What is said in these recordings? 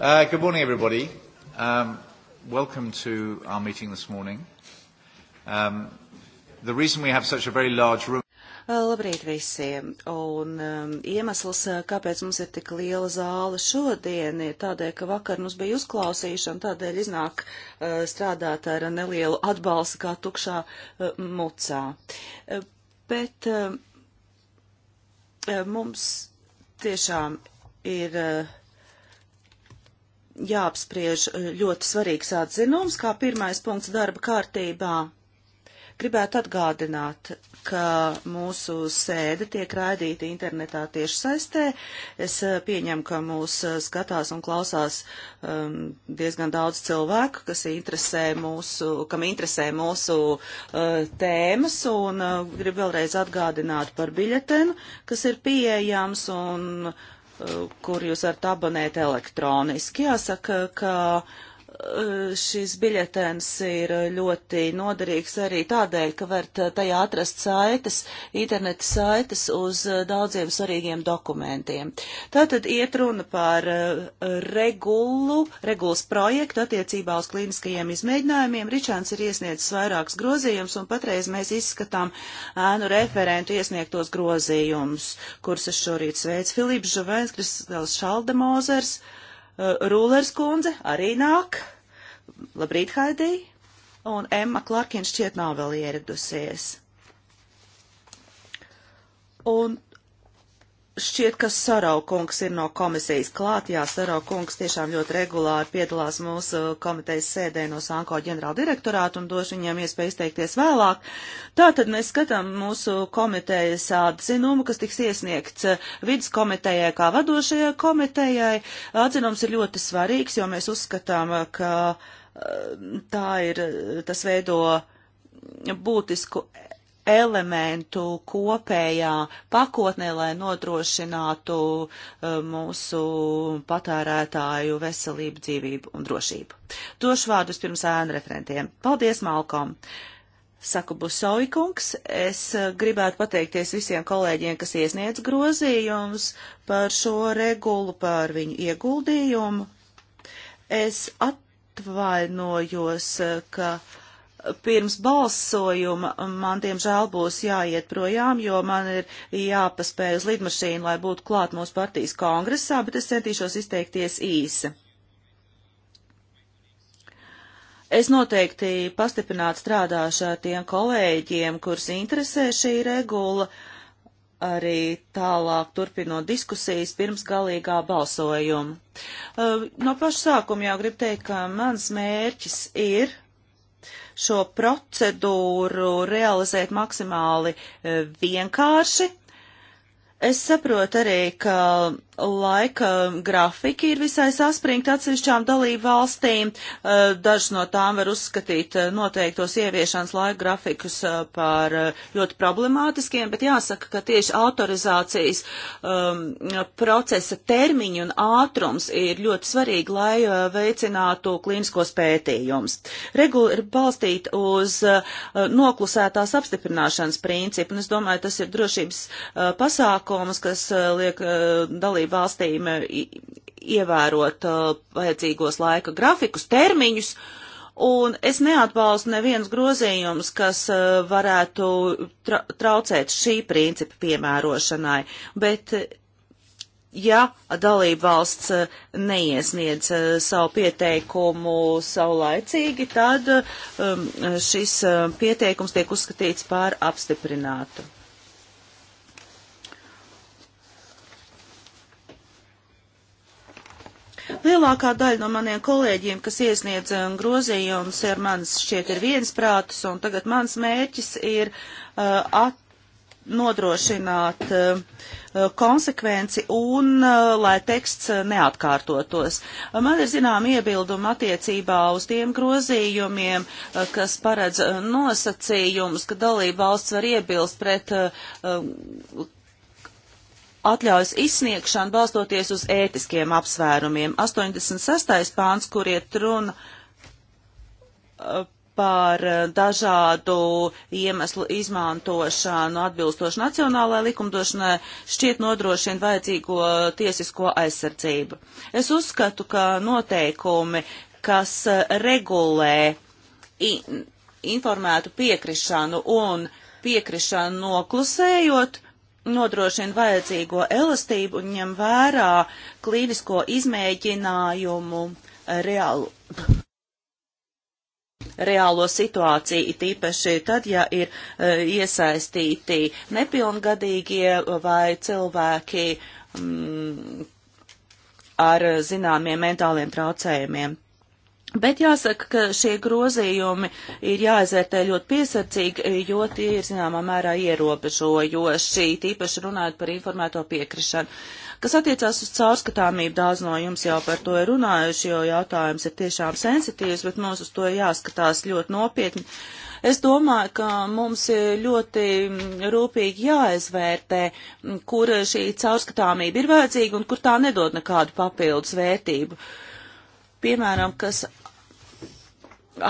Uh, good morning, everybody. Um, welcome to our meeting this morning. Um, the reason we have such a very large room. Uh, labrīt visiem! Un um, iemesls, uh, kāpēc mums ir tik liela zāle šodien, ir tādēļ, ka vakar mums bija uzklausīšana, tādēļ iznāk uh, strādāt ar nelielu atbalstu kā tukšā uh, mucā. Uh, bet uh, uh mums tiešām ir. Uh, jāapspriež eh, ļoti svarīgs atzinums, kā pirmais punkts darba kārtībā. Gribētu atgādināt, ka mūsu sēde tiek raidīta internetā tieši saistē. Es eh, pieņemu, ka mūs eh, skatās un klausās um, diezgan daudz cilvēku, kas interesē mūsu, kam interesē mūsu uh, tēmas, un uh, gribu vēlreiz atgādināt par biļetenu, kas ir pieejams, un uh, kur jūs varat abonēt elektroniski. Jāsaka, ka Eh, šis biļetens ir ļoti noderīgs arī tādēļ, ka var tajā atrast saites, interneta saites uz eh, daudziem svarīgiem dokumentiem. Tātad iet runa par eh, regulu, regulas projektu attiecībā uz klīniskajiem izmēģinājumiem. Ričāns ir iesniedzis vairākus grozījumus un patreiz mēs izskatām ēnu referentu iesniegtos grozījumus, kurus es šorīt sveicu. Filips Žovens, Kristels Šaldemozers. Uh, Eh, Rūlers kundze arī nāk. Labrīt, Haidī! Un Emma Klarkina šķiet nav vēl ieradusies. Un Šķiet, ka Saraukungs ir no komisijas klāt. Jā, Saraukungs tiešām ļoti regulāri piedalās mūsu uh, komitejas sēdē no Sanko ģenerāla direktorāta un došu viņiem iespēju izteikties vēlāk. Tātad mēs skatām mūsu komitejas atzinumu, kas tiks iesniegts uh, vidas komitejai kā vadošajai komitejai. Atzinums ir ļoti svarīgs, jo mēs uzskatām, uh, ka tā ir, tas veido būtisku elementu kopējā pakotnē, lai nodrošinātu eh, mūsu patērētāju veselību, dzīvību un drošību. Došu vārdus pirms ēnu referentiem. Paldies, Malkom! Saku Busoikungs, es eh, gribētu pateikties visiem kolēģiem, kas iesniedz grozījums par šo regulu, par viņu ieguldījumu. Es atvainojos, eh, ka uh, pirms balsojuma man, diemžēl, būs jāiet projām, jo man ir jāpaspēj uz lidmašīnu, lai būtu klāt mūsu partijas kongresā, bet es centīšos izteikties īsi. Es noteikti pastiprināti strādāšu ar tiem kolēģiem, kurus interesē šī regula, arī tālāk turpinot diskusijas pirms galīgā balsojuma. Uh, no paša sākuma jau gribu teikt, ka mans mērķis ir šo procedūru realizēt maksimāli eh, vienkārši. Es saprotu arī, ka laika grafiki ir visai saspringti atsevišķām dalību valstīm. Eh, dažas no tām var uzskatīt eh, noteiktos ieviešanas laika grafikus eh, par ļoti problemātiskiem, bet jāsaka, ka tieši autorizācijas um, procesa termiņi un ātrums ir ļoti svarīgi, lai veicinātu klīniskos pētījumus. Regula ir balstīta uz uh, noklusētās apstiprināšanas principu, un es domāju, tas ir drošības uh, pasākums, kas uh, liek dalību dalību valstīm e, ievērot e, vajadzīgos laika grafikus, termiņus. Un es neatbalstu neviens grozījums, kas e, varētu tra traucēt šī principa piemērošanai, bet ja dalība valsts neiesniedz savu pieteikumu saulaicīgi, tad šis pieteikums tiek uzskatīts par apstiprinātu. Lielākā daļa no maniem kolēģiem, kas iesniedz um, grozījumus, ir manas šķiet ir viensprātus, un tagad mans mērķis ir uh, at, nodrošināt uh, uh konsekvenci un uh, lai teksts neatkārtotos. Uh, man ir zinām iebildumi attiecībā uz tiem grozījumiem, uh, kas paredz uh, nosacījumus, ka dalība valsts var iebilst pret um, atļaujas izsniegšanu balstoties uz ētiskiem apsvērumiem. 86. pāns, kur iet runa uh, par uh, dažādu iemeslu izmantošanu atbilstoši nacionālajai likumdošanai šķiet nodrošina vajadzīgo tiesisko aizsardzību. Es uzskatu, ka noteikumi, kas uh, regulē informētu piekrišanu un piekrišanu noklusējot, nodrošina vajadzīgo elastību un ņem vērā klīnisko izmēģinājumu eh, reālu, reālo situāciju, it īpaši tad, ja ir uh, iesaistīti nepilngadīgie vai cilvēki mm, ar zināmiem mentāliem traucējumiem. Bet jāsaka, ka šie grozījumi ir jāizvērtē ļoti piesardzīgi, jo tie ir zināmā mērā ierobežojoši, tīpaši runājot par informēto piekrišanu. Kas attiecās uz caurskatāmību, daudz no jums jau par to ir runājuši, jo jautājums ir tiešām sensitīvs, bet mums uz to ir jāskatās ļoti nopietni. Es domāju, ka mums ir ļoti rūpīgi jāizvērtē, kur šī caurskatāmība ir vajadzīga un kur tā nedod nekādu papildus vērtību. Uh, piemēram, kas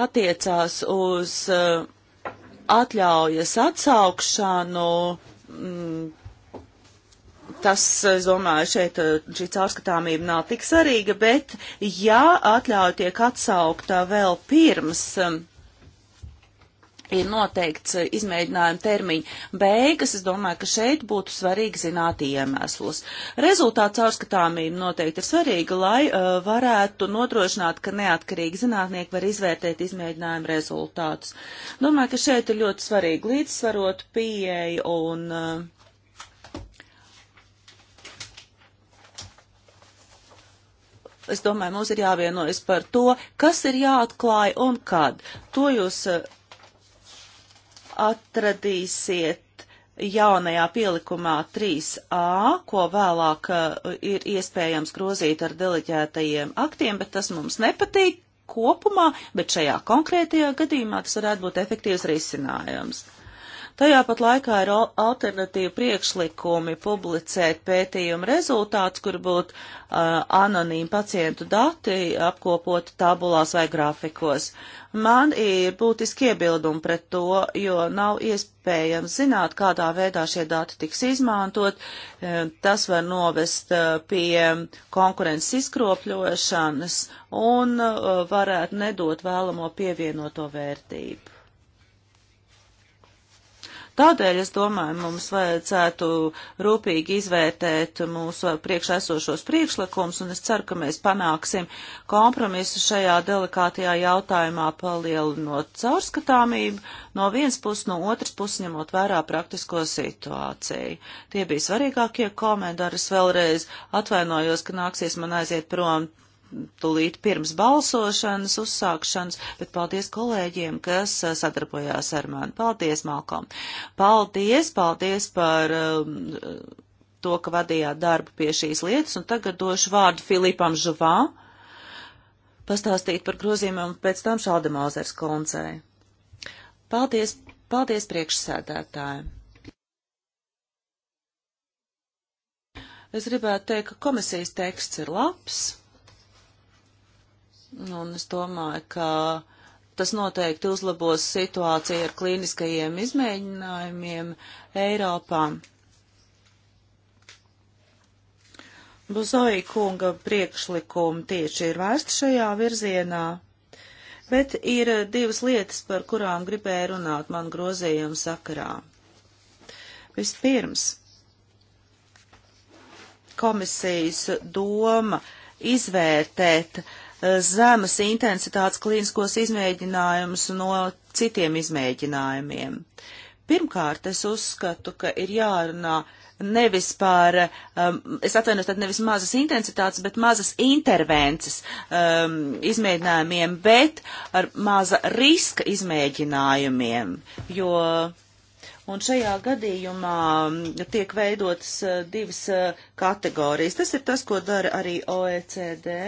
attiecās uz eh, atļaujas atsaukšanu, mm, tas, es domāju, šeit eh, šī caurskatāmība nav tik svarīga, bet ja atļauja tiek atsaukta vēl pirms ir noteikts eh, izmēģinājuma termiņa beigas, es domāju, ka šeit būtu svarīgi zināt iemeslus. Rezultāts caurskatāmība noteikti ir svarīga, lai uh, varētu nodrošināt, ka neatkarīgi zinātnieki var izvērtēt izmēģinājuma rezultātus. Domāju, ka šeit ir ļoti svarīgi līdzsvarot pieeja un. Uh, Es domāju, mums ir jāvienojas par to, kas ir jāatklāj un kad. To jūs uh, atradīsiet jaunajā pielikumā 3a, ko vēlāk uh, ir iespējams grozīt ar deleģētajiem aktiem, bet tas mums nepatīk kopumā, bet šajā konkrētajā gadījumā tas varētu būt efektīvs risinājums. Tajā pat laikā ir alternatīva priekšlikumi publicēt pētījumu rezultātus, kur būtu uh, anonīmi pacientu dati apkopoti tabulās vai grafikos. Man ir būtiski iebildumi pret to, jo nav iespējams zināt, kādā veidā šie dati tiks izmantot. Tas var novest pie konkurences izkropļošanas un varētu nedot vēlamo pievienoto vērtību. Tādēļ, es domāju, mums vajadzētu rūpīgi izvērtēt mūsu priekšā esošos priekšlikums, un es ceru, ka mēs panāksim kompromisu šajā delikātajā jautājumā, palielinot caurskatāmību no vienas puses, no otras puses ņemot vērā praktisko situāciju. Tie bija svarīgākie komentāri. Es vēlreiz atvainojos, ka nāksies man aiziet prom tūlīt pirms balsošanas uzsākšanas, bet paldies kolēģiem, kas uh, sadarbojās ar mani. Paldies, Malkom! Paldies, paldies par um, to, ka vadījāt darbu pie šīs lietas, un tagad došu vārdu Filipam Žuvā pastāstīt par grozījumiem, un pēc tam Šaldemāzers koncei. Paldies, paldies priekšsēdētājiem! Es gribētu teikt, ka komisijas teksts ir labs. Un es domāju, ka tas noteikti uzlabos situāciju ar klīniskajiem izmēģinājumiem Eiropā. Buzoja kunga priekšlikumi tieši ir vērsti šajā virzienā, bet ir divas lietas, par kurām gribēju runāt man grozījuma sakarā. Vispirms, komisijas doma izvērtēt uh, zemes intensitātes klīniskos izmēģinājumus no citiem izmēģinājumiem. Pirmkārt, es uzskatu, ka ir jārunā nevis par, um, es atvainojos, tad nevis mazas intensitātes, bet mazas intervences um, izmēģinājumiem, bet ar maza riska izmēģinājumiem, jo, un šajā gadījumā um, tiek veidotas uh, divas uh, kategorijas. Tas ir tas, ko dara arī OECD.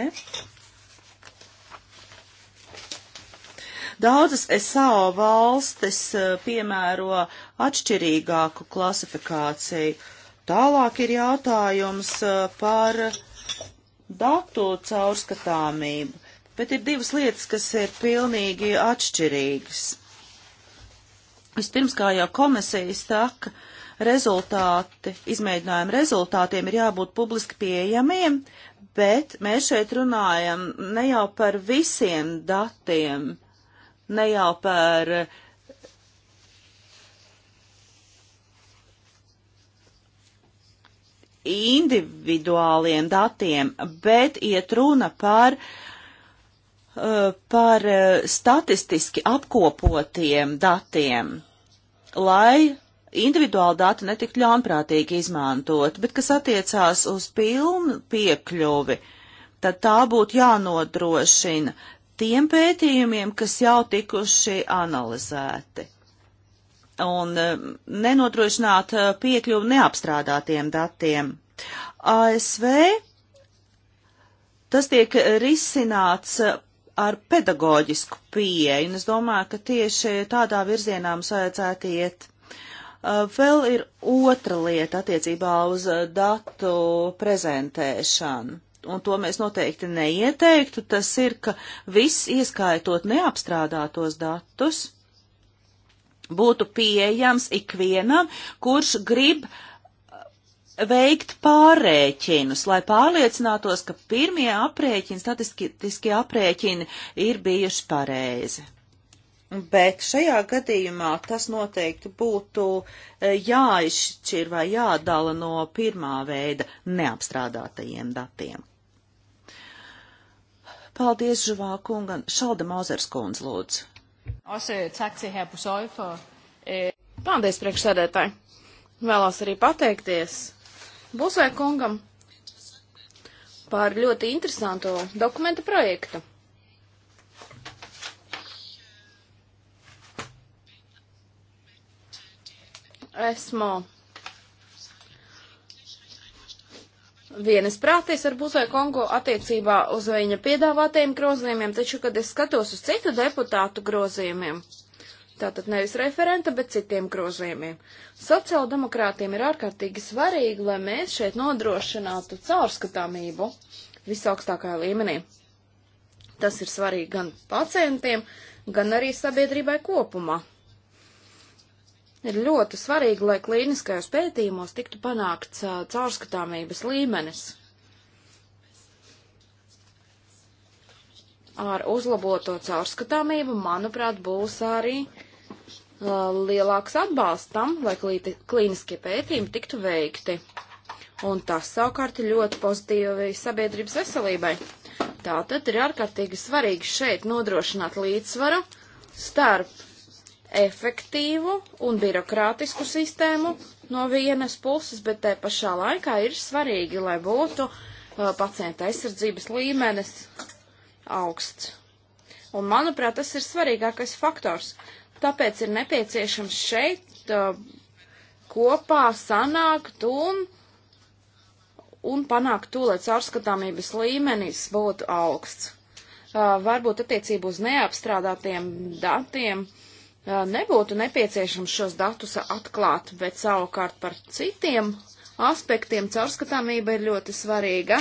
Daudzas SAO valstis eh, piemēro atšķirīgāku klasifikāciju. Tālāk ir jautājums eh, par datu caurskatāmību, bet ir divas lietas, kas ir pilnīgi atšķirīgas. Vispirms, kā jau komisija saka, rezultāti, izmēģinājumu rezultātiem ir jābūt publiski pieejamiem, bet mēs šeit runājam ne jau par visiem datiem, ne jau par eh, individuāliem datiem, bet iet runa par, eh, par eh, statistiski apkopotiem datiem, lai individuāli dati netiktu ļaunprātīgi izmantot, bet kas attiecās uz pilnu piekļuvi, tad tā būtu jānodrošina tiem pētījumiem, kas jau tikuši analizēti un um, nenodrošināt uh, piekļuvu neapstrādātiem datiem. ASV tas tiek risināts uh, ar pedagoģisku pieeju, un es domāju, ka tieši tādā virzienā mums vajadzētu iet. Uh, vēl ir otra lieta attiecībā uz datu prezentēšanu un to mēs noteikti neieteiktu, tas ir, ka viss ieskaitot neapstrādātos datus būtu pieejams ikvienam, kurš grib uh, veikt pārēķinus, lai pārliecinātos, ka pirmie aprēķini, statistiskie aprēķini ir bijuši pareizi. Bet šajā gadījumā tas noteikti būtu uh, jāizšķir vai jādala no pirmā veida neapstrādātajiem datiem. Paldies, Žuvā kunga. Šalda Mauzers kundz, lūdzu. Øh, Paldies, priekšsēdētāji. Vēlos arī pateikties Busē kungam par ļoti interesantu dokumentu projektu. Esmu vienas prātis ar Buzai Kongo attiecībā uz viņa piedāvātajiem grozījumiem, taču, kad es skatos uz citu deputātu grozījumiem, tātad nevis referenta, bet citiem grozījumiem, sociāldemokrātiem ir ārkārtīgi svarīgi, lai mēs šeit nodrošinātu caurskatāmību visaugstākajā līmenī. Tas ir svarīgi gan pacientiem, gan arī sabiedrībai kopumā. Ir ļoti svarīgi, lai klīniskajos pētījumos tiktu panākts caurskatāmības līmenis ar uzlaboto caurskatāmību, manuprāt, būs arī uh, lielāks atbalsts tam, lai klīti, klīniskie pētījumi tiktu veikti. Un tas savukārt ir ļoti pozitīvi sabiedrības veselībai. Tātad ir ārkārtīgi svarīgi šeit nodrošināt līdzsvaru starp efektīvu un birokrātisku sistēmu no vienas puses, bet te pašā laikā ir svarīgi, lai būtu uh, pacienta aizsardzības līmenis augsts. Un, manuprāt, tas ir svarīgākais faktors. Tāpēc ir nepieciešams šeit uh, kopā sanākt un, un panākt to, lai caurskatāmības līmenis būtu augsts. Uh, varbūt attiecību uz neapstrādātiem datiem uh, nebūtu nepieciešams šos datus atklāt, bet savukārt par citiem aspektiem caurskatāmība ir ļoti svarīga.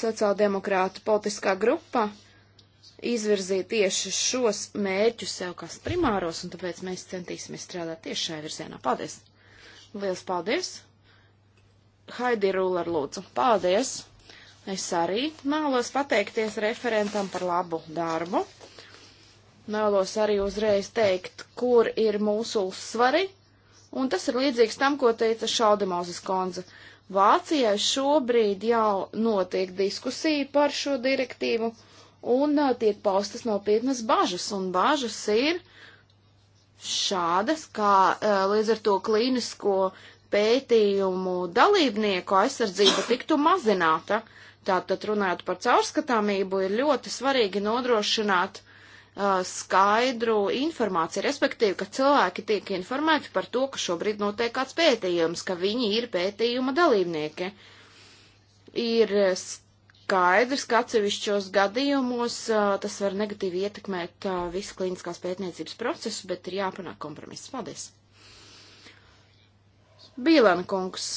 Sociāldemokrāta politiskā grupa izvirzīja tieši šos mērķus sev kā primāros, un tāpēc mēs centīsimies strādāt tieši šajā virzienā. Paldies! Liels paldies! Haidi Rūler lūdzu, paldies! Es arī mēlos pateikties referentam par labu darbu. Vēlos arī uzreiz teikt, kur ir mūsu uzsvari, un tas ir līdzīgs tam, ko teica Šaudemozes konze. Vācijā šobrīd jau notiek diskusija par šo direktīvu, un uh, tiek paustas nopietnas bažas, un bažas ir šādas, kā uh, līdz ar to klīnisko pētījumu dalībnieku aizsardzība tiktu mazināta. Tātad runājot par caurskatāmību, ir ļoti svarīgi nodrošināt uh, skaidru informāciju, respektīvi, ka cilvēki tiek informēti par to, ka šobrīd notiek kāds pētījums, ka viņi ir pētījuma dalībnieki. Ir skaidrs, ka atsevišķos gadījumos uh, tas var negatīvi ietekmēt uh, visu klīniskās pētniecības procesu, bet ir jāpanāk kompromiss. Paldies! Bīlēna kungs,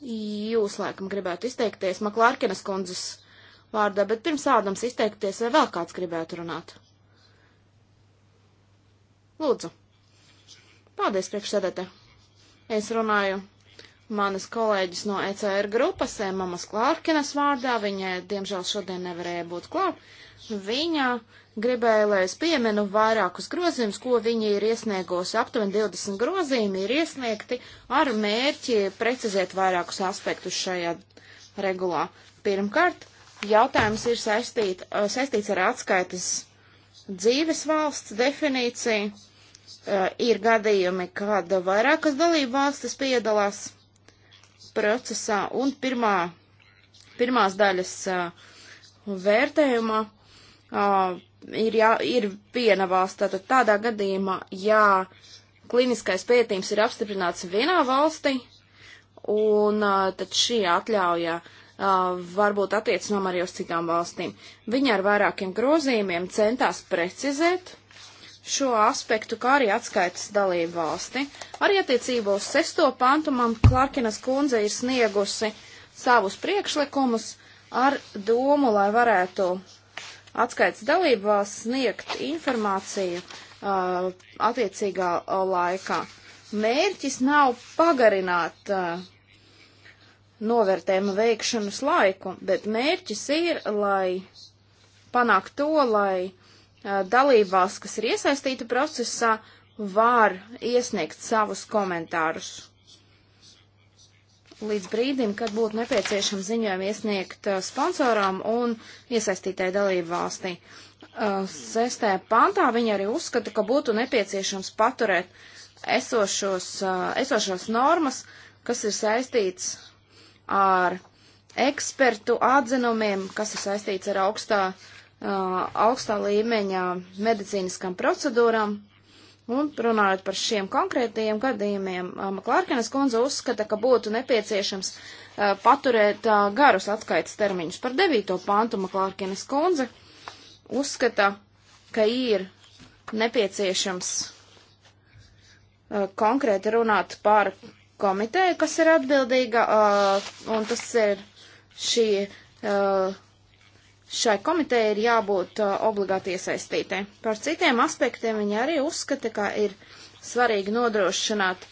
jūs laikam gribētu izteikties Maklārkenes kundzes vārdā, bet pirms Ādams izteikties, vai vēl kāds gribētu runāt? Lūdzu. Paldies, priekšsēdētē. Es runāju manas kolēģis no ECR grupas, Emamas eh, Klārkinas vārdā. Viņa, diemžēl, šodien nevarēja būt klāt. Viņa gribēja, lai es pieminu vairākus grozījumus, ko viņa ir iesniegusi. Aptuveni 20 grozījumi ir iesniegti ar mērķi precizēt vairākus aspektus šajā regulā. Pirmkārt, jautājums ir saistīt, eh, saistīts ar atskaites dzīves valsts definīciju. Eh, ir gadījumi, kad vairākas dalība valstis piedalās procesā un pirmā, pirmās daļas eh, vērtējumā eh, ir, jā, ir viena valsts. Tātad tādā gadījumā, ja kliniskais pētījums ir apstiprināts vienā valstī, un tad šī atļauja varbūt attiecinām arī uz citām valstīm. Viņa ar vairākiem grozījumiem centās precizēt šo aspektu, kā arī atskaitas dalību valsti. Arī attiecībā uz sesto pantu man Klarkinas kundze ir sniegusi savus priekšlikumus ar domu, lai varētu atskaitas dalību valsts sniegt informāciju uh, attiecīgā laikā. Mērķis nav pagarināt uh, novērtējumu veikšanas laiku, bet mērķis ir, lai panāktu to, lai dalībvalsts, kas ir iesaistīta procesā, var iesniegt savus komentārus. Līdz brīdim, kad būtu nepieciešams ziņojumu iesniegt sponsoram un iesaistītai dalībvalstī. Sestē pantā viņa arī uzskata, ka būtu nepieciešams paturēt esošos, esošos normas, kas ir saistīts ar ekspertu atzinumiem, kas ir saistīts ar augstā uh, Uh, augstā līmeņa medicīniskām procedūrām. Un runājot par šiem konkrētajiem gadījumiem, uh, Maklārkenes kundze uzskata, ka būtu nepieciešams uh, paturēt uh, garus atskaites termiņus. Par 9. pantu Maklārkenes kundze uzskata, ka ir nepieciešams uh, konkrēti runāt par komiteju, kas ir atbildīga, uh, un tas ir šī šai komitejai ir jābūt uh, obligāti iesaistītē. Par citiem aspektiem viņi arī uzskata, ka ir svarīgi nodrošināt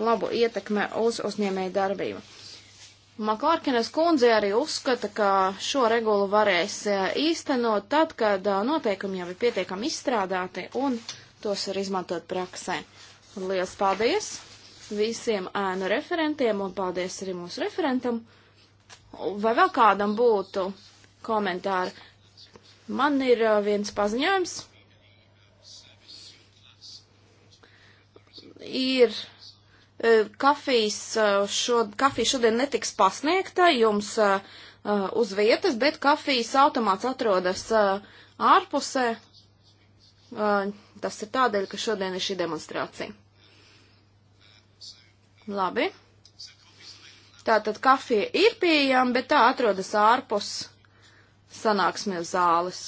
labu ietekmi uz uzņēmēju darbību. Maklārkinas kundze arī uzskata, ka šo regulu varēs uh, īstenot tad, kad uh, noteikumi jau ir pietiekami izstrādāti un tos var izmantot praksē. Lielas paldies visiem ēnu referentiem un paldies arī mūsu referentam. Vai vēl kādam būtu komentāru. Man ir uh, viens paziņojums. Ir uh, kafijas, uh, šo, kafija šodien netiks pasniegta jums uz vietas, bet kafijas automāts atrodas ārpusē. Tas ir tādēļ, ka šodien ir šī demonstrācija. Labi. Tātad kafija ir pieejama, bet tā atrodas ārpus sanāksmēs zāles.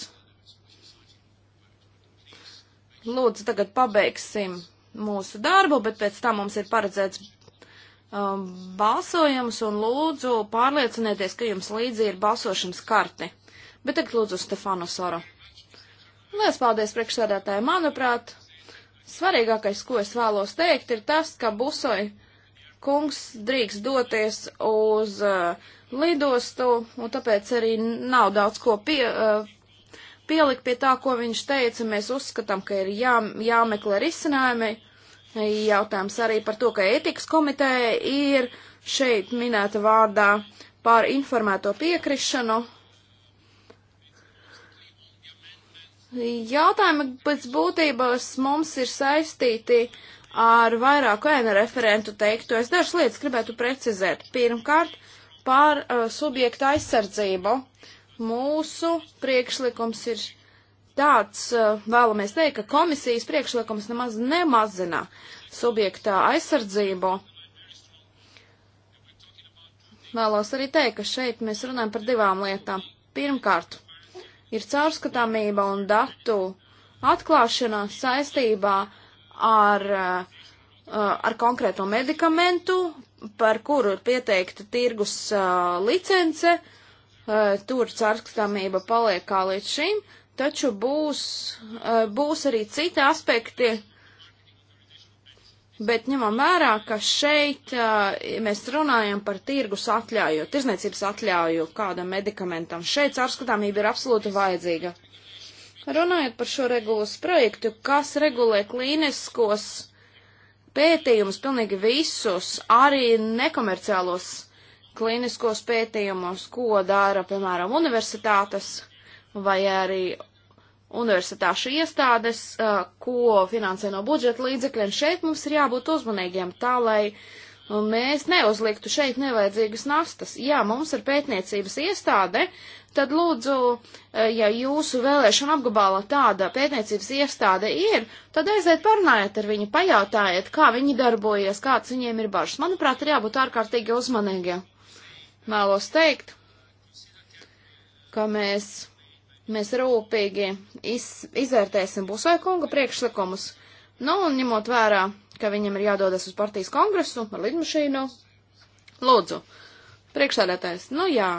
Lūdzu, tagad pabeigsim mūsu darbu, bet pēc tam mums ir paredzēts um, balsojums un lūdzu pārliecinieties, ka jums līdzi ir balsošanas karte. Bet tagad lūdzu Stefanu Soru. Lielas paldies priekšsēdētāji. Manuprāt, svarīgākais, ko es vēlos teikt, ir tas, ka Busoj kungs drīkst doties uz uh, lidostu, un tāpēc arī nav daudz ko pie, uh, pielikt pie tā, ko viņš teica. Mēs uzskatām, ka ir jā, jāmeklē risinājumi. Jautājums arī par to, ka ētikas komiteja ir šeit minēta vārdā par informēto piekrišanu. Jautājumi pēc būtības mums ir saistīti ar vairāku ēna referentu teikto. Es dažas lietas gribētu precizēt. Pirmkārt, uh, par uh, subjektu aizsardzību. Mūsu priekšlikums ir tāds, uh, vēlamies teikt, ka komisijas priekšlikums nemaz nemazina subjekta aizsardzību. Vēlos arī teikt, ka šeit mēs runājam par divām lietām. Pirmkārt, ir caurskatāmība un datu atklāšana saistībā ar, uh, ar konkrēto medikamentu, par kuru ir pieteikta tirgus uh, licence, uh, tur cārskatāmība paliek kā līdz šim, taču būs, uh, būs arī citi aspekti, bet ņemam vērā, ka šeit uh, mēs runājam par tirgus atļauju, tirzniecības atļauju kādam medikamentam. Šeit cārskatāmība ir absolūti vajadzīga. Runājot par šo regulas projektu, kas regulē klīniskos pētījumus, pilnīgi visus, arī nekomerciālos klīniskos pētījumus, ko dara, piemēram, universitātes vai arī universitāšu iestādes, eh, ko finansē no budžeta līdzekļiem. Šeit mums ir jābūt uzmanīgiem tā, lai Un mēs neuzliktu šeit nevajadzīgas nastas. Jā, mums ir pētniecības iestāde, tad lūdzu, e, ja jūsu vēlēšana apgabalā tāda pētniecības iestāde ir, tad aiziet parunājiet ar viņu, pajautājiet, kā viņi darbojas, kāds viņiem ir bažas. Manuprāt, ir jābūt ārkārtīgi uzmanīgiem. Mēlos teikt, ka mēs, mēs rūpīgi iz, izvērtēsim Busoja kunga priekšlikumus. Nu, un ņemot vērā ka viņam ir jādodas uz partijas kongresu ar lidmašīnu. Lūdzu, priekšsēdētājs, nu jā.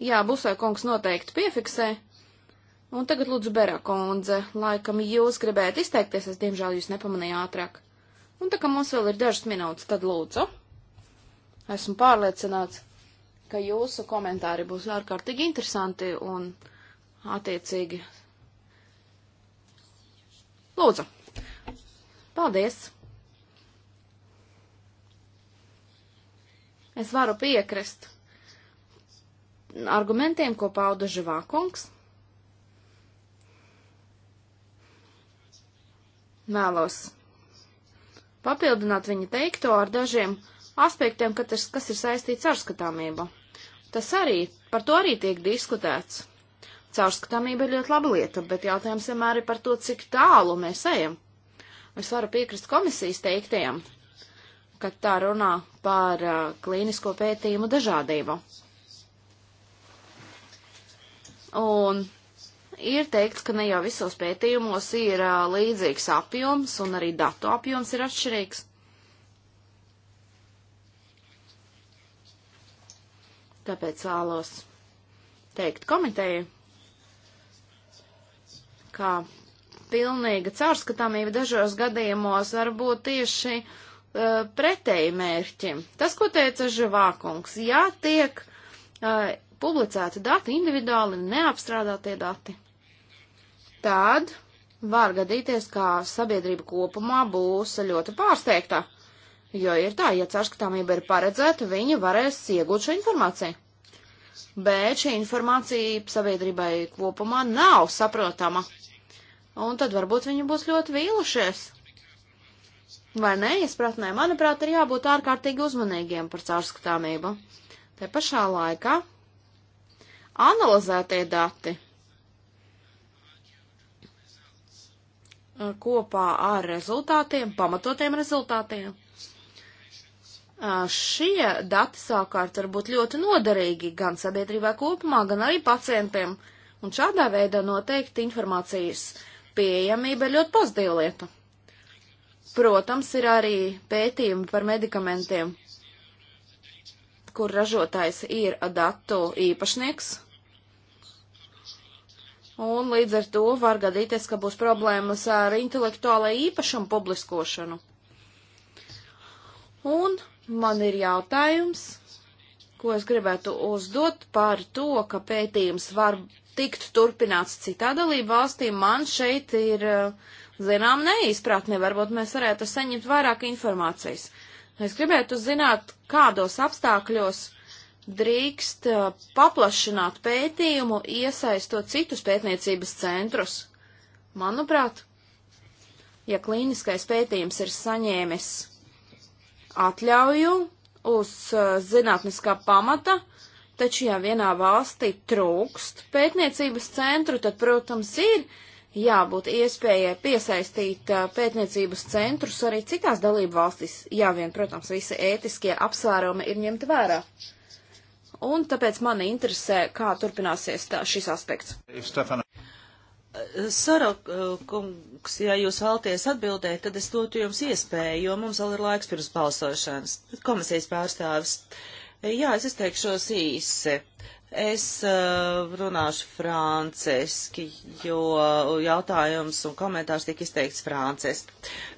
Jā, Busai kungs noteikti piefiksē. Un tagad lūdzu Berā kundze, laikam jūs gribējāt izteikties, es diemžēl jūs nepamanīju ātrāk. Un tā kā mums vēl ir dažas minūtes, tad lūdzu. Esmu pārliecināts, ka jūsu komentāri būs ārkārtīgi interesanti un attiecīgi Lūdzu. Paldies. Es varu piekrist argumentiem, ko pauda Živākungs. Vēlos papildināt viņa teikto ar dažiem aspektiem, kas ir saistīts ar skatāmību. Tas arī, par to arī tiek diskutēts. Caurskatāmība ir ļoti laba lieta, bet jautājums vienmēr ir par to, cik tālu mēs ejam. Es varu piekrist komisijas teiktajam, kad tā runā par uh, klīnisko pētījumu dažādību. Un ir teikts, ka ne jau visos pētījumos ir uh, līdzīgs apjoms un arī datu apjoms ir atšķirīgs. Tāpēc vēlos teikt komiteju, ka pilnīga caurskatāmība dažos gadījumos var būt tieši uh, pretēji mērķim. Tas, ko teica Živākungs, jā, tiek uh, publicēti dati individuāli, neapstrādātie dati. Tad var gadīties, ka sabiedrība kopumā būs ļoti pārsteigta, jo ir tā, ja caurskatāmība ir paredzēta, viņi varēs iegūt šo informāciju. Bet šī informācija sabiedrībai kopumā nav saprotama. Un tad varbūt viņi būs ļoti vīlušies. Vai nē, iespratnē, manuprāt, ir jābūt ārkārtīgi uzmanīgiem par caurskatāmību. Te pašā laikā analizētie dati e, kopā ar rezultātiem, pamatotiem rezultātiem. E, šie dati savukārt var būt ļoti noderīgi gan sabiedrībā kopumā, gan arī pacientiem, un šādā veidā noteikti informācijas uh, pieejamība ir ļoti pozitīva lieta. Protams, ir arī pētījumi par medikamentiem, kur ražotājs ir datu īpašnieks. Un līdz ar to var gadīties, ka būs problēmas ar intelektuālajai īpašumu publiskošanu. Un man ir jautājums, ko es gribētu uzdot par to, ka pētījums var tiktu turpināts citā dalība valstī, man šeit ir, eh, zinām, neizpratne, varbūt mēs varētu saņemt vairāk informācijas. Es gribētu zināt, kādos apstākļos drīkst eh, paplašināt pētījumu, iesaistot citus pētniecības centrus. Manuprāt, ja klīniskais pētījums ir saņēmis atļauju uz eh, zinātniskā pamata, Taču, ja vienā valstī trūkst pētniecības centru, tad, protams, ir jābūt iespējai piesaistīt pētniecības centrus arī citās dalību valstīs, ja vien, protams, visi ētiskie apsvērumi ir ņemti vērā. Un tāpēc mani interesē, kā turpināsies tā, šis aspekts. Sarakungs, ja jūs vēlaties atbildēt, tad es dotu jums iespēju, jo mums vēl ir laiks pirms balsošanas. Komisijas pārstāvis. Uh, Jā, es izteikšos īsi. Es uh, runāšu franciski, jo jautājums un komentārs tiek izteikts franciski.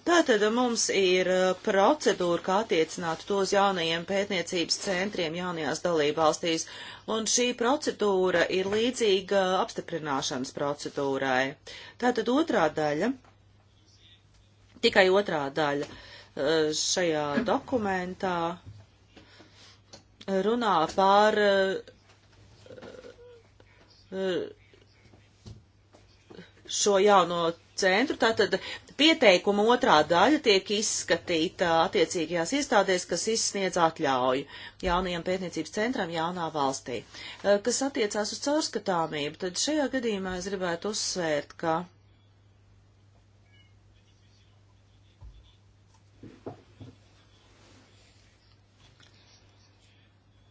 Tātad mums ir uh, procedūra, kā attiecināt tos jaunajiem pētniecības centriem jaunajās dalībvalstīs, un šī procedūra ir līdzīga apstiprināšanas procedūrai. Tātad otrā daļa, tikai otrā daļa uh, šajā dokumentā runā par eh, šo jauno centru, tātad pieteikuma otrā daļa tiek izskatīta attiecīgajās iestādēs, kas izsniedz atļauju jaunajam pētniecības centram jaunā valstī. Eh, kas attiecās uz caurskatāmību, tad šajā gadījumā es gribētu uzsvērt, ka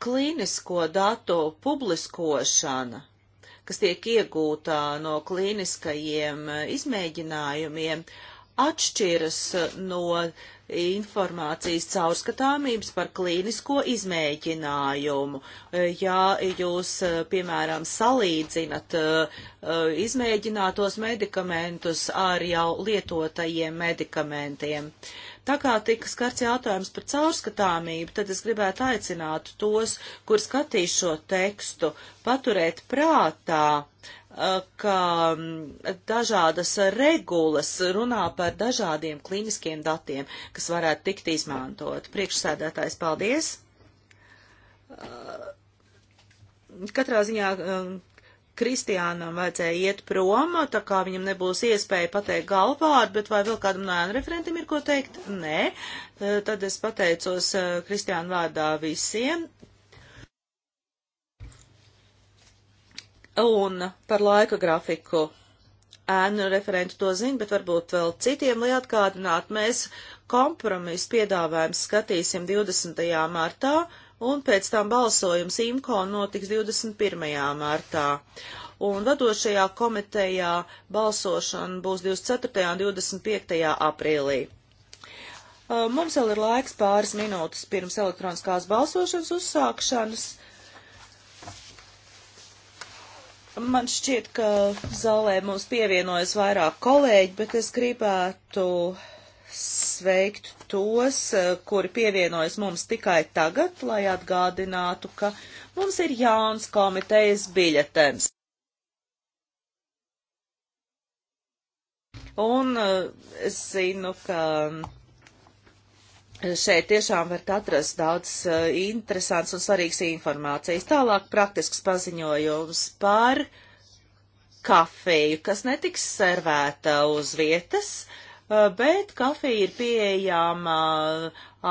Klīnisko datu publiskošana, kas tiek iegūtā no klīniskajiem e, izmēģinājumiem, atšķiras e, no informācijas caurskatāmības par klīnisko izmēģinājumu. E, ja jūs, piemēram, salīdzinat izmēģinātos medikamentus ar jau lietotajiem medikamentiem, Tā kā tika skarts jautājums par caurskatāmību, tad es gribētu aicināt tos, kur skatīs šo tekstu, paturēt prātā, ka dažādas regulas runā par dažādiem klīniskiem datiem, kas varētu tikt izmantot. Priekšsēdētājs, paldies! Katrā ziņā Kristiānam vajadzēja iet prom, tā kā viņam nebūs iespēja pateikt galvādu, bet vai vēl kādam no referentiem ir ko teikt? Nē. E, tad es pateicos e, Kristiāna vārdā visiem. Un par laika grafiku ēnu referentu to zina, bet varbūt vēl citiem, lai atgādinātu, mēs kompromisu piedāvājumu skatīsim 20. martā un pēc tam balsojums IMCO notiks 21. martā. Un vadošajā komitejā balsošana būs 24. un 25. aprīlī. Uh, mums vēl ir laiks pāris minūtes pirms elektroniskās balsošanas uzsākšanas. Man šķiet, ka zālē mums pievienojas vairāk kolēģi, bet es gribētu sveikt tos, eh, kuri pievienojas mums tikai tagad, lai atgādinātu, ka mums ir jauns komitejas biļetens. Un eh, es zinu, ka eh, šeit tiešām var atrast daudz interesants un svarīgs informācijas. Tālāk praktisks paziņojums par kafiju, kas netiks servēta uz vietas. Uh, Eh, bet kafija ir pieejama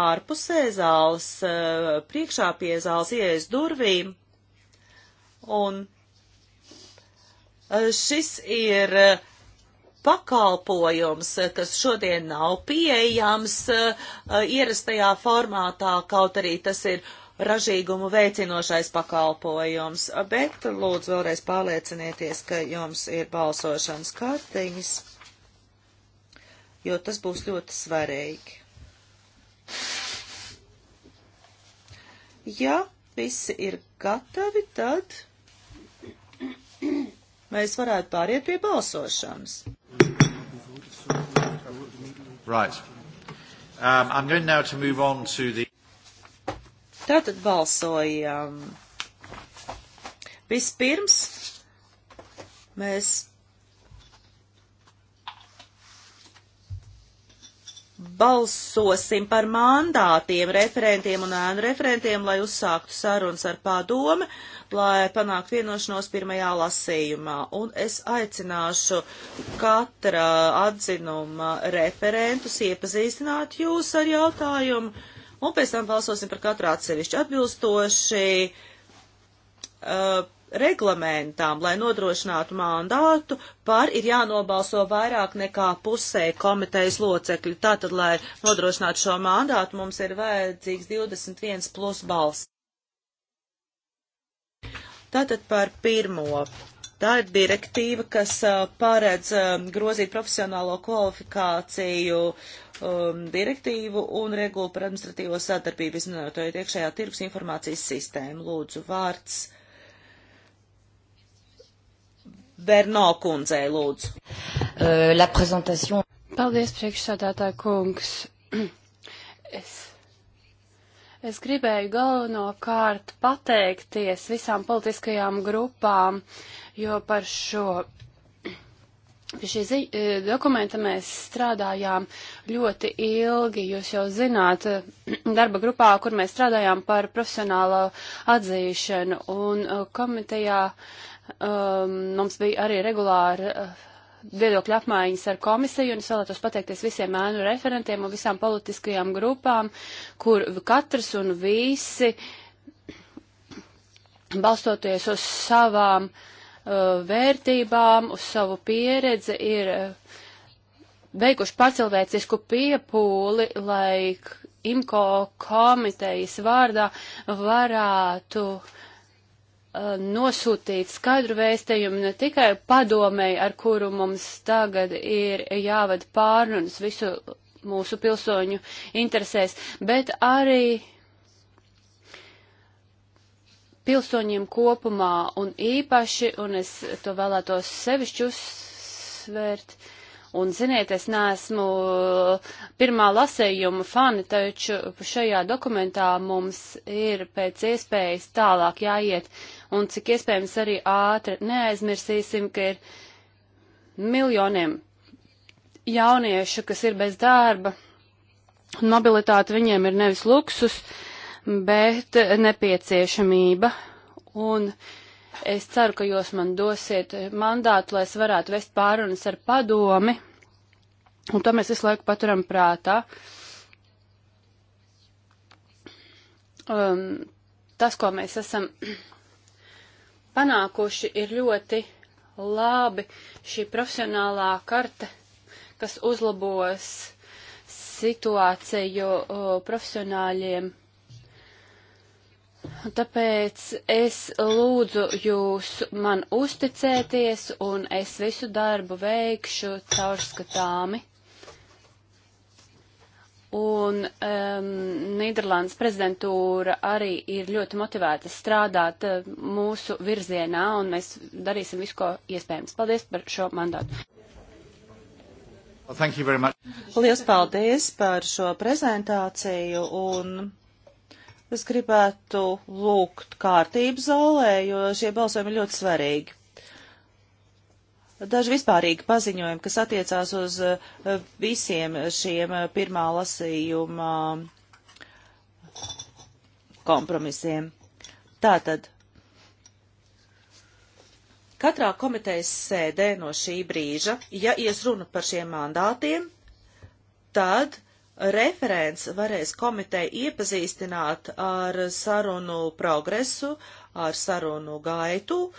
ārpusē zāles, eh, priekšā pie zāles ieejas durvīm. Un eh, šis ir pakalpojums, kas šodien nav pieejams ierastajā formātā, kaut arī tas ir ražīgumu veicinošais pakalpojums, bet lūdzu vēlreiz pārliecinieties, ka jums ir balsošanas kartiņas jo tas būs ļoti svarīgi. Ja visi ir gatavi, tad mēs varētu pāriet pie balsošanas. Right. Um, I'm going now to move on to the... Tātad balsojam. Vispirms mēs balsosim par mandātiem referentiem un ēnu referentiem, lai uzsāktu sarunas ar padomi, lai panāktu vienošanos pirmajā lasījumā. Un es aicināšu katra atzinuma referentus iepazīstināt jūs ar jautājumu, un pēc tam balsosim par katru atsevišķu atbilstoši. Uh, reglamentām, lai nodrošinātu mandātu, par ir jānobalso vairāk nekā pusē komitejas locekļu. Tātad, lai nodrošinātu šo mandātu, mums ir vajadzīgs 21 plus balss. Tātad par pirmo. Tā ir direktīva, kas paredz grozīt profesionālo kvalifikāciju um, direktīvu un regulu par administratīvo sadarbību, izmantojot iekšējā tirgus informācijas sistēmu. Lūdzu, vārds uh, Berno kundzei lūdzu. Uh, la prezentācija. Paldies, priekšsādātāja kungs. es, es gribēju galvenokārt pateikties visām politiskajām grupām, jo par šo Pie šī zi, e, dokumenta mēs strādājām ļoti ilgi. Jūs jau zināt, e, darba grupā, kur mēs strādājām par profesionālo atzīšanu, un e, komitejā um, mums bija arī regulāri uh, viedokļu apmaiņas ar komisiju, un es vēlētos pateikties visiem ēnu referentiem un visām politiskajām grupām, kur katrs un visi, balstoties uz savām uh, vērtībām, uz savu pieredzi, ir uh, veikuši pacilvēcisku piepūli, lai IMCO komitejas vārdā varētu uh, Uh, nosūtīt skaidru vēstījumu ne tikai padomēji, ar kuru mums tagad ir jāved pārunas visu mūsu pilsoņu interesēs, bet arī pilsoņiem kopumā un īpaši, un es to vēlētos sevišķi uzsvērt, uh, Un, ziniet, es neesmu uh, pirmā lasējuma fani, taču šajā dokumentā mums ir pēc iespējas tālāk jāiet, un cik iespējams arī ātri neaizmirsīsim, ka ir miljoniem jauniešu, kas ir bez darba, un mobilitāte viņiem ir nevis luksus, bet nepieciešamība. Un uh, Es ceru, ka jūs man dosiet mandātu, lai es varētu vest pārunas ar padomi. Un to mēs visu laiku paturam prātā. Um, tas, ko mēs esam panākuši, ir ļoti labi. Šī profesionālā karte, kas uzlabos situāciju o, uh, profesionāļiem Tāpēc es lūdzu jūs man uzticēties, un es visu darbu veikšu caurskatāmi. Un um, Nīderlandes prezidentūra arī ir ļoti motivēta strādāt uh, mūsu virzienā, un mēs darīsim visu, ko iespējams. Paldies par šo mandātu. Well, Lielas paldies par šo prezentāciju. Un... Es gribētu lūgt kārtību zālē, jo šie balsojumi ir ļoti svarīgi. Daži vispārīgi paziņojumi, kas attiecās uz eh, visiem šiem eh, pirmā lasījuma eh, kompromisiem. Tātad, katrā komitejas sēdē no šī brīža, ja ies runa par šiem mandātiem, tad uh, referents varēs komiteju iepazīstināt ar sarunu progresu, ar sarunu gaitu,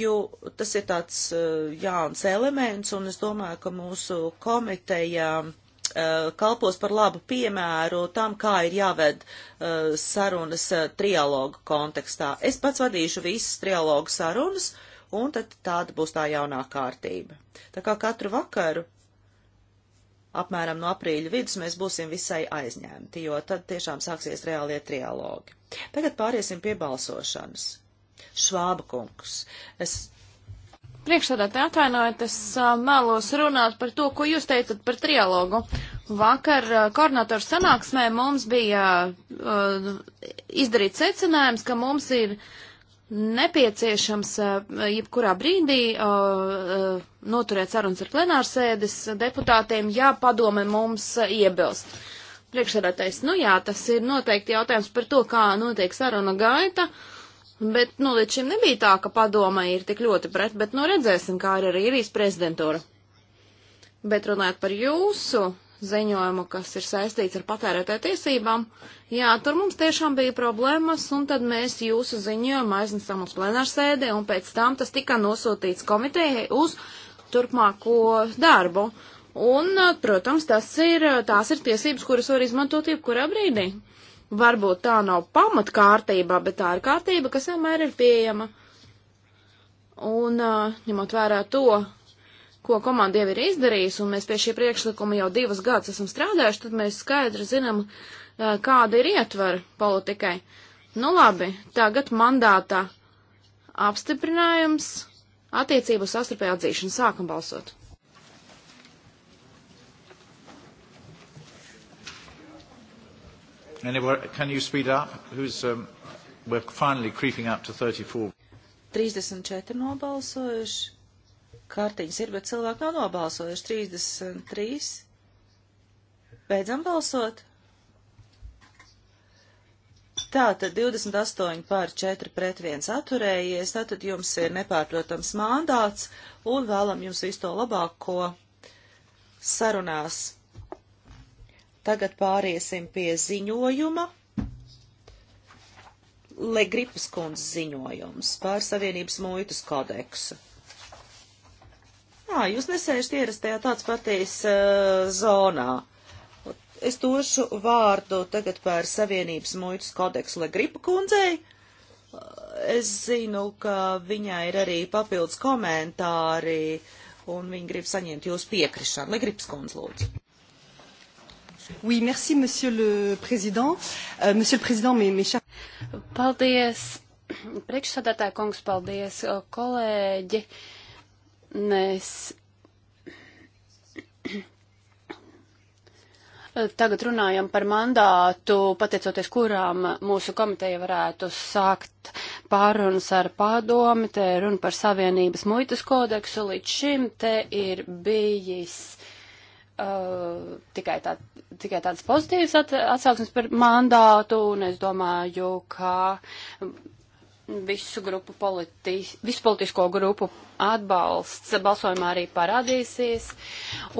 jo tas ir tāds e, jauns elements, un es domāju, ka mūsu komiteja e, kalpos par labu piemēru tam, kā ir jāved e, sarunas trialogu kontekstā. Es pats vadīšu visas trialogu sarunas, un tad tāda būs tā jaunā kārtība. Tā kā katru vakaru apmēram no aprīļa vidus mēs būsim visai aizņemti, jo tad tiešām sāksies reālie trialogi. Tagad pāriesim pie balsošanas. Švāba kungs. Es Priekšsādātāji atvainojiet, es uh, mēlos runāt par to, ko jūs teicat par trialogu. Vakar uh, koordinatoru sanāksmē mums bija uh, izdarīts secinājums, ka mums ir uh, nepieciešams eh, jebkurā brīdī uh, noturēt sarunas ar plenārsēdes deputātiem, ja padome mums iebilst. Priekšsēdētais, nu jā, tas ir noteikti jautājums par to, kā notiek saruna gaita, bet, nu, līdz šim nebija tā, ka padome ir tik ļoti pret, bet, nu, redzēsim, kā ir arī īrijas prezidentūra. Bet runājot par jūsu ziņojumu, kas ir saistīts ar patērētāju tiesībām. Jā, tur mums tiešām bija problēmas, un tad mēs jūsu ziņojumu aiznesām uz plenārsēdi, un pēc tam tas tika nosūtīts komitejai uz turpmāko darbu. Un, protams, tas ir, tās ir tiesības, kuras var izmantot jebkurā brīdī. Varbūt tā nav pamatkārtībā, bet tā ir kārtība, kas vienmēr ir pieejama. Un, ņemot vērā to, ko komanda jau ir izdarījusi, un mēs pie šī priekšlikuma jau divas gadus esam strādājuši, tad mēs skaidri zinām, kāda ir ietvara politikai. Nu labi, tagad mandātā apstiprinājums attiecību sastarpējā atzīšana. Sākam balsot! Anywhere, can you speed up? Who's, um, we're finally creeping up to 34. 34 nobalsojuši kartiņas ir, bet cilvēki nav nobalsojuši. 33. Beidzam balsot. Tā tad 28 pār 4 pret 1 atturējies, tātad jums ir nepārprotams mandāts un vēlam jums visu to labāko sarunās. Tagad pāriesim pie ziņojuma. Legripas kundzes ziņojums pār Savienības muitas kodeksu. Ā, jūs nesēžat ierastajā tāds patīs uh, zonā. Es došu vārdu tagad par Savienības muitas kodeksu Legripa kundzei. Es zinu, ka viņai ir arī papildus komentāri, un viņa grib saņemt jūsu piekrišanu. Legrips kundz, lūdzu. Oui, merci, monsieur le président. Uh, monsieur le président, mes, mes chers... Paldies, priekšsādātāja kungs, paldies, kolēģi. Uh, Mēs tagad runājam par mandātu, pateicoties kurām mūsu komiteja varētu sākt pārunas ar pārdomi, te runa par Savienības muitas kodeksu, līdz šim te ir bijis uh, tikai, tā, tikai tāds pozitīvs at, atsauksmes par mandātu, un es domāju, ka visu grupu politis, visu politisko grupu atbalsts balsojumā arī parādīsies.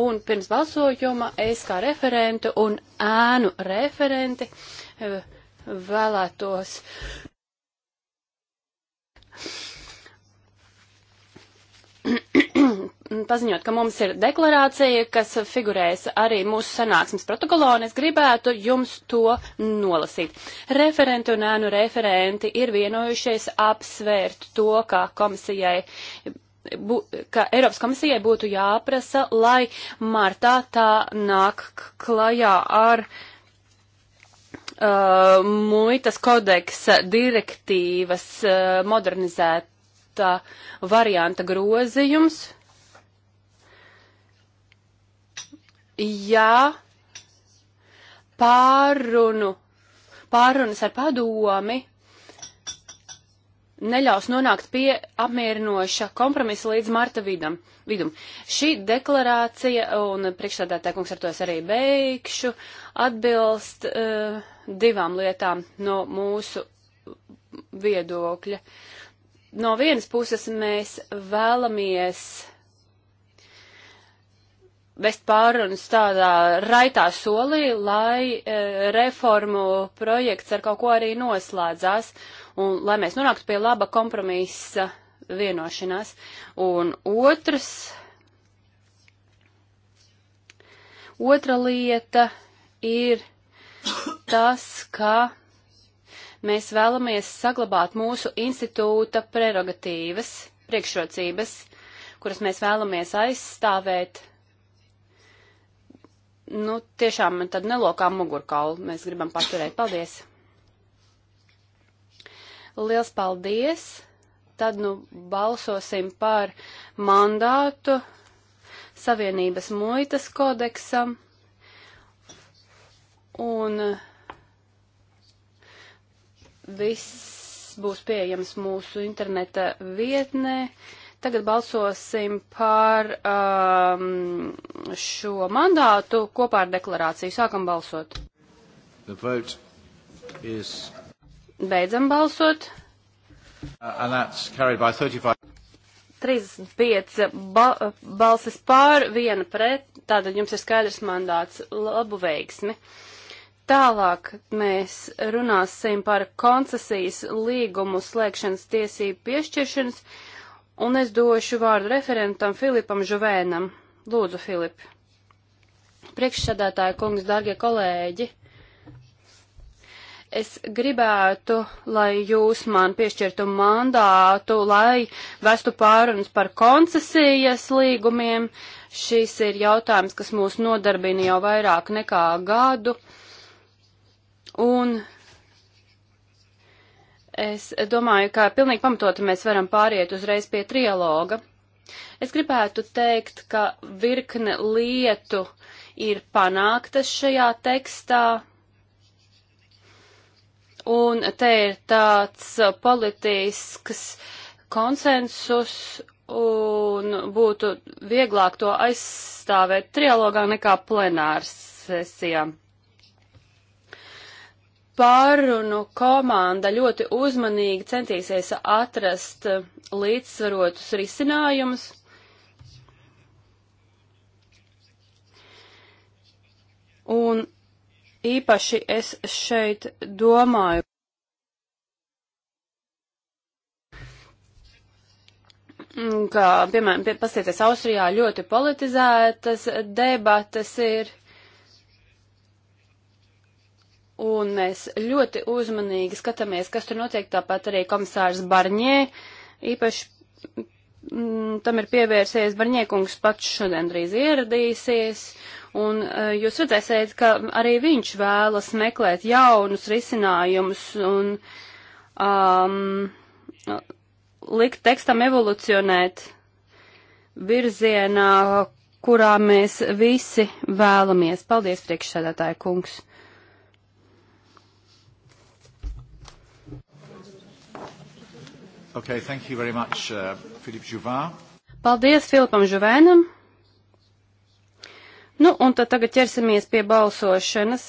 Un pirms balsojuma es kā referente un ēnu referente eh, vēlētos paziņot, ka mums ir deklarācija, kas figurēs arī mūsu sanāksmes protokolā, un es gribētu jums to nolasīt. Referenti un ēnu referenti ir vienojušies apsvērt to, kā komisijai. Bu, ka Eiropas komisijai būtu jāprasa, lai martā tā nāk klajā ar uh, muitas kodeksa direktīvas uh, modernizēt teksta varianta grozījums. Ja pārrunu, pārrunas ar padomi neļaus nonākt pie apmierinoša kompromisa līdz marta vidam. vidum. Šī deklarācija, un priekšstādātā kungs ar to es arī beigšu, atbilst uh, divām lietām no mūsu viedokļa. Uh, no vienas puses mēs vēlamies vest pārunas tādā raitā solī, lai e, reformu projekts ar kaut ko arī noslēdzās un lai mēs nonāktu pie laba kompromisa vienošanās. Un otrs, otra lieta ir tas, ka Mēs vēlamies saglabāt mūsu institūta prerogatīvas, priekšrocības, kuras mēs vēlamies aizstāvēt. Nu, tiešām tad nelokām mugurkaulu mēs gribam paturēt. Paldies! Liels paldies! Tad nu balsosim par mandātu Savienības muitas kodeksam. Un Viss būs pieejams mūsu interneta vietnē. Tagad balsosim par um, šo mandātu kopā ar deklarāciju. Sākam balsot. Is... Beidzam balsot. Uh, 35 ba balsis pār, viena pret, tātad jums ir skaidrs mandāts. Labu veiksmi! Tālāk mēs runāsim par koncesijas līgumu slēgšanas tiesību piešķiršanas, un es došu vārdu referentam Filipam Žuvēnam. Lūdzu, Filip. Priekšsādātāja kungs, dārgie kolēģi, es gribētu, lai jūs man piešķirtu mandātu, lai vestu pārunas par koncesijas līgumiem. Šis ir jautājums, kas mūs nodarbina jau vairāk nekā gadu. Uh, Un es domāju, ka pilnīgi pamatoti mēs varam pāriet uzreiz pie trialoga. Es gribētu teikt, ka virkne lietu ir panāktas šajā tekstā, un te ir tāds politisks konsensus, un būtu vieglāk to aizstāvēt trialogā nekā plenārs sesijām pārunu komanda ļoti uzmanīgi centīsies atrast līdzsvarotus risinājumus. Un īpaši es šeit domāju. Kā, piemēram, pie, paskatieties, Austrijā ļoti politizētas debatas ir, uh, un mēs ļoti uzmanīgi skatāmies, kas tur notiek, tāpat arī komisārs Barņē, īpaši m, mm, tam ir pievērsies Barņēkungs pats šodien drīz ieradīsies, un e, jūs redzēsiet, ka arī viņš vēlas meklēt jaunus risinājumus un um, likt tekstam evolucionēt virzienā, kurā mēs visi vēlamies. Paldies, priekšsēdētāja kungs! Okay, thank you very much, uh, Filip Žuvā. Paldies Filipam Žuvēnam. Nu, un tad tagad ķersimies pie balsošanas.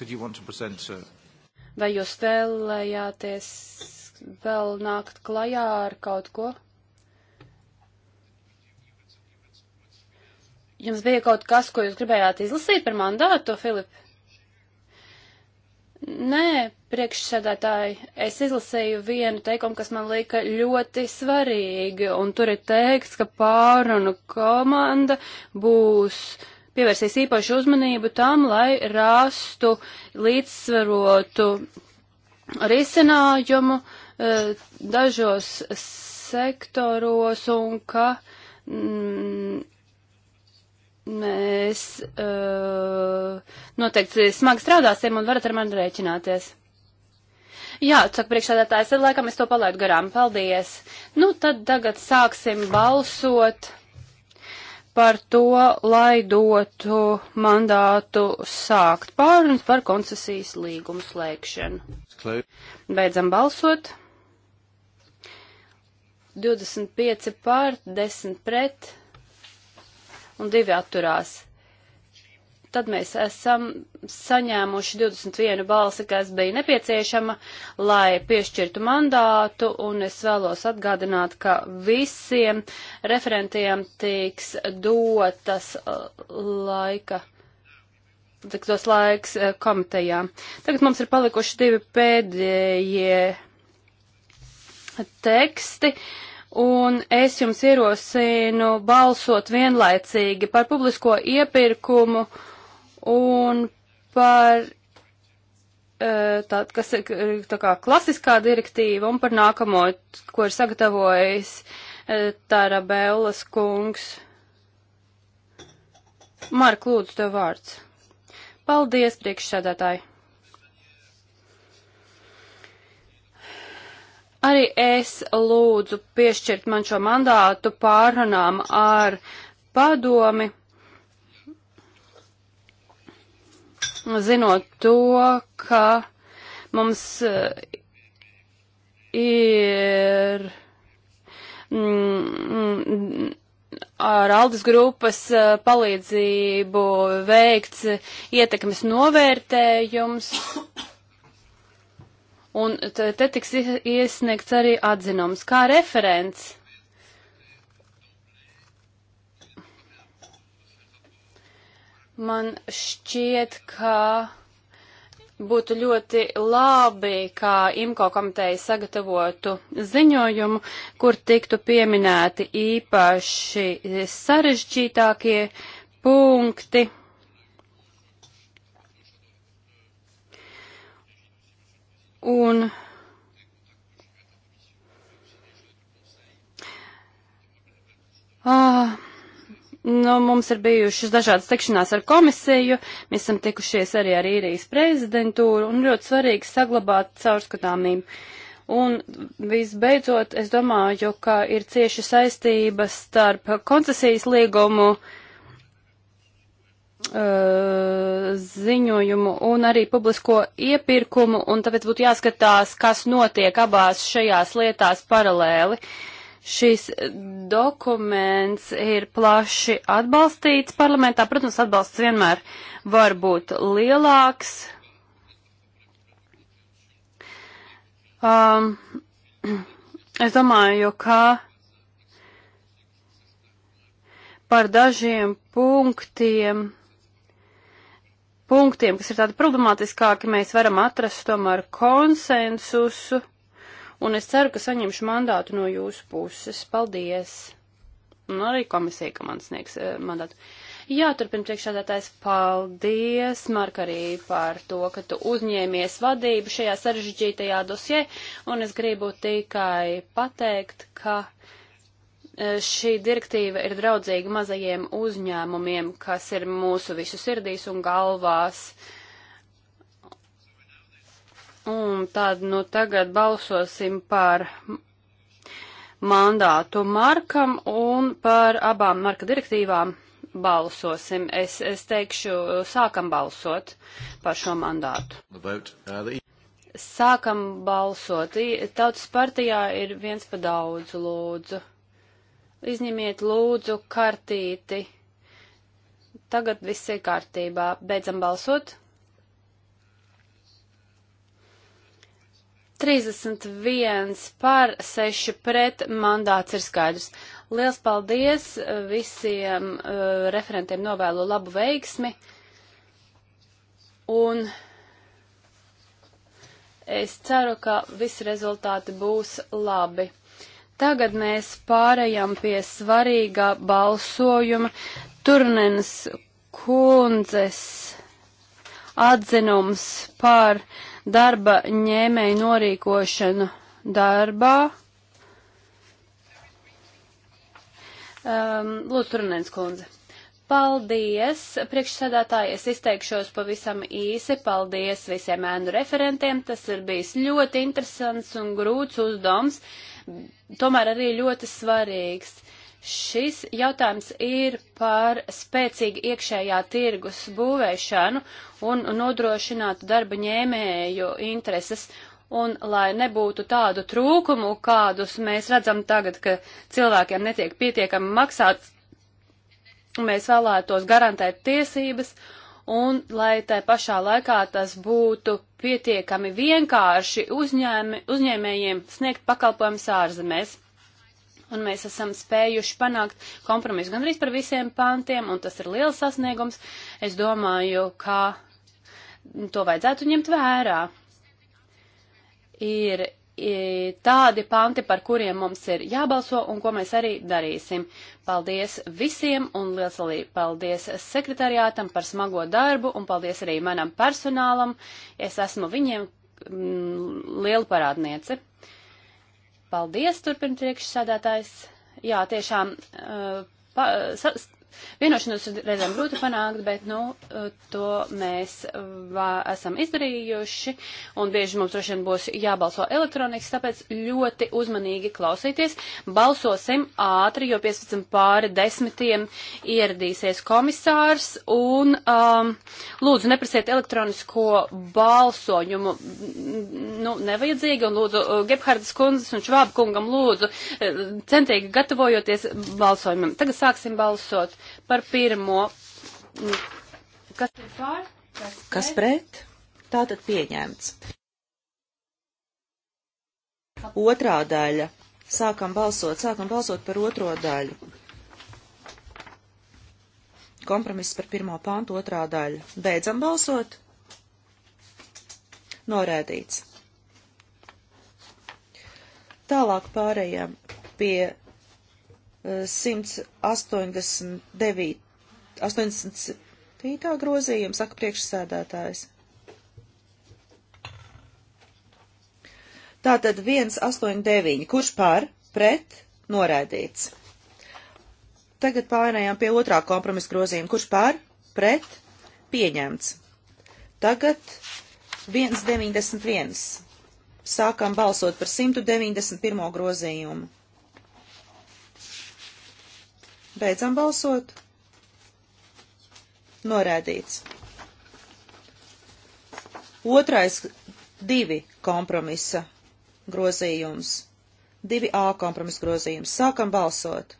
Did you want to present, uh... Vai jūs vēlējāties vēl nākt klajā ar kaut ko? Jums bija kaut kas, ko jūs gribējāt izlasīt par mandātu, Filip? Nē, priekšsēdētāji, es izlasīju vienu teikumu, kas man lika ļoti svarīgi, un tur ir teikts, ka pārunu komanda būs pievērsīs īpašu uzmanību tam, lai rastu līdzsvarotu risinājumu eh, dažos sektoros un ka mm, Mēs uh, noteikti smagi strādāsim un varat ar mani rēķināties. Jā, cik priekšsēdētājs ir laikam, es to palaidu garām. Paldies. Nu, tad tagad sāksim balsot par to, lai dotu mandātu sākt pārunas par koncesijas līgumu slēgšanu. Beidzam balsot. 25 pār, 10 pret, un divi atturās. Tad mēs esam saņēmuši 21 balsi, kas bija nepieciešama, lai piešķirtu mandātu, un es vēlos atgādināt, ka visiem referentiem tiks dotas uh, laika tiks dos laiks uh, komitejām. Tagad mums ir palikuši divi pēdējie teksti. Uh, un es jums ierosinu balsot vienlaicīgi par publisko iepirkumu un par eh, tā, kas ir tā kā klasiskā direktīva un par nākamo, ko ir sagatavojis eh, Tāra Bēlas kungs. Mark, lūdzu, tev vārds. Paldies, priekšsēdētāji! Arī es lūdzu piešķirt man šo mandātu pārunām ar padomi, zinot to, ka mums eh, ir mm, ar Aldis grupas eh, palīdzību veikts ietekmes novērtējums Un te, te tiks iesniegts arī atzinums. Kā referents man šķiet, ka būtu ļoti labi, kā IMCO komiteja sagatavotu ziņojumu, kur tiktu pieminēti īpaši sarežģītākie punkti. Un Ah, nu, mums ir bijušas dažādas tikšanās ar komisiju, mēs esam tikušies arī ar īrijas prezidentūru un ļoti svarīgi saglabāt caurskatāmību. Un visbeidzot, es domāju, ka ir cieši saistības starp koncesijas līgumu uh, Uh, ziņojumu un arī publisko iepirkumu, un tāpēc būtu jāskatās, kas notiek abās šajās lietās paralēli. Šis dokuments ir plaši atbalstīts parlamentā. Protams, atbalsts vienmēr var būt lielāks. Um, es domāju, ka par dažiem punktiem punktiem, kas ir tādi problemātiskāki, mēs varam atrast tomēr konsensusu, un es ceru, ka saņemšu mandātu no jūsu puses. Paldies! Un arī komisija, ka man sniegs eh, mandātu. Jā, turpin priekšādātājs, paldies, Mark, arī par to, ka tu uzņēmies vadību šajā sarežģītajā dosē, un es gribu tikai pateikt, ka E, šī direktīva ir draudzīga mazajiem uzņēmumiem, kas ir mūsu visu sirdīs un galvās. Un tad, nu, tagad balsosim par mandātu Markam un par abām Marka direktīvām balsosim. Es, es teikšu, sākam balsot par šo mandātu. Uh, e- sākam balsot. Tautas partijā ir viens pa daudz, lūdzu. Izņemiet lūdzu kartīti. Tagad viss ir kārtībā. Beidzam balsot. 31 par 6 pret mandāts ir skaidrs. Liels paldies visiem uh, referentiem novēlu labu veiksmi. Un es ceru, ka visi rezultāti būs labi. Tagad mēs pārējām pie svarīgā balsojuma Turnenes kundzes atzinums par darba ņēmēju norīkošanu darbā. Um, Lūdzu, Turnēns kundze. Paldies, priekšsēdētāji, es izteikšos pavisam īsi. Paldies visiem ēnu referentiem, tas ir bijis ļoti interesants un grūts uzdoms. Uh, tomēr arī ļoti svarīgs. Šis jautājums ir par spēcīgu iekšējā tirgus būvēšanu un nodrošinātu darba ņēmēju intereses. Un lai nebūtu tādu trūkumu, kādus mēs redzam tagad, ka cilvēkiem netiek pietiekami maksāts, mēs vēlētos garantēt tiesības un lai tai pašā laikā tas būtu pietiekami vienkārši uzņēmi, uzņēmējiem sniegt pakalpojumus ārzemēs. Un mēs esam spējuši panākt kompromisu gandrīz par visiem pantiem, un tas ir liels sasniegums. Es domāju, ka to vajadzētu ņemt vērā. Ir tādi panti, par kuriem mums ir jābalso un ko mēs arī darīsim. Paldies visiem un liels paldies sekretariātam par smago darbu un paldies arī manam personālam. Es esmu viņiem mm, liela parādniece. Paldies, turpina priekšsēdētājs. Jā, tiešām. Uh, pa, sa, Vienošanos reizēm grūti panākt, bet, nu, to mēs va, esam izdarījuši, un bieži mums droši vien būs jābalso elektroniski, tāpēc ļoti uzmanīgi klausīties. Balsosim ātri, jo 15 pāri desmitiem ieradīsies komisārs, un um, lūdzu neprasiet elektronisko balsoņumu, nu, nevajadzīgi, un lūdzu uh, Gebhardas kundzes un Švāba kungam lūdzu uh, centīgi gatavojoties balsojumam. Tagad sāksim balsot par pirmo. Kas ir pār? Kas pret? Kas pret? Tātad pieņemts. Otrā daļa. Sākam balsot, sākam balsot par otro daļu. Kompromiss par pirmo pāntu, otrā daļa. Beidzam balsot. Norēdīts. Tālāk pārējām pie 189. 87. grozījums, saka priekšsēdētājs. Tātad 189. Kurš par? Pret? Noraidīts. Tagad pārējām pie otrā kompromisa grozījuma. Kurš par? Pret? Pieņemts. Tagad 191. Sākam balsot par 191. grozījumu. Beidzam balsot. Norēdīts. Otrais divi kompromisa grozījums. 2A kompromisa grozījums. Sākam balsot.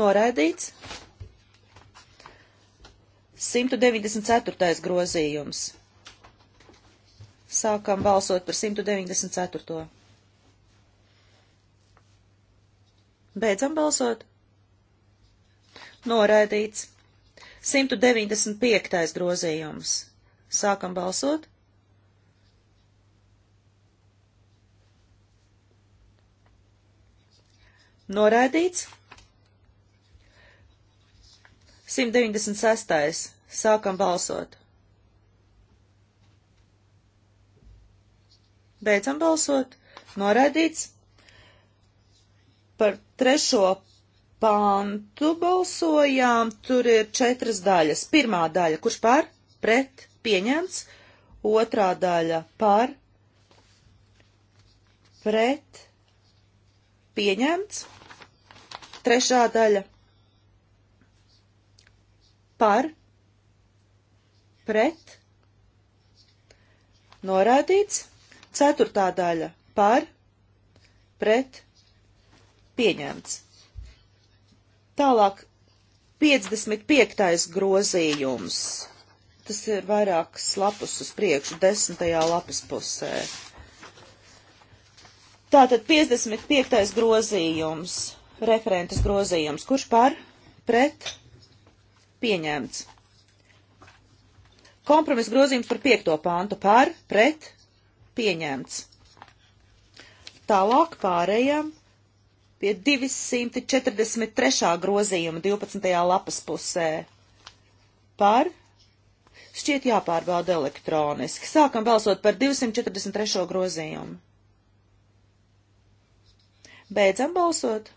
Noraidīts. 194. grozījums. Sākam balsot par 194. Beidzam balsot. Noraidīts. 195. grozījums. Sākam balsot. Noraidīts. 196. Sākam balsot. Beidzam balsot. Noraidīts. Par trešo pantu balsojām. Tur ir četras daļas. Pirmā daļa, kurš par, pret, pieņemts. Otrā daļa par, pret, pieņemts. Trešā daļa par, pret, norādīts. Ceturtā daļa par, pret, pieņemts. Tālāk 55. grozījums. Tas ir vairākas lapus uz priekšu, desmitajā lapas pusē. Tātad 55. grozījums, referentes grozījums, kurš par, pret, pieņemts. Kompromis grozījums par piekto pāntu par, pret, pieņemts. Tālāk pārējām pie 243. grozījuma 12. lapas pusē par šķiet jāpārbauda elektroniski. Sākam balsot par 243. grozījumu. Beidzam balsot.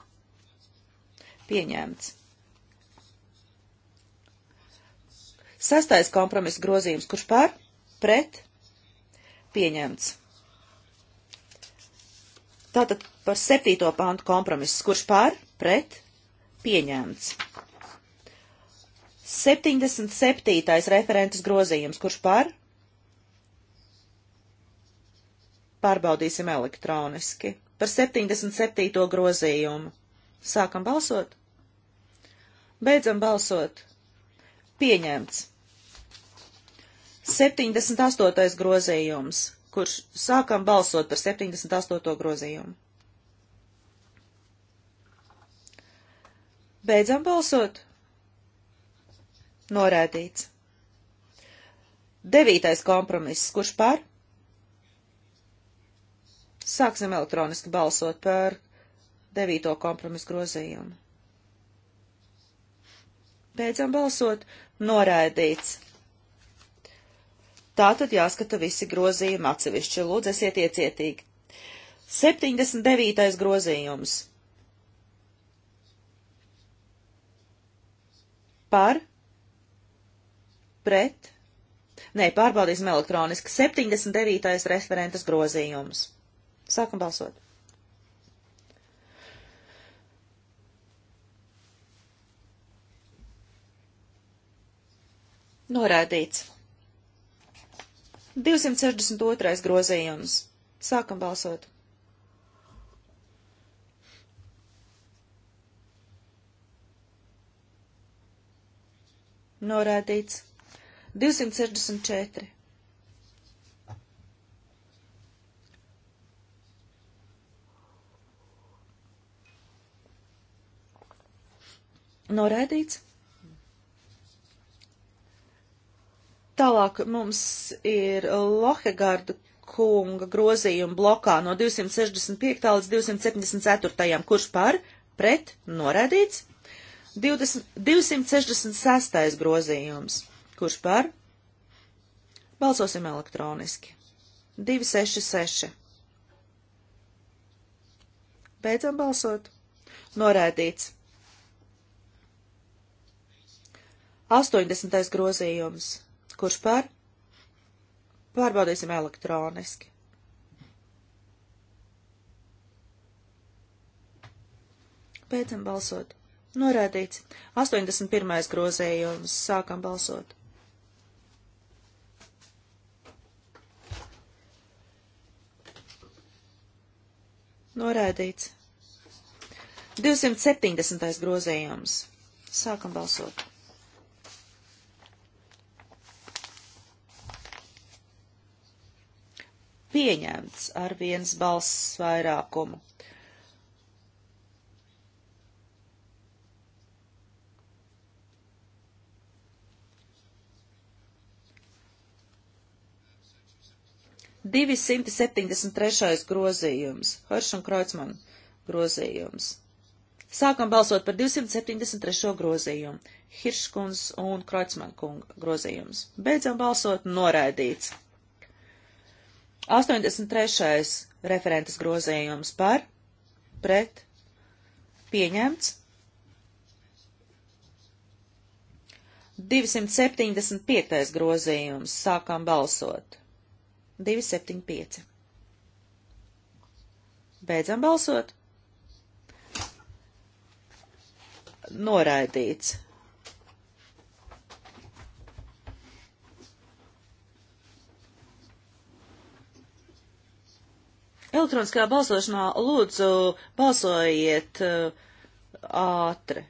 Pieņemts. Sastais kompromiss grozījums, kurš par, pret, pieņemts. Tātad par septīto pāntu kompromiss, kurš par, pret, pieņemts. 77. referentes grozījums, kurš par? Pārbaudīsim elektroniski. Par 77. grozījumu. Sākam balsot. Beidzam balsot. Pieņemts. 78. grozījums, kurš sākam balsot par 78. grozījumu. Beidzam balsot. Norēdīts. Devītais kompromiss, kurš par? Sāksim elektroniski balsot par devīto kompromisu grozījumu. Beidzam balsot. Norēdīts. Tā tad jāskata visi grozījumi atsevišķi. Lūdzu, esiet iecietīgi. 79. grozījums. Par. Pret. Nē, pārbaudīsim elektroniski. 79. referentas grozījums. Sākam balsot. Norādīts. 262. grozījums. Sākam balsot. Norādīts. 264. Norādīts. Tālāk mums ir Lohegarda kunga grozījuma blokā no 265. līdz 274. kurš par, pret, norādīts. 20, 266. grozījums, kurš par, balsosim elektroniski. 266. Beidzam balsot. Norādīts. 80. grozījums Kurš par? Pārbaudīsim elektroniski. Beidzam balsot. Norādīts. 81. grozējums. Sākam balsot. Norādīts. 270. grozējums. Sākam balsot. pieņemts ar viens balss vairākumu. Divi simti septiņdesmit trešais grozījums, Herš un Kreutzmann grozījums. Sākam balsot par 273. grozījumu, Hirškuns un Kreutzmann kunga grozījums. Beidzam balsot noraidīts. 83. referentes grozījums par, pret, pieņemts. 275. grozījums. Sākam balsot. 275. Beidzam balsot. Noraidīts. Elektroniskajā balsošanā lūdzu balsojiet uh, ātri.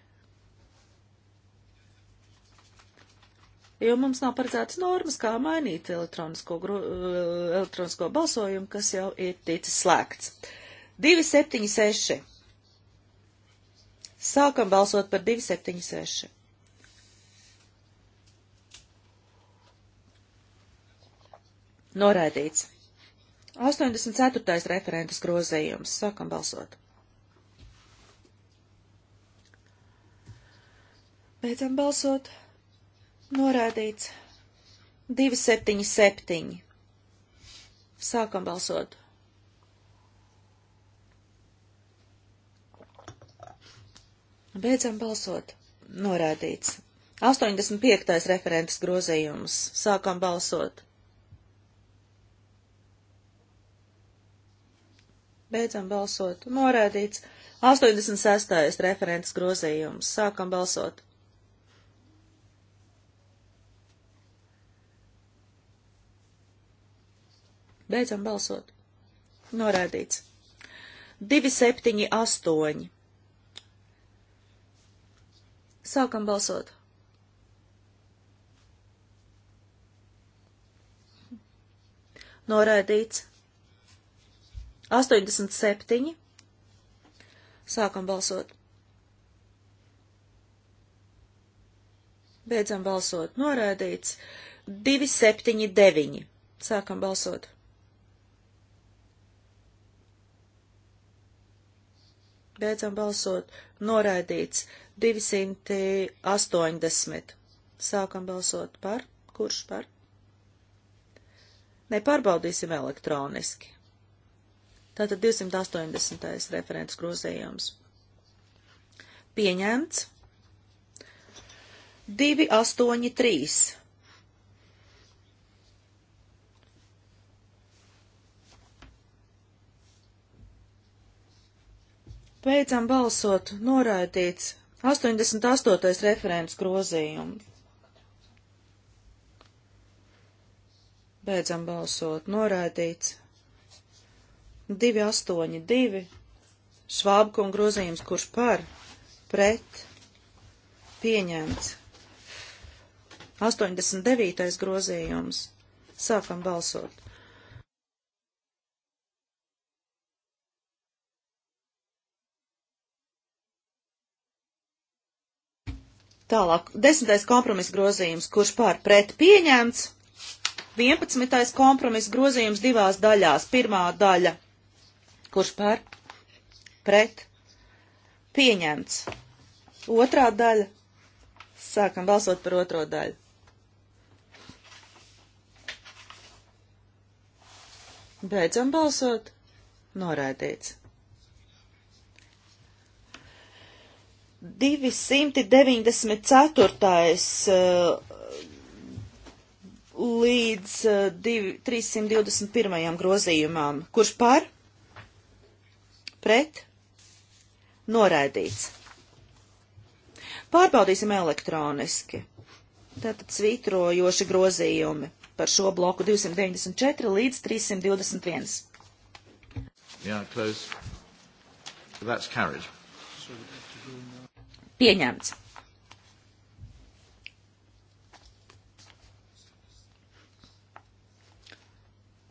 Jo mums nav paredzētas normas, kā mainīt elektronisko, uh, elektronisko balsojumu, kas jau ir ticis slēgts. 276. Sākam balsot par 276. Noraidīts. 84. referentes grozījums. Sākam balsot. Beidzam balsot. Norādīts. 277. Sākam balsot. Beidzam balsot. Norādīts. 85. referentes grozījums. Sākam balsot. Beidzam balsot. Norādīts. 86. referents grozījums. Sākam balsot. Beidzam balsot. Norādīts. 278. Sākam balsot. Norādīts. 87. Sākam balsot. Beidzam balsot. Noraidīts. 279. Sākam balsot. Beidzam balsot. Noraidīts. 280. Sākam balsot par. Kurš par? Nepārbaudīsim elektroniski. Tātad 280. referents grozījums. Pieņemts. 283. Beidzam balsot, noraidīts 88. referents grozījums. Beidzam balsot, noraidīts 282 švābku un grozījums, kurš par pret pieņemts. 89. grozījums. Sākam balsot. Tālāk, desmitais kompromiss grozījums, kurš pār pret pieņemts, vienpadsmitais kompromiss grozījums divās daļās. Pirmā daļa kurš par pret pieņemts. Otrā daļa. Sākam balsot par otro daļu. Beidzam balsot. Noraidīts. 294. Uh, līdz 321. Uh, grozījumam. Kurš par? pret noraidīts. Pārbaudīsim elektroniski. Tātad svītrojoši grozījumi par šo bloku 294 līdz 321. Yeah, close. That's carried. Pieņemts.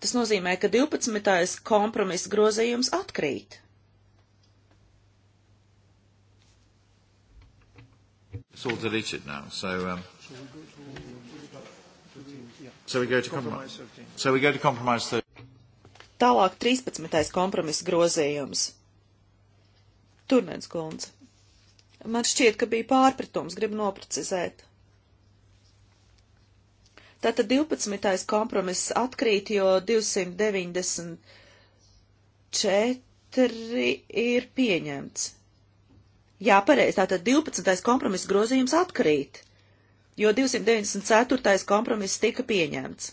Tas nozīmē, ka 12. kompromisa grozījums atkrīt. It's all deleted now, so. Um, so we go to compromise. So we go to compromise. Tālāk 13. kompromisa grozījums. Turnēns kundze. Man šķiet, ka bija pārpratums, gribu noprecizēt. Tātad 12. kompromiss atkrīt, jo 294 ir pieņemts. Jā, pareizi, tātad 12. kompromisa grozījums atkrīt, jo 294. kompromiss tika pieņemts.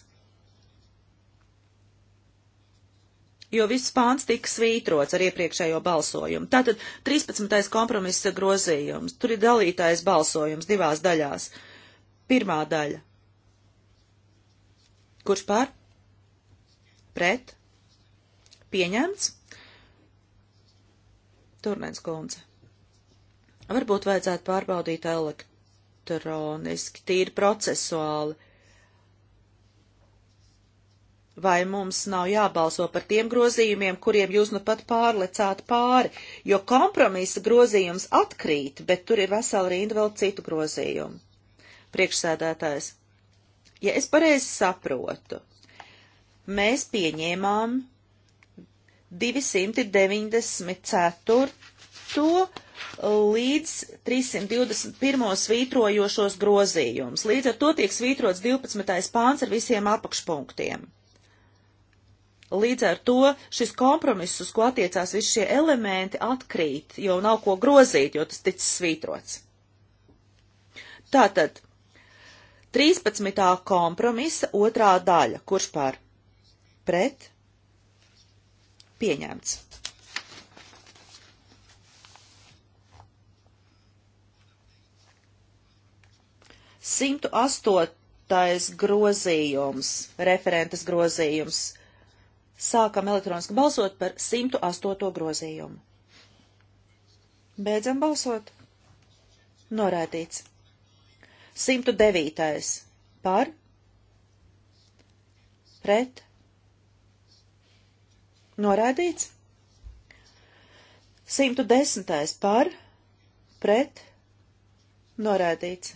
jo viss pāns tika svītrots ar iepriekšējo balsojumu. Tātad 13. kompromisa grozījums. Tur ir dalītais balsojums divās daļās. Pirmā daļa. Kurš pār? Pret? Pieņemts? Turnens kundze. Varbūt vajadzētu pārbaudīt elektroniski, tīri procesuāli. Vai mums nav jābalso par tiem grozījumiem, kuriem jūs nu pat pārlecāt pāri, jo kompromisa grozījums atkrīt, bet tur ir vesela rinda vēl citu grozījumu. Priekšsēdētājs, ja es pareizi saprotu, mēs pieņēmām 294 to līdz 321. svītrojošos grozījums. Līdz ar to tiek svītrots 12. pāns ar visiem apakšpunktiem. Līdz ar to šis kompromiss, uz ko attiecās visi šie elementi, atkrīt, jo nav ko grozīt, jo tas ticis svītrots. Tātad 13. kompromisa otrā daļa, kurš par pret pieņemts. 108. grozījums, referentes grozījums. Sākam elektroniski balsot par 108. grozījumu. Beidzam balsot. Norādīts. 109. par, pret, norādīts. 110. par, pret, norādīts.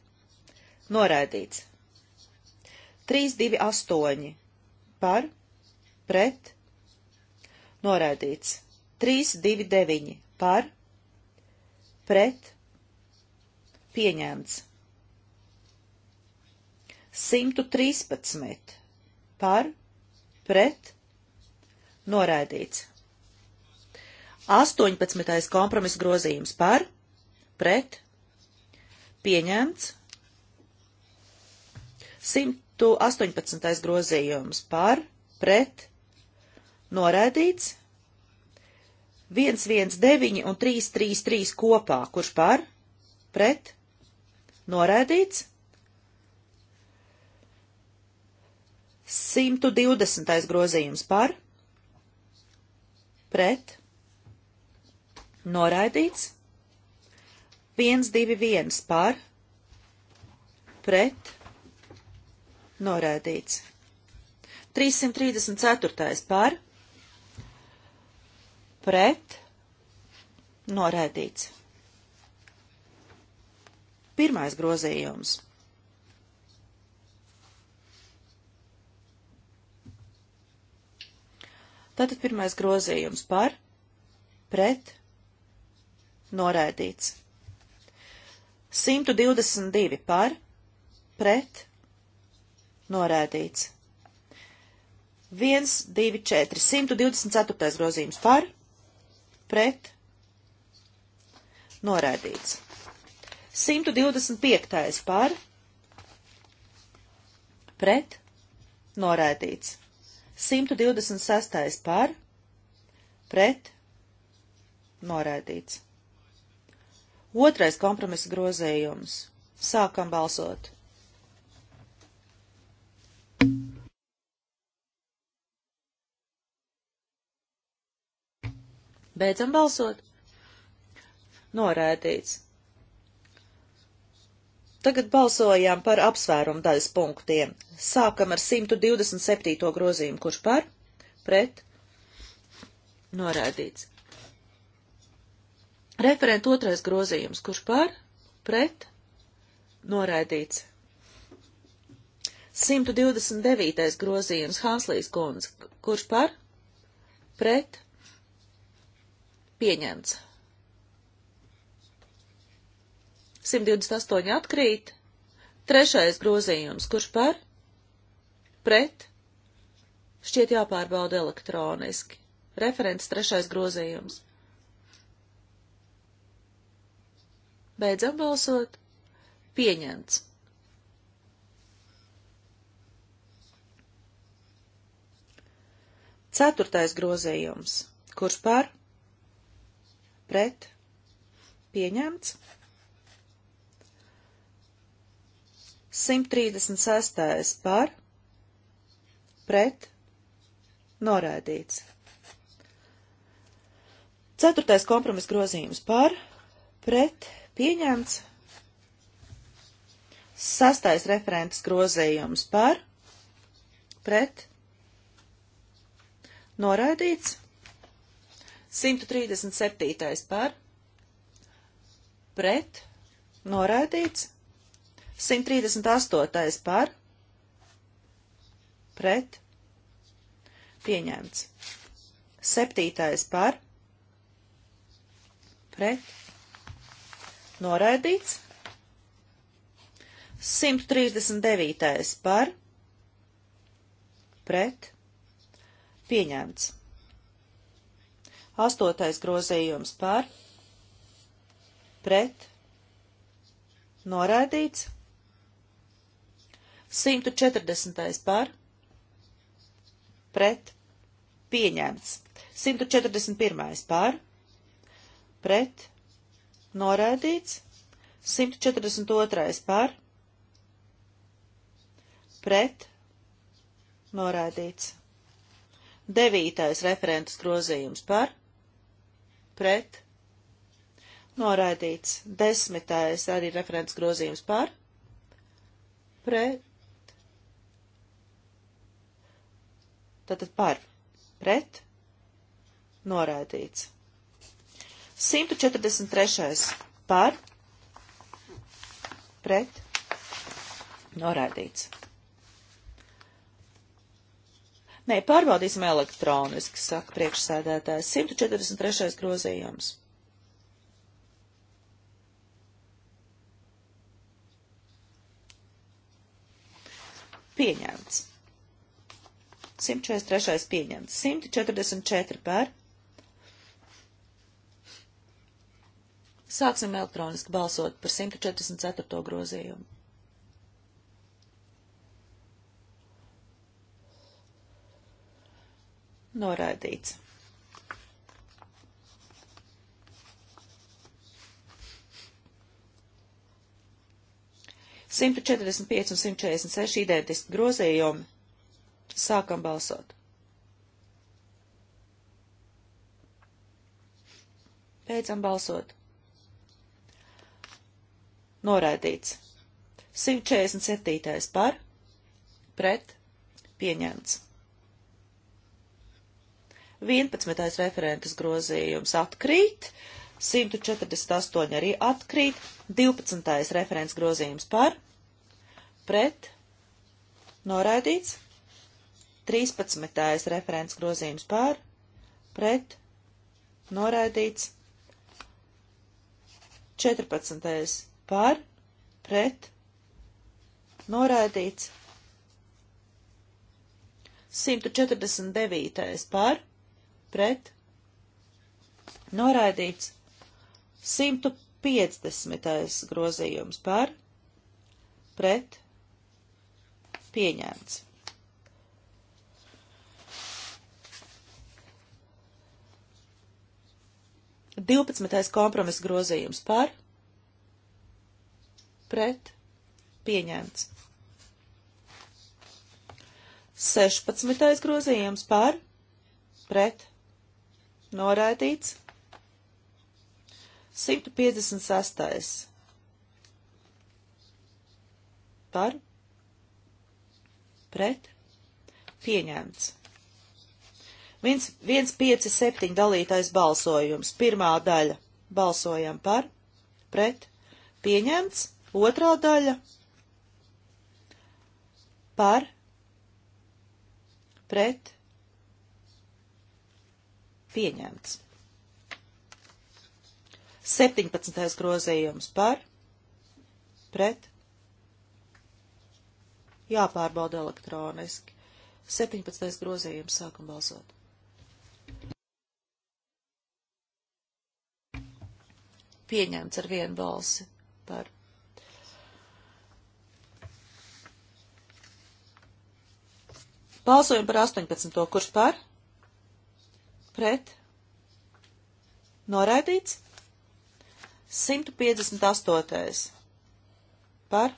Noraidīts. 3, 2, 8. Par, pret, noraidīts. 3, 2, 9. Par, pret, pieņemts. 113. Par, pret, noraidīts. 18. kompromisa grozījums par, pret, pieņemts. 118. grozījums par, pret, noraidīts. 119 un 333 kopā, kurš par, pret, noraidīts. 120. grozījums par, pret, noraidīts, 1, 2, 1 par, pret, Norēdīts. 334. par, pret, norēdīts. Pirmais grozījums. Tātad pirmais grozījums par, pret, norēdīts. 122 par, pret, norādīts. 1, 2, 4, 124. grozījums par, pret, norādīts. 125. par, pret, norādīts. 126. par, pret, norādīts. Otrais kompromisa grozējums. Sākam balsot. Beidzam balsot. Norēdīts. Tagad balsojām par apsvērumu daļas punktiem. Sākam ar 127. grozījumu, kurš par, pret, norādīts. Referent otrais grozījums, kurš par, pret, norādīts. 129. grozījums Hanslīs kundze, kurš par, pret, pieņemts. 128 atkrīt. Trešais grozījums, kurš par? Pret? Šķiet jāpārbauda elektroniski. Referents trešais grozījums. Beidzam balsot. Pieņemts. Ceturtais grozījums. Kurš par? pret pieņemts. 136. par pret norēdīts. Ceturtais kompromis grozījums par pret pieņemts. Sastais referents grozījums par pret norēdīts. 137. par pret noraidīts. 138. par pret pieņemts. 7. par pret noraidīts. 139. par pret pieņemts. Astotais grozījums par, pret, noraidīts. 140. par, pret, pieņemts. 141. par, pret, noraidīts. 142. par, pret, noraidīts. 9. referentus grozījums par, pret, noraidīts. Desmitais arī referents grozījums par, pret, tātad par, pret, noraidīts. 143. par, pret, noraidīts. Nē, pārbaudīsim elektroniski, saka priekšsēdētājs. 143. grozījums. Pieņemts. 143. pieņemts. 144 par. Sāksim elektroniski balsot par 144. grozījumu. noraidīts. Simtu četrdesmit pieci un simt četrdesmit seši identiski grozījumi. Sākam balsot. Beidzam balsot. Noraidīts. 147. par, pret, pieņemts. 11. referentes grozījums atkrīt, 148 arī atkrīt, 12. referents grozījums par, pret, noraidīts, 13. referents grozījums par, pret, noraidīts, 14. par, pret, noraidīts, 149. par, pret noraidīts 150. grozījums par pret pieņemts. Divpadsmitais kompromiss grozījums par, pret, pieņemts. Sešpadsmitais grozījums par, pret, noraidīts. 156. par, pret, pieņemts. 157 dalītais balsojums. Pirmā daļa balsojam par, pret, pieņemts. Otrā daļa par, pret, pieņemts pieņemts. 17. grozījums par, pret, jāpārbauda elektroniski. 17. grozījums sākam balsot. Pieņemts ar vienu balsi par. Balsojam par 18. kurš par? pret noraidīts. 158. par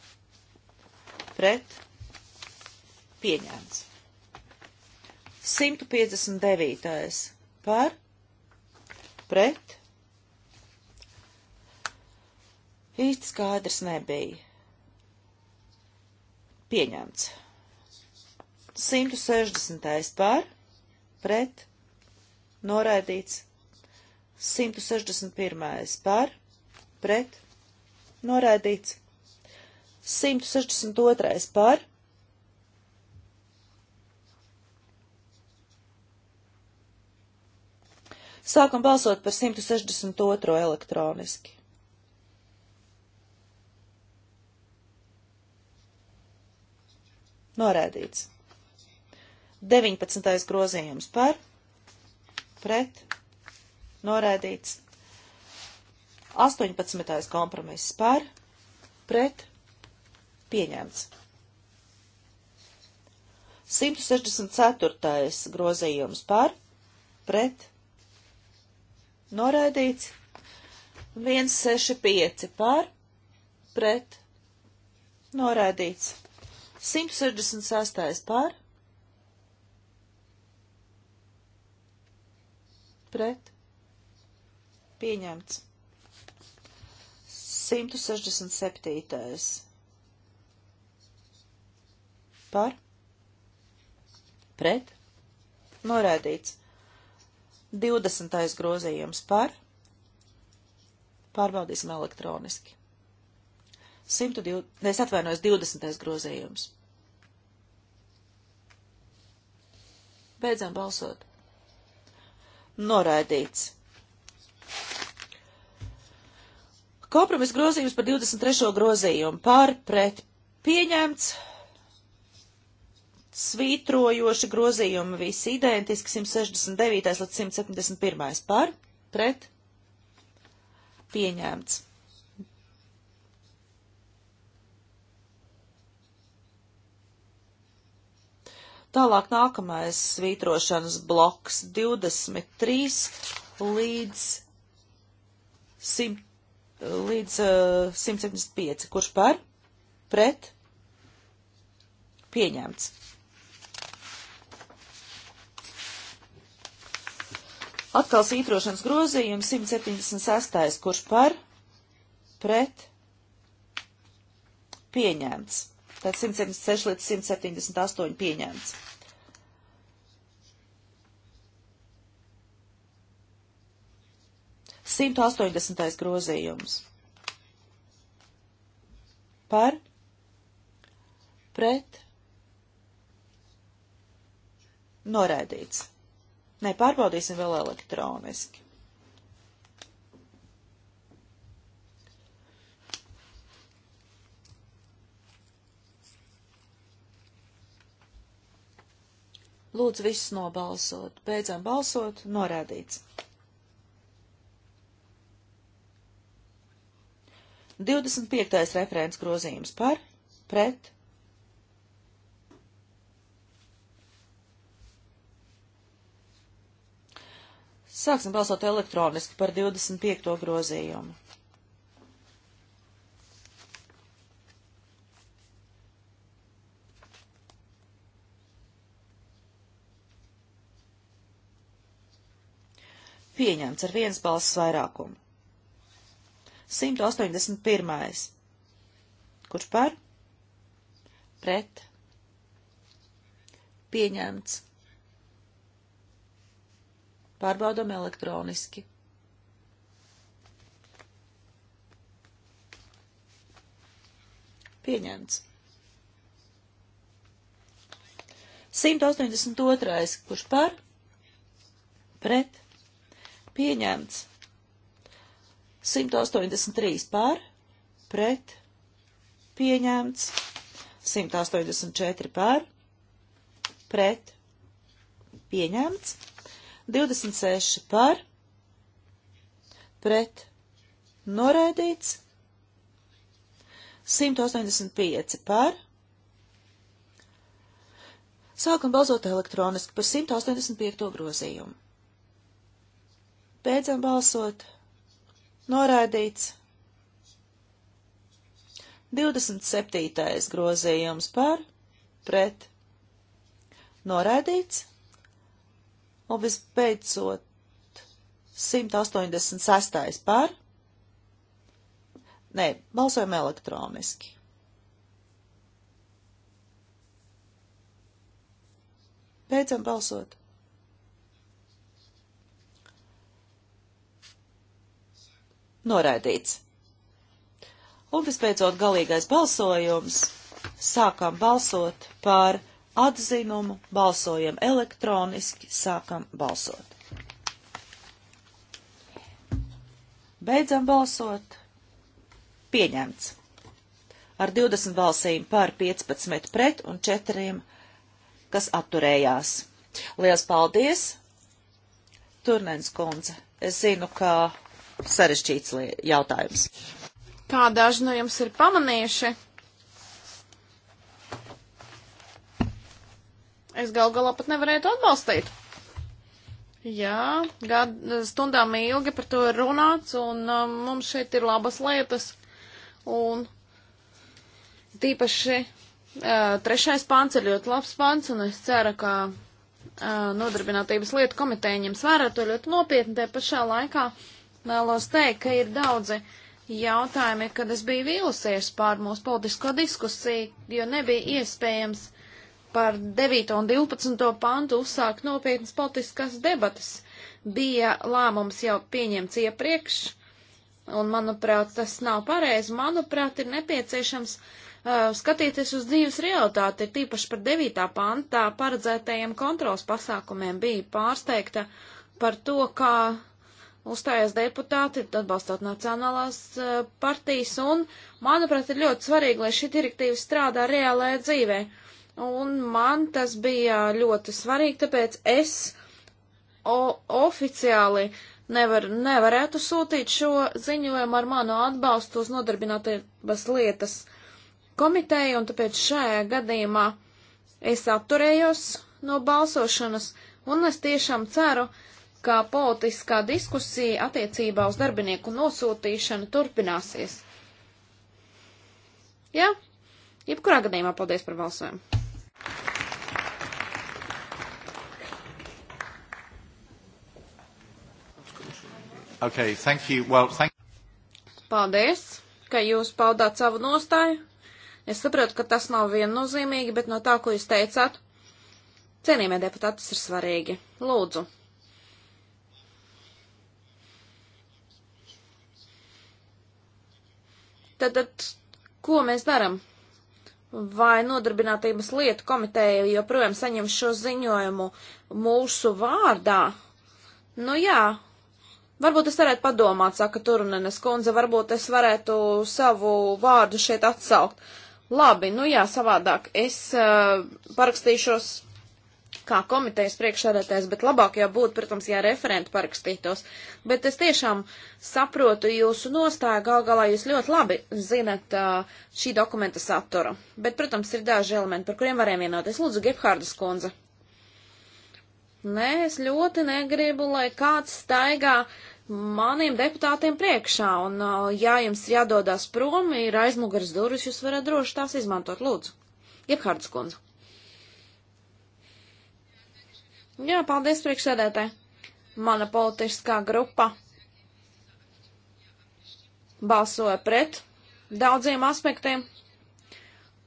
pret pieņemts. 159. par pret īsti skaidrs nebija. Pieņemts. 160. par pret noraidīts. 161. par, pret, noraidīts. 162. par, Sākam balsot par 162. elektroniski. Norēdīts. 19. grozījums par pret noraidīts. 18. kompromiss par pret pieņemts. 164. grozījums par pret noraidīts. 165 par pret noraidīts. 166 par pret pieņemts. 167. Par pret norēdīts. 20. grozījums par pārbaudīsim elektroniski. 120, es atvainojos 20. grozījums. Beidzam balsot noraidīts. Kompromis grozījums par 23. grozījumu par pret pieņemts svītrojoši grozījumi visi identiski 169. līdz 171. par pret pieņemts. Tālāk nākamais svītrošanas bloks 23 līdz, 100, līdz uh, eh, 175. Kurš par? Pret? Pieņemts. Atkal svītrošanas grozījums 176. Kurš par? Pret? Pieņemts. Tātad 176 līdz 178 pieņemts. Simt astoņdesmitais grozījums. Par, pret, noraidīts. Nē, pārbaudīsim vēl elektroniski. Lūdzu, visus nobalsot. Beidzam balsot, norādīts. 25. referents grozījums par, pret. Sāksim balsot elektroniski par 25. grozījumu. Pieņemts ar vienas balss vairākumu. 181. Kurš par? Pret. Pieņemts. Pārbaudam elektroniski. Pieņemts. 182. Kurš par? Pret. Pieņemts. 183 par, pret, pieņemts. 184 par, pret, pieņemts. 26 par, pret, noraidīts. 185 par. Sākam balsot elektroniski par 185. grozījumu. Beidzam balsot. Noraidīts. 27. grozījums par, pret, noraidīts, un visbeidzot 186. par, nē, balsojam elektroniski. Beidzam balsot. Noraidīts. Un visbeidzot galīgais balsojums. Sākam balsot par atzinumu, balsojam elektroniski, sākam balsot. Beidzam balsot. Pieņemts. Ar 20 balsīm par 15 pret un 4, kas atturējās. Lielas paldies, Turnens kundze. Es zinu, ka sarežģīts jautājums. Kā daži no jums ir pamanījuši? Es gal galā pat nevarētu atbalstīt. Jā, gad, stundām ilgi par to ir runāts, un um, mums šeit ir labas lietas. Un tīpaši uh, trešais pants ir ļoti labs pants, un es ceru, ka uh, nodarbinātības lietu komiteja ņems vērā to ļoti nopietni, te pašā laikā uh, Vēlos teikt, ka ir daudzi jautājumi, kad es biju vīlusies pār mūsu politisko diskusiju, jo nebija iespējams par 9. un 12. pantu uzsākt nopietnas politiskas debatas. Bija lēmums jau pieņemts iepriekš, un, manuprāt, tas nav pareizi. Manuprāt, ir nepieciešams uh, skatīties uz dzīves realitāti, ir tīpaši par 9. pantā paredzētajiem kontrols pasākumiem. Bija pārsteigta par to, kā uzstājās deputāti, atbalstot nacionālās e, partijas, un, manuprāt, ir ļoti svarīgi, lai šī direktīva strādā reālajā dzīvē. Un man tas bija ļoti svarīgi, tāpēc es o, oficiāli nevar, nevarētu sūtīt šo ziņojumu ar manu atbalstu uz nodarbinātības lietas komiteju, un tāpēc šajā gadījumā es atturējos no balsošanas, un es tiešām ceru, uh, ka politiskā diskusija attiecībā uz darbinieku nosūtīšanu turpināsies. Jā, jebkurā gadījumā paldies par balsojumu. Okay, thank you. Well, thank Paldies, ka jūs paudāt savu nostāju. Es saprotu, ka tas nav viennozīmīgi, bet no tā, ko jūs teicāt, cienījamie deputāti, tas ir svarīgi. Lūdzu. Tad, tad ko mēs darām? Vai nodarbinātības lietu komiteja joprojām saņem šo ziņojumu mūsu vārdā? Nu jā, varbūt es varētu padomāt, saka Turunenes kundze, varbūt es varētu savu vārdu šeit atsaukt. Labi, nu jā, savādāk. Es uh, parakstīšos kā komitejas priekšsēdētājs, bet labāk jau būtu, protams, ja referenti parakstītos. Bet es tiešām saprotu jūsu nostāju, gal galā jūs ļoti labi zinat šī dokumenta saturu. Bet, protams, ir daži elementi, par kuriem varējām vienoties. Lūdzu, Gebhārdas kundze. Nē, es ļoti negribu, lai kāds staigā maniem deputātiem priekšā, un ja jums jādodas prom, ir aizmugars durvis, jūs varat droši tās izmantot. Lūdzu, Gebhārdas kundze. Jā, paldies priekšsēdētē. Mana politiskā grupa balsoja pret daudziem aspektiem,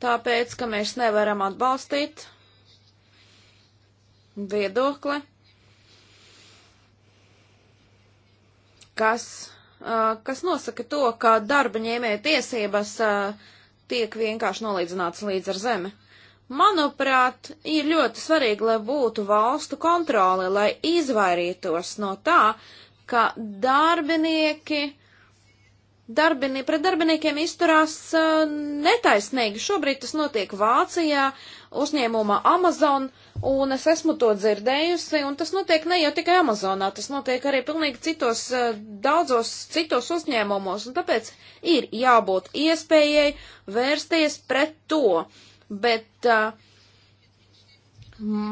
tāpēc, ka mēs nevaram atbalstīt viedokli, kas, kas nosaka to, ka darba ņēmēja tiesības tiek vienkārši nolīdzināts līdz ar zemi. Manuprāt, ir ļoti svarīgi, lai būtu valstu kontrole, lai izvairītos no tā, ka darbinieki, darbini, pret darbiniekiem izturās uh, netaisnīgi. Šobrīd tas notiek Vācijā, uzņēmumā Amazon, un es esmu to dzirdējusi, un tas notiek ne jau tikai Amazonā, tas notiek arī pilnīgi citos, uh, daudzos citos uzņēmumos, un tāpēc ir jābūt iespējai vērsties pret to. Uh, bet uh,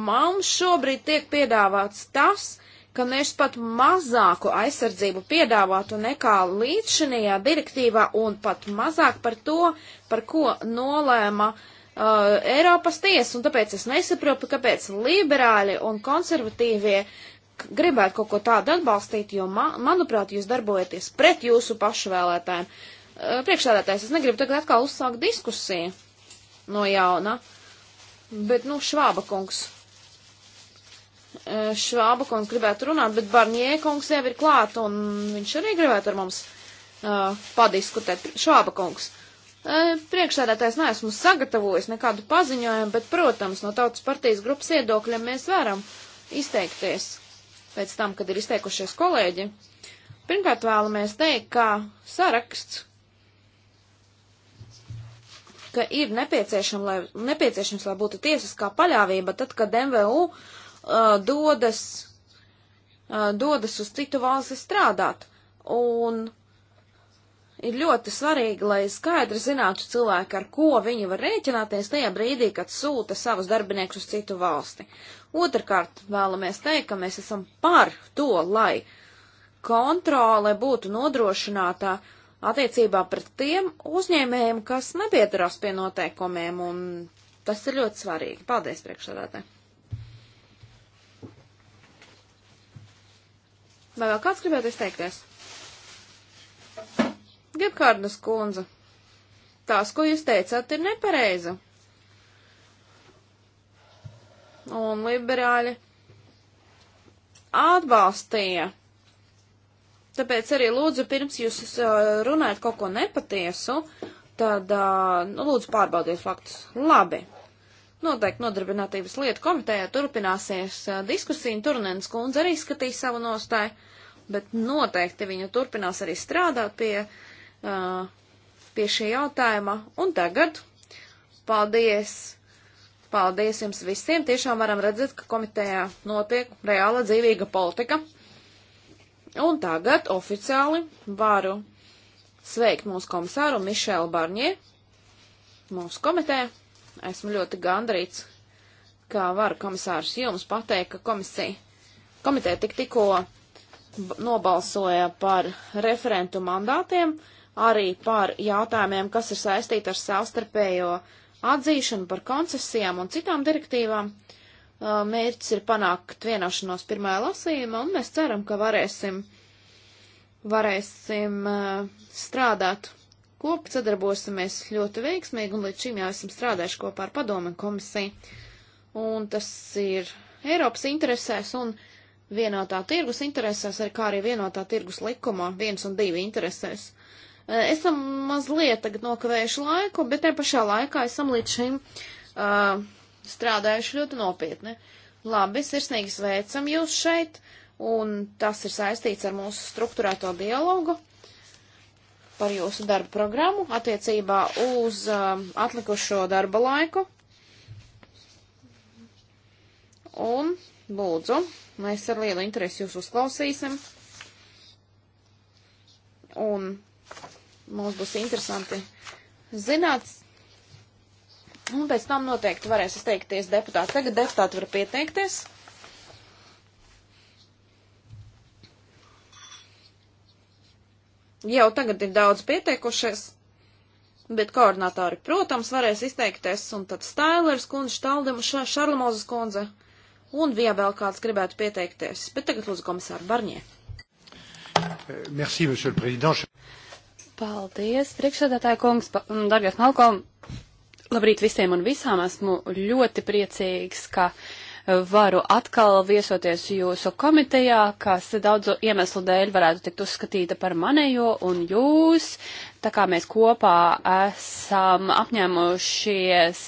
mums šobrīd tiek piedāvāts tas, ka mēs pat mazāku aizsardzību piedāvātu nekā līdzšinajā direktīvā un pat mazāk par to, par ko nolēma uh, Eiropas tiesa, un tāpēc es nesaprotu, kāpēc liberāļi un konservatīvie gribētu kaut ko tādu atbalstīt, jo, ma manuprāt, jūs darbojaties pret jūsu pašu vēlētājiem. Uh, Priekšsēdētājs, es negribu tagad atkal uzsākt diskusiju no jauna. Bet, nu, Švāba kungs. Eh, Švāba kungs gribētu runāt, bet Barnie kungs jau ir klāt, un viņš arī gribētu ar mums uh, padiskutēt. Švāba kungs. Uh, Priekšsēdētājs neesmu sagatavojis nekādu paziņojumu, bet, protams, no tautas partijas grupas iedokļa mēs varam izteikties pēc tam, kad ir izteikušies kolēģi. Pirmkārt vēlamies teikt, ka saraksts, ka ir nepieciešams, lai, nepieciešams, lai būtu tiesiskā paļāvība, tad, kad MVU uh, dodas, uh, dodas uz citu valsti strādāt. Un ir ļoti svarīgi, lai skaidri zinātu cilvēki, ar ko viņi var rēķināties tajā brīdī, kad sūta savus darbiniekus uz citu valsti. Otrakārt, vēlamies teikt, ka mēs esam par to, lai kontrole būtu nodrošinātā uh, attiecībā pret tiem uzņēmējiem, kas nepieturās pie noteikumiem, un tas ir ļoti svarīgi. Paldies, priekšsēdētāji! Vai vēl kāds gribētu izteikties? Gebhārdas kundze, tās, ko jūs teicāt, ir nepareizi. Un liberāļi atbalstīja Tāpēc arī lūdzu, pirms jūs runājat kaut ko nepatiesu, tad nu, lūdzu pārbaudiet faktus. Labi. Noteikti nodarbinātības lietu komitejā turpināsies diskusija, un Turnēns kundze arī skatīs savu nostāju, bet noteikti viņa turpinās arī strādāt pie, pie šī jautājuma. Un tagad paldies! Paldies jums visiem! Tiešām varam redzēt, ka komitejā notiek reāla dzīvīga politika. Un tagad oficiāli varu sveikt mūsu komisāru Mišelu Barņē mūsu komitē. Esmu ļoti gandrīts, kā varu komisārs jums pateikt, ka komisija, komiteja tik tikko nobalsoja par referentu mandātiem, arī par jautājumiem, kas ir saistīti ar savstarpējo atzīšanu par koncesijām un citām direktīvām. Uh, mērķis ir panākt vienošanos pirmajā lasījumā, un mēs ceram, ka varēsim, varēsim strādāt kopā, sadarbosimies ļoti veiksmīgi, un līdz šim jau esam strādājuši kopā ar padomu komisiju. Un tas ir Eiropas interesēs un vienotā tirgus interesēs, ar kā arī vienotā tirgus likumā, viens un divi interesēs. Esam mazliet tagad nokavējuši laiku, bet te pašā laikā esam līdz šim uh, strādājuši ļoti nopietni. Labi, sirsnīgi sveicam jūs šeit, un tas ir saistīts ar mūsu struktūrēto dialogu par jūsu darba programmu attiecībā uz uh, atlikušo darba laiku. Un, lūdzu, mēs ar lielu interesi jūs uzklausīsim. Un mums būs interesanti zināt, Un pēc tam noteikti varēs izteikties deputāti. Tagad deputāti var pieteikties. Jau tagad ir daudz pieteikušies, bet koordinātori, protams, varēs izteikties, un tad Stailers kundze, Štaldema, Šarlamozes kundze, un vie vēl kāds gribētu pieteikties. Bet tagad lūdzu komisāru Barņē. Merci, monsieur le président. Paldies, priekšsēdētāja kungs, dargais Malkom. Labrīt visiem un visām! Esmu ļoti priecīgs, ka varu atkal viesoties jūsu komitejā, kas daudzu iemeslu dēļ varētu tikt uzskatīta par manējo un jūs. Tā kā mēs kopā esam apņēmušies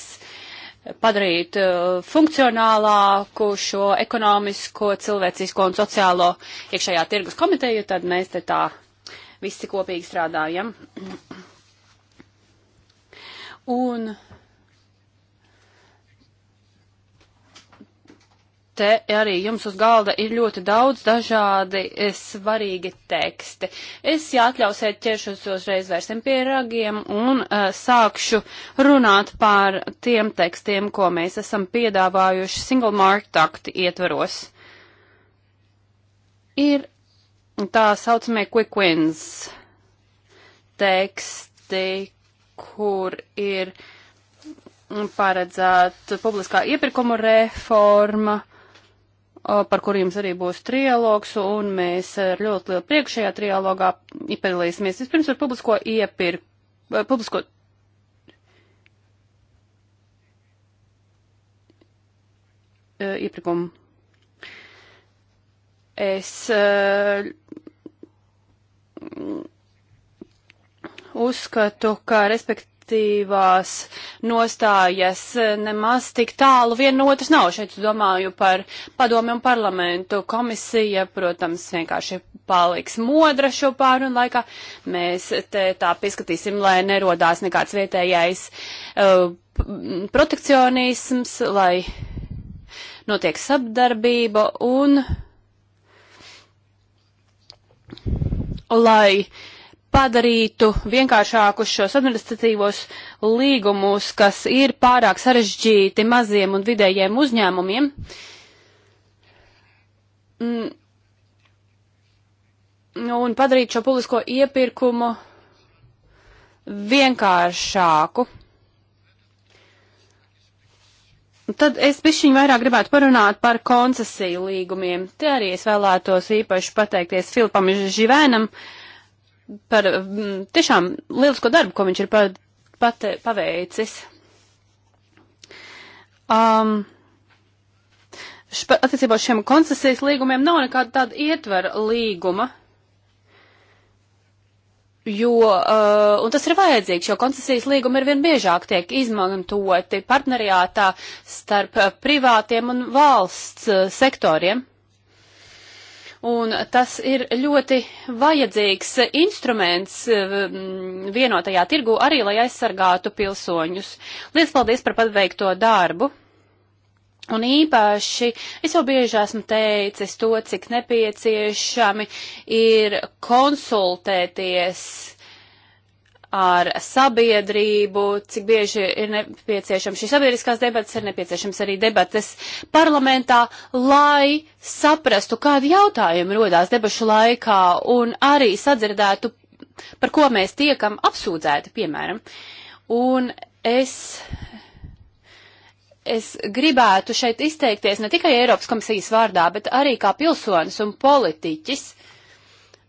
padarīt uh, funkcionālāku šo ekonomisko, cilvēcisko un sociālo iekšējā tirgus komiteju, tad mēs te tā visi kopīgi strādājam. Un te arī jums uz galda ir ļoti daudz dažādi eh, svarīgi teksti. Es, ja atļausiet, ķeršos uzreiz vērsim pie ragiem un uh, sākšu runāt par tiem tekstiem, ko mēs esam piedāvājuši Single Market Act ietveros. Ir tā saucamie quick wins teksti, kur ir paredzēta publiskā iepirkuma reforma, uh, par kuriem arī būs trialogs, un mēs ar ļoti lielu prieku šajā trialogā piedalīsimies. Vispirms par publisko iepirk, eh, publisko. Eh, iepirkumu. Es uh, uzskatu, ka respekt, konservatīvās nostājas nemaz tik tālu vien otrs nav. Šeit domāju par padomi un parlamentu komisija, protams, vienkārši paliks modra šo pārunu laikā. Mēs te tā pieskatīsim, lai nerodās nekāds vietējais uh, protekcionisms, lai notiek sabdarbība un lai padarītu vienkāršākus šos administratīvos līgumus, kas ir pārāk sarežģīti maziem un vidējiem uzņēmumiem. Mm. Un padarīt šo publisko iepirkumu vienkāršāku. Tad es bišķiņ vairāk gribētu parunāt par koncesiju līgumiem. Te arī es vēlētos īpaši pateikties Filipam Živēnam, uh, par m, mm, tiešām lielisko darbu, ko viņš ir pa, pat, paveicis. Um, špa, attiecībā uz šiem koncesijas līgumiem nav nekāda tāda ietvera līguma. Jo, uh, un tas ir vajadzīgs, jo koncesijas līgumi ir vien biežāk tiek izmantoti partneriātā starp uh, privātiem un valsts uh, sektoriem. Un tas ir ļoti vajadzīgs instruments eh, vienotajā tirgu arī, lai aizsargātu pilsoņus. Lielas paldies par paveikto darbu. Un īpaši es jau bieži esmu teicis to, cik nepieciešami ir konsultēties ar sabiedrību, cik bieži ir nepieciešams šīs sabiedriskās debatas, ir nepieciešams arī debatas parlamentā, lai saprastu, kādi jautājumi rodās debašu laikā un arī sadzirdētu, par ko mēs tiekam apsūdzēti, piemēram. Un es es gribētu šeit izteikties ne tikai Eiropas komisijas vārdā, bet arī kā pilsonis un politiķis. Uh,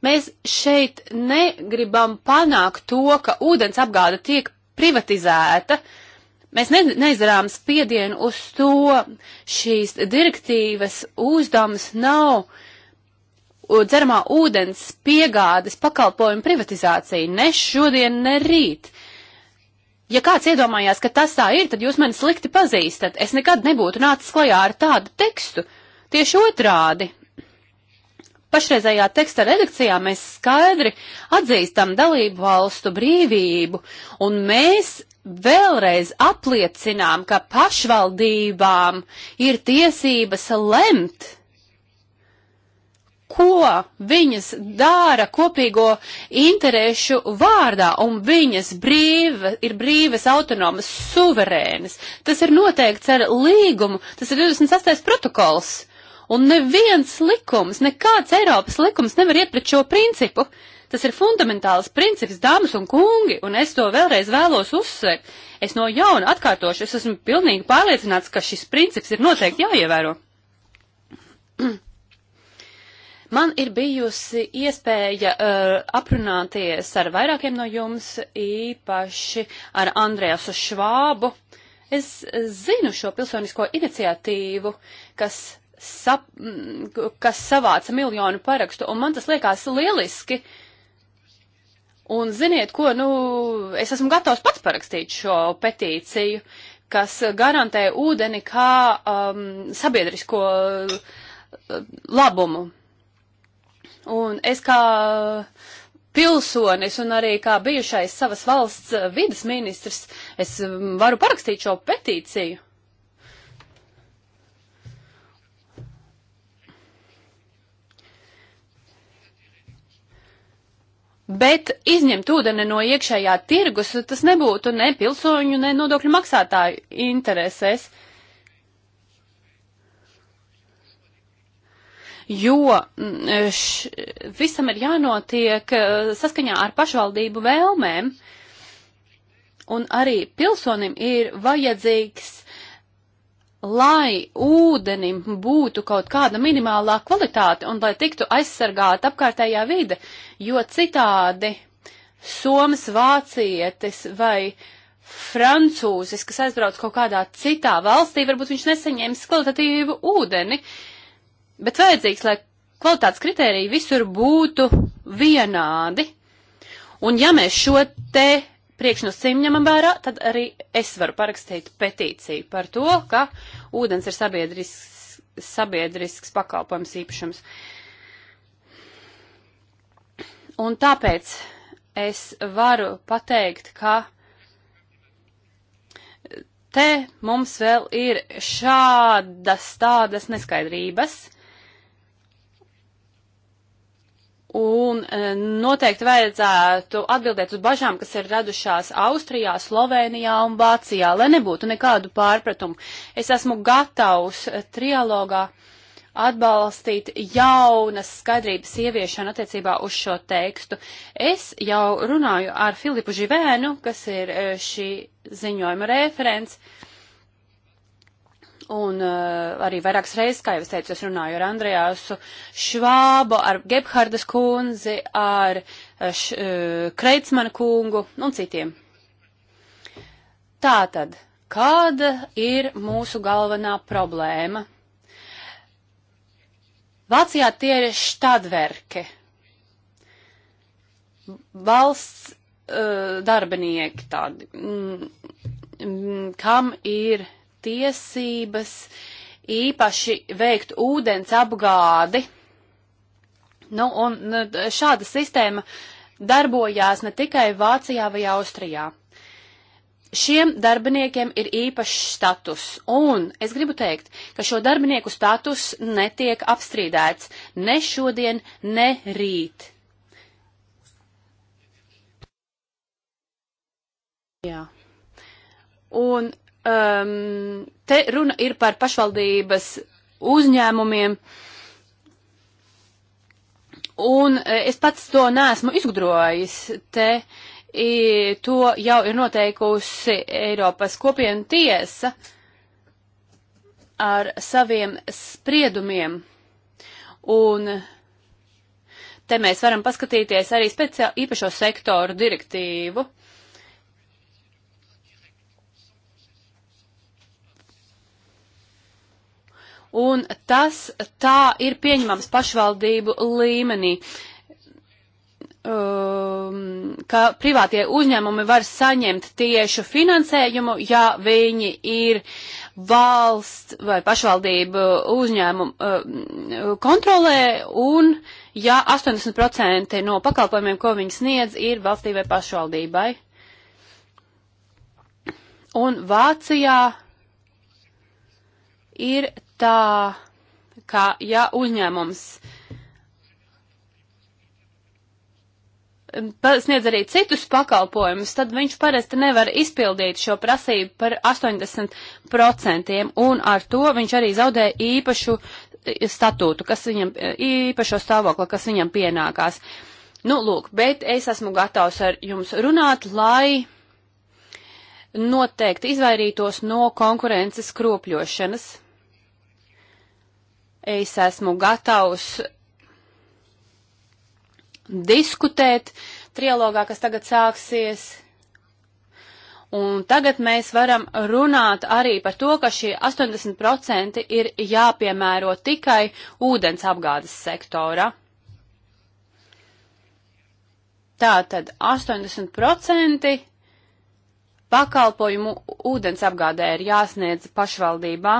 Mēs šeit negribam panākt to, ka ūdens apgāde tiek privatizēta. Mēs ne, neizdarām spiedienu uz to. Šīs direktīvas uzdevums nav dzeramā ūdens piegādes pakalpojumu privatizācija ne šodien, ne rīt. Ja kāds iedomājās, ka tas tā ir, tad jūs mani slikti pazīstat. Es nekad nebūtu nācis klajā ar tādu tekstu. Tieši otrādi pašreizējā teksta redakcijā mēs skaidri atzīstam dalību valstu brīvību, un mēs vēlreiz apliecinām, ka pašvaldībām ir tiesības lemt, ko viņas dara kopīgo interešu vārdā, un viņas brīva, ir brīvas, autonomas, suverēnas. Tas ir noteikts ar līgumu, tas ir 28. protokols. Uh, Un neviens likums, nekāds Eiropas likums nevar iet pret šo principu. Tas ir fundamentāls princips, dāmas un kungi, un es to vēlreiz vēlos uzsvērt. Es no jauna atkārtošu, es esmu pilnīgi pārliecināts, ka šis princips ir noteikti jāievēro. Man ir bijusi iespēja uh, aprunāties ar vairākiem no jums, īpaši ar Andrēsu Švābu. Es zinu šo pilsonisko iniciatīvu, kas sap, kas savāca miljonu parakstu, un man tas liekas lieliski. Un ziniet, ko, nu, es esmu gatavs pats parakstīt šo petīciju, kas garantē ūdeni kā um, sabiedrisko uh, labumu. Un es kā pilsonis un arī kā bijušais savas valsts uh, vidas ministrs, es um, varu parakstīt šo petīciju. Bet izņemt ūdeni no iekšējā tirgus, tas nebūtu ne pilsoņu, ne nodokļu maksātāju interesēs. Jo mm, š, visam ir jānotiek eh, saskaņā ar pašvaldību vēlmēm, un arī pilsonim ir vajadzīgs lai ūdenim būtu kaut kāda minimālā kvalitāte un lai tiktu aizsargāta apkārtējā vide, jo citādi Somas vācietis vai francūzis, kas aizbrauc kaut kādā citā valstī, varbūt viņš nesaņēmis kvalitatīvu ūdeni, bet vajadzīgs, lai kvalitātes kritēriji visur būtu vienādi. Un ja mēs šo te priekšnosacījumu ņemam vērā, tad arī es varu parakstīt petīciju par to, ka ūdens ir sabiedrisks, sabiedrisks pakalpojums īpašums. Un tāpēc es varu pateikt, ka te mums vēl ir šādas tādas neskaidrības, Un e, noteikti vajadzētu atbildēt uz bažām, kas ir radušās Austrijā, Slovenijā un Vācijā, lai nebūtu nekādu pārpratumu. Es esmu gatavs e, trialogā atbalstīt jaunas skaidrības ieviešanu attiecībā uz šo tekstu. Es jau runāju ar Filipu Živēnu, kas ir e, šī ziņojuma referents. Uh, Un uh, arī vairākas reizes, kā jau es teicu, es runāju ar Andrejāsu Švābu, ar Gebhardas kundzi, ar eh, š, uh, eh, Kreitsmanu kungu un citiem. Tātad, kāda ir mūsu galvenā problēma? Vācijā tie ir štadverki, valsts uh, darbinieki tādi, mm, mm kam ir tiesības īpaši veikt ūdens apgādi. Nu, un šāda sistēma darbojās ne tikai Vācijā vai Austrijā. Šiem darbiniekiem ir īpašs status, un es gribu teikt, ka šo darbinieku status netiek apstrīdēts ne šodien, ne rīt. Jā. Un um, te runa ir par pašvaldības uzņēmumiem. Un e, es pats to neesmu izgudrojis. Te i, to jau ir noteikusi Eiropas kopiena tiesa ar saviem spriedumiem. Un te mēs varam paskatīties arī speciāli īpašo sektoru direktīvu. Uh, un tas tā ir pieņemams pašvaldību līmenī, um, ka privātie uzņēmumi var saņemt tiešu finansējumu, ja viņi ir valsts vai pašvaldību uzņēmumu um, kontrolē un ja 80% no pakalpojumiem, ko viņi sniedz, ir valstī vai pašvaldībai. Un Vācijā ir tā, ka ja uzņēmums sniedz arī citus pakalpojumus, tad viņš parasti nevar izpildīt šo prasību par 80%, un ar to viņš arī zaudē īpašu eh, statūtu, kas viņam, eh, īpašo stāvokli, kas viņam pienākās. Nu, lūk, bet es esmu gatavs ar jums runāt, lai noteikti izvairītos no konkurences kropļošanas. Es esmu gatavs diskutēt trilogā, kas tagad sāksies. Un tagad mēs varam runāt arī par to, ka šie 80% ir jāpiemēro tikai ūdens apgādes sektora. Tātad 80% pakalpojumu ūdens apgādē ir jāsniedz pašvaldībā.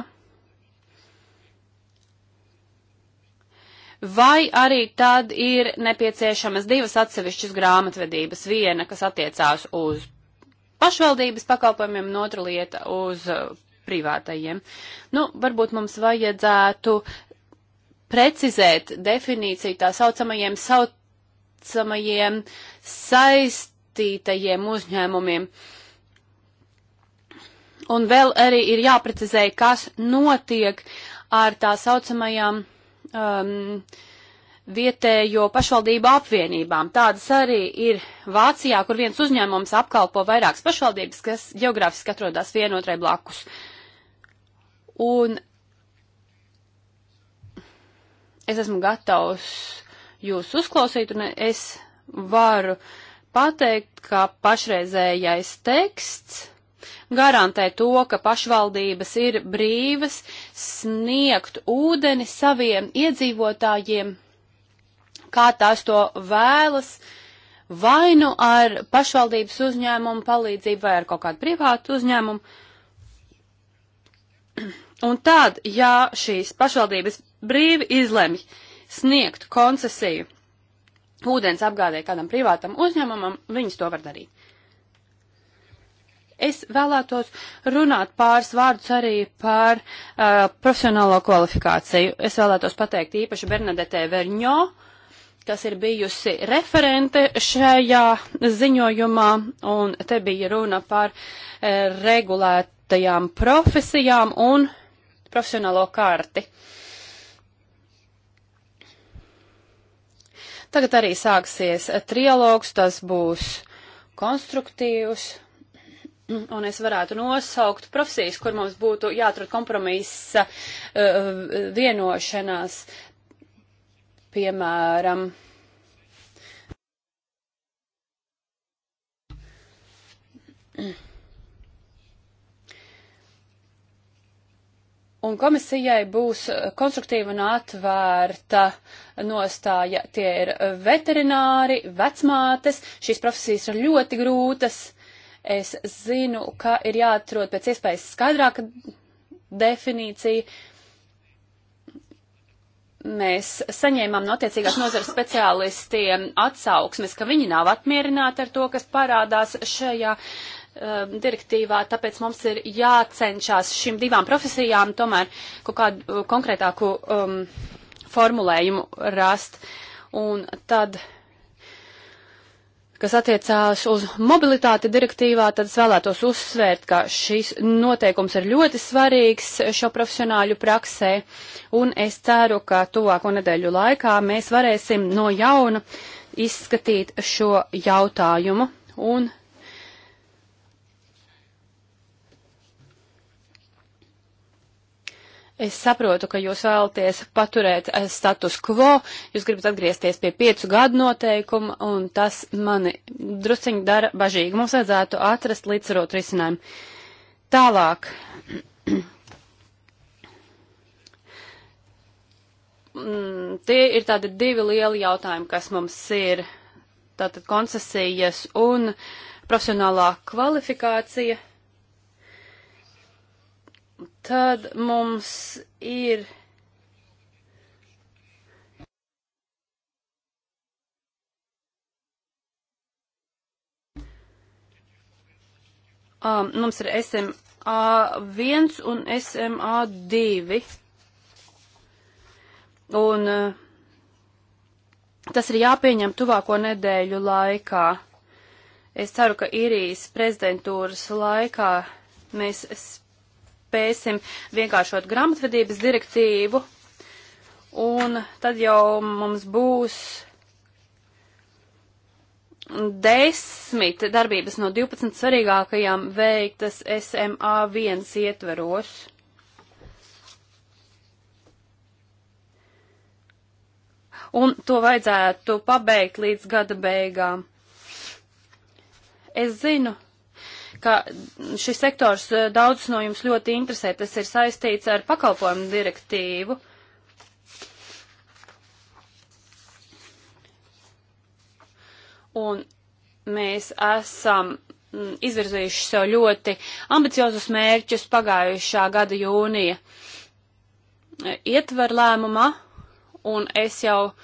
vai arī tad ir nepieciešamas divas atsevišķas grāmatvedības, viena, kas attiecās uz pašvaldības pakalpojumiem, un otra lieta uz uh, privātajiem. Nu, varbūt mums vajadzētu precizēt definīciju tā saucamajiem, saucamajiem saistītajiem uzņēmumiem. Un vēl arī ir jāprecizē, kas notiek ar tā saucamajām um, vietējo pašvaldību apvienībām. Tādas arī ir Vācijā, kur viens uzņēmums apkalpo vairākas pašvaldības, kas geogrāfiski atrodas vienotrai blakus. Un es esmu gatavs jūs uzklausīt, un es varu pateikt, ka pašreizējais teksts garantē to, ka pašvaldības ir brīvas sniegt ūdeni saviem iedzīvotājiem, kā tās to vēlas, vai nu ar pašvaldības uzņēmumu palīdzību, vai ar kaut kādu privātu uzņēmumu. Un tad, ja šīs pašvaldības brīvi izlemj sniegt koncesiju ūdens apgādē kādam privātam uzņēmumam, viņas to var darīt. Es vēlētos runāt pāris vārdus arī par uh, profesionālo kvalifikāciju. Es vēlētos pateikt īpaši Bernadetē Verņo, kas ir bijusi referente šajā ziņojumā, un te bija runa par uh, regulētajām profesijām un profesionālo karti. Tagad arī sāksies trialogs, tas būs konstruktīvs Un es varētu nosaukt profesijas, kur mums būtu jāatrod kompromisa uh, vienošanās, piemēram. Un komisijai būs konstruktīva un atvērta nostāja. Tie ir veterināri, vecmātes, šīs profesijas ir ļoti grūtas Es zinu, ka ir jāatrod pēc iespējas skaidrāka definīcija. Mēs saņēmām no attiecīgās nozares speciālistiem atsauksmes, ka viņi nav apmierināti ar to, kas parādās šajā uh, direktīvā, tāpēc mums ir jācenšas šīm divām profesijām tomēr kaut kādu konkrētāku um, formulējumu rast. Un tad uh, Kas attiecās uz mobilitāti direktīvā, tad es vēlētos uzsvērt, ka šis noteikums ir ļoti svarīgs šo profesionāļu praksē, un es ceru, ka tuvāko nedēļu laikā mēs varēsim no jauna izskatīt šo jautājumu un Es saprotu, ka jūs vēlaties paturēt eh, status quo, jūs gribat atgriezties pie piecu gadu noteikuma, un tas mani drusciņi dara bažīgi. Mums vajadzētu atrast līdzsvarot risinājumu. Tālāk. Mm, tie ir tādi divi lieli jautājumi, kas mums ir. Tātad koncesijas un profesionālā kvalifikācija tad mums ir. Um, mums ir SMA1 un SMA2. Un uh, tas ir jāpieņem tuvāko nedēļu laikā. Es ceru, ka Irijas prezidentūras laikā mēs spēsim vienkāršot grāmatvedības direktīvu, un tad jau mums būs desmit darbības no 12 svarīgākajām veiktas SMA 1 ietveros. Un to vajadzētu pabeigt līdz gada beigām. Es zinu, ka šis sektors eh, daudz no jums ļoti interesē. Tas ir saistīts ar pakalpojumu direktīvu. Un mēs esam mm, izvirzījuši sev ļoti ambiciozus mērķus pagājušā gada jūnija ietver lēmumā, un es jau uh,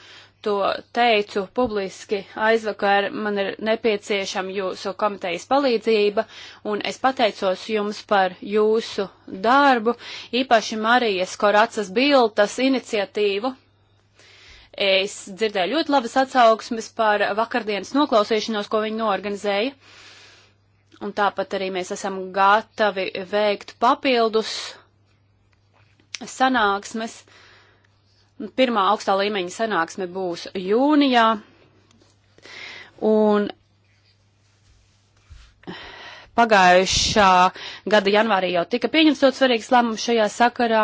to teicu publiski aizvakar, man ir nepieciešama jūsu komitejas palīdzība, un es pateicos jums par jūsu darbu, īpaši Marijas Koracas Biltas iniciatīvu. Es dzirdēju ļoti labas atsauksmes par vakardienas noklausīšanos, ko viņi norganizēja, un tāpat arī mēs esam gatavi veikt papildus sanāksmes. Uh, Pirmā augstā līmeņa sanāksme būs jūnijā. Un pagājušā gada janvārī jau tika pieņemts ļoti svarīgs lēmums šajā sakarā.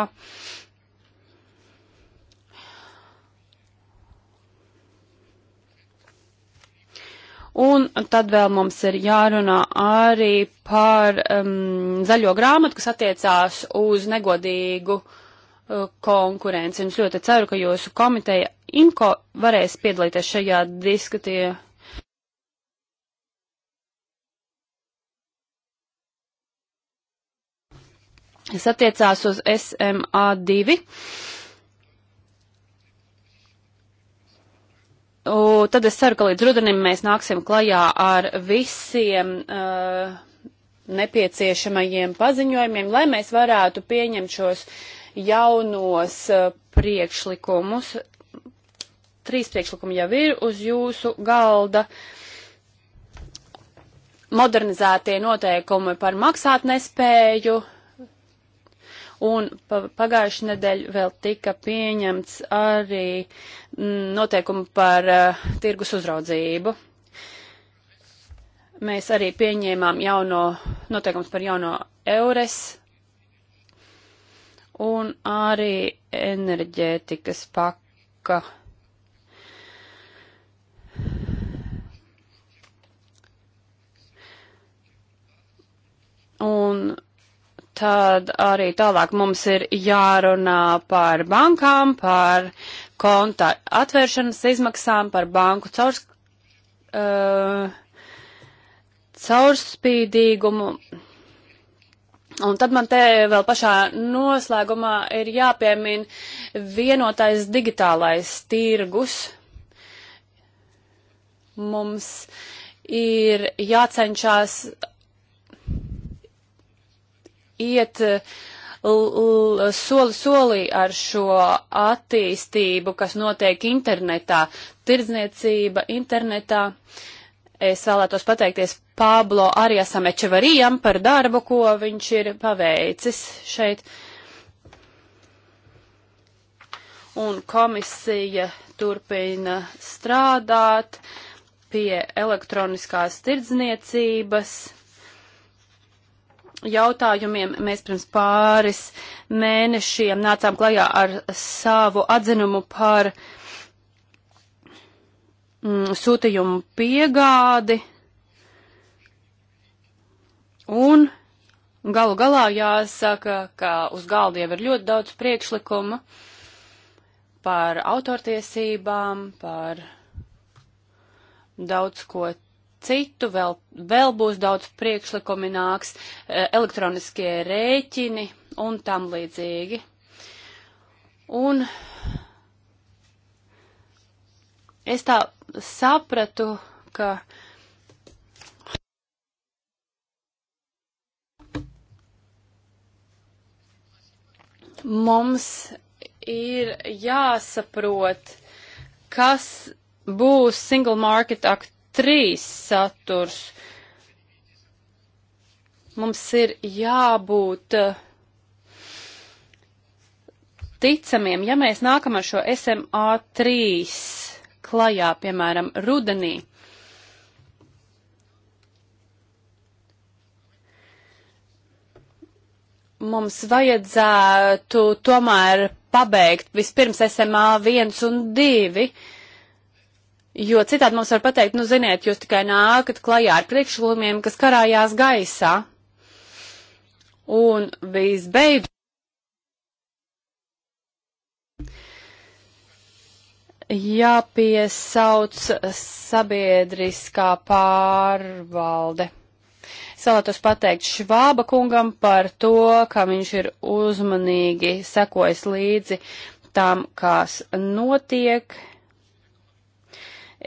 Un tad vēl mums ir jārunā arī par um, zaļo grāmatu, kas attiecās uz negodīgu uh, Uh, konkurenci. Un es ļoti ceru, ka jūsu komiteja IMCO varēs piedalīties šajā diskutijā. Es attiecās uz SMA2. U, tad es ceru, ka līdz rudenim mēs nāksim klajā ar visiem uh, nepieciešamajiem paziņojumiem, lai mēs varētu pieņemt šos jaunos eh, priekšlikumus. Trīs priekšlikumi jau ir uz jūsu galda. Modernizētie noteikumi par maksātnespēju, un pagājušajā nedēļā vēl tika pieņemts arī mm, noteikumi par uh, tirgus uzraudzību. Mēs arī pieņēmām jauno noteikums par jauno eures un arī enerģētikas paka. Un tad arī tālāk mums ir jārunā par bankām, par konta atvēršanas izmaksām, par banku caurs, uh, caurspīdīgumu. Un tad man te vēl pašā noslēgumā ir jāpiemina vienotais digitālais tirgus. Mums ir jācenšas iet soli solī ar šo attīstību, kas notiek internetā, tirdzniecība internetā. Es vēlētos pateikties Pablo Ariasam Ečevarijam par darbu, ko viņš ir paveicis šeit. Un komisija turpina strādāt pie elektroniskās tirdzniecības jautājumiem. Mēs pirms pāris mēnešiem nācām klajā ar savu atzinumu par mm, sūtījumu piegādi Un galu galā jāsaka, ka uz galda jau ir ļoti daudz priekšlikumu par autortiesībām, par daudz ko citu, vēl, vēl būs daudz priekšlikumi nāks, eh, elektroniskie rēķini un tam līdzīgi. Un es tā sapratu, ka uh, Mums ir jāsaprot, kas būs Single Market Act 3 saturs. Mums ir jābūt eh, ticamiem, ja mēs nākam ar šo SMA 3 klajā, piemēram, rudenī mums vajadzētu tomēr pabeigt vispirms SMA 1 un 2, jo citādi mums var pateikt, nu ziniet, jūs tikai nākat klajā ar priekšlikumiem, kas karājās gaisā. Un visbeidz. Jāpiesauc sabiedriskā pārvalde. Salētos pateikt Švāba kungam par to, ka viņš ir uzmanīgi sekojis līdzi tam, kas notiek.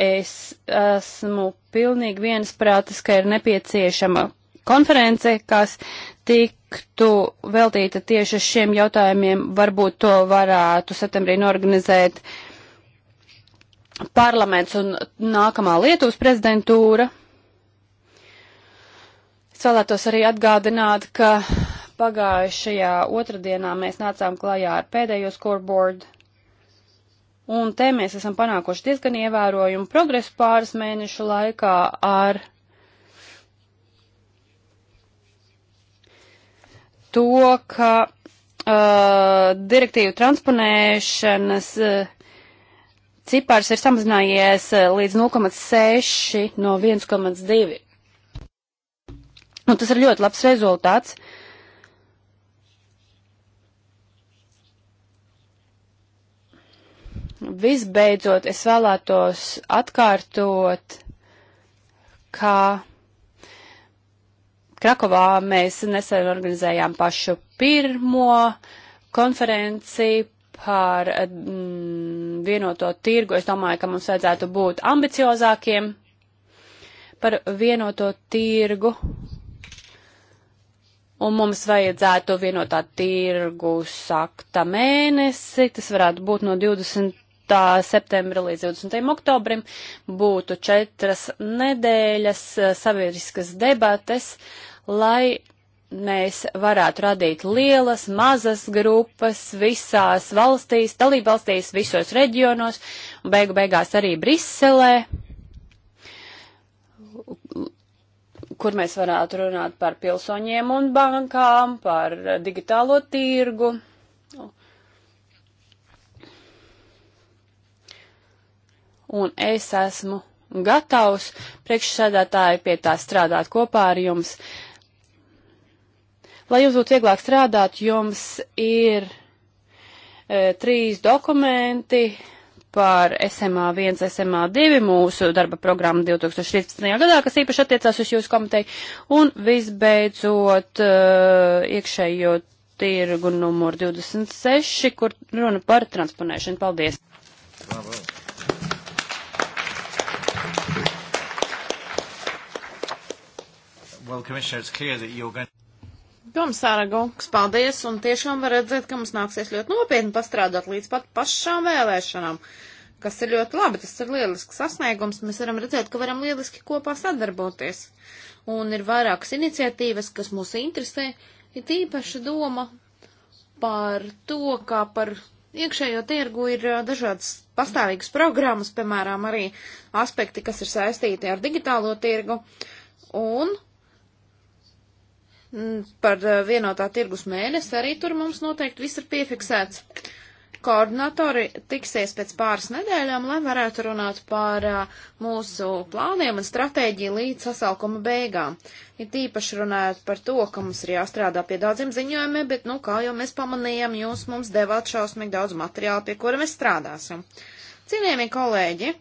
Es esmu pilnīgi viensprātis, ka ir nepieciešama konference, kas tiktu veltīta tieši šiem jautājumiem. Varbūt to varētu septembrī norganizēt parlaments un nākamā Lietuvas prezidentūra. Vēlētos arī atgādināt, ka pagājušajā otrdienā mēs nācām klajā ar pēdējo scoreboard, un te mēs esam panākuši diezgan ievērojumu progresu pāris mēnešu laikā ar to, ka uh, direktīvu transponēšanas uh, cipars ir samazinājies uh, līdz 0,6 no 1,2 Un tas ir ļoti labs rezultāts. Visbeidzot, es vēlētos atkārtot, ka Krakovā mēs nesen organizējām pašu pirmo konferenci par mm, vienoto tirgu. Es domāju, ka mums vajadzētu būt ambiciozākiem par vienoto tirgu un mums vajadzētu vienotā tirgus akta mēnesi, tas varētu būt no 20. septembra līdz 20. oktobrim, būtu četras nedēļas eh, sabiedriskas debates, lai mēs varētu radīt lielas, mazas grupas visās valstīs, dalībvalstīs, visos reģionos, un beigu beigās arī Briselē, kur mēs varētu runāt par pilsoņiem un bankām, par digitālo tirgu. Un es esmu gatavs priekšsēdētāji pie tā strādāt kopā ar jums. Lai jums būtu vieglāk strādāt, jums ir e, trīs dokumenti, par SMA 1, SMA 2 mūsu darba programmu 2013. gadā, kas īpaši attiecās uz jūsu komiteju, un visbeidzot eh, iekšējo tirgu numur 26, kur runa par transponēšanu. Paldies! Bravo. Well, Commissioner, it's clear that you're going to... Komisāra Gunks, paldies, un tiešām var redzēt, ka mums nāksies ļoti nopietni pastrādāt līdz pat pašām vēlēšanām, kas ir ļoti labi, tas ir lielisks sasniegums, mēs varam redzēt, ka varam lieliski kopā sadarboties. Un ir vairākas iniciatīvas, kas mūs interesē, ir tīpaši doma par to, kā par iekšējo tirgu ir dažādas pastāvīgas programmas, piemēram, arī aspekti, kas ir saistīti ar digitālo tirgu. Un Mm, par eh, vienotā tirgus mēnesi arī tur mums noteikti viss ir piefiksēts. Koordinatori tiksies pēc pāris nedēļām, lai varētu runāt par eh, mūsu plāniem un stratēģiju līdz sasaukuma beigām. Ir tīpaši runājot par to, ka mums ir jāstrādā pie daudziem ziņojumiem, bet, nu, kā jau mēs pamanījām, jūs mums devāt šausmīgi daudz materiālu, pie kura mēs strādāsim. Cienījamie kolēģi,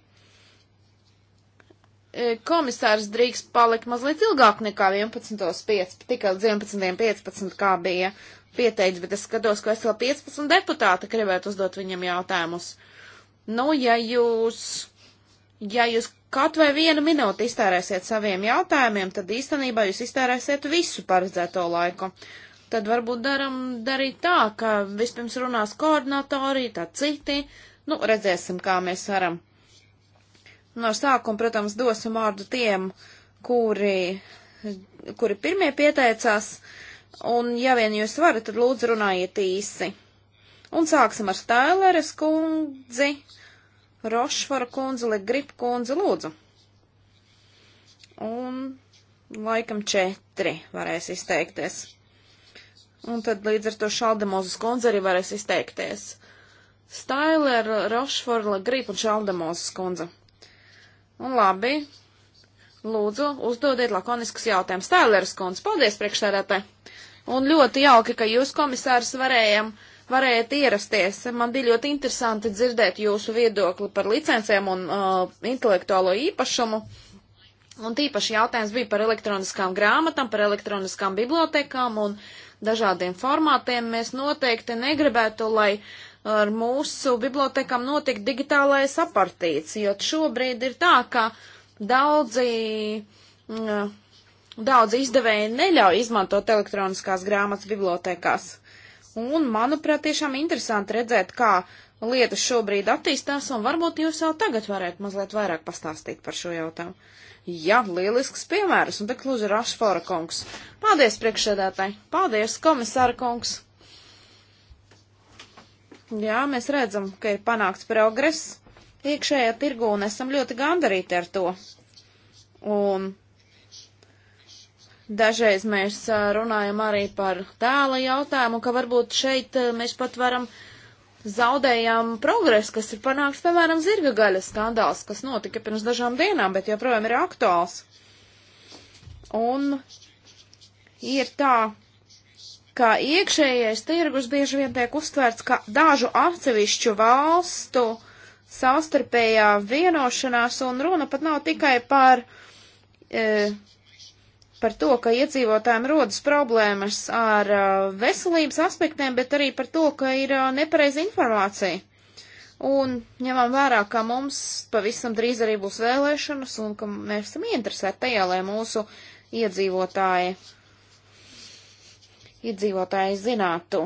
E, komisārs drīkst palikt mazliet ilgāk nekā 11.5, tikai līdz 11.15, kā bija pieteicis, bet es skatos, ka es vēl 15 deputāti gribētu uzdot viņam jautājumus. Nu, ja jūs, ja jūs kaut vai vienu minūti iztērēsiet saviem jautājumiem, tad īstenībā jūs iztērēsiet visu paredzēto laiku. Tad varbūt daram darīt tā, ka vispirms runās koordinatori, tad citi, nu, redzēsim, kā mēs varam No sākuma, protams, dosim vārdu tiem, kuri, kuri pirmie pieteicās, un ja vien jūs varat, tad lūdzu runājiet īsi. Un sāksim ar Staileres kundzi, Rošvara kundzi, Legrip kundzi, lūdzu. Un laikam četri varēs izteikties. Un tad līdz ar to Šaldemozes kundze arī varēs izteikties. Stailer, Rošvara, Legrip un Šaldemozes kundze. Un labi, lūdzu, uzdodiet lakoniskus jautājumus. Tēlers kundz, paldies priekšsēdētē. Un ļoti jauki, ka jūs komisārs varējam, varējat ierasties. Man bija ļoti interesanti dzirdēt jūsu viedokli par licencēm un uh, intelektuālo īpašumu. Un tīpaši jautājums bija par elektroniskām grāmatām, par elektroniskām bibliotekām un dažādiem formātiem. Mēs noteikti negribētu, lai uh, ar mūsu bibliotekām notiek digitālais apartīts, jo šobrīd ir tā, ka daudzi, mm, daudzi izdevēji neļauj izmantot elektroniskās grāmatas bibliotekās. Un, manuprāt, tiešām interesanti redzēt, kā lietas šobrīd attīstās, un varbūt jūs jau tagad varētu mazliet vairāk pastāstīt par šo jautājumu. Jā, lielisks piemērs, un te klūži Rašfora kungs. Paldies, priekšsēdētāji! Paldies, komisāra kungs! Jā, mēs redzam, ka ir panākts progress iekšējā tirgu un esam ļoti gandarīti ar to. Un dažreiz mēs runājam arī par tēla jautājumu, ka varbūt šeit mēs pat varam zaudējām progresu, kas ir panāks, piemēram, zirga gaļas skandāls, kas notika pirms dažām dienām, bet joprojām ir aktuāls. Un ir tā, ka iekšējais tirgus bieži vien tiek uztverts kā dažu atsevišķu valstu savstarpējā vienošanās, un runa pat nav tikai par, e, par to, ka iedzīvotājiem rodas problēmas ar e, veselības aspektiem, bet arī par to, ka ir e, nepareiza informācija. Un ņemam vērā, ka mums pavisam drīz arī būs vēlēšanas un ka mēs esam interesēti tajā, lai mūsu iedzīvotāji uh, iedzīvotāji zinātu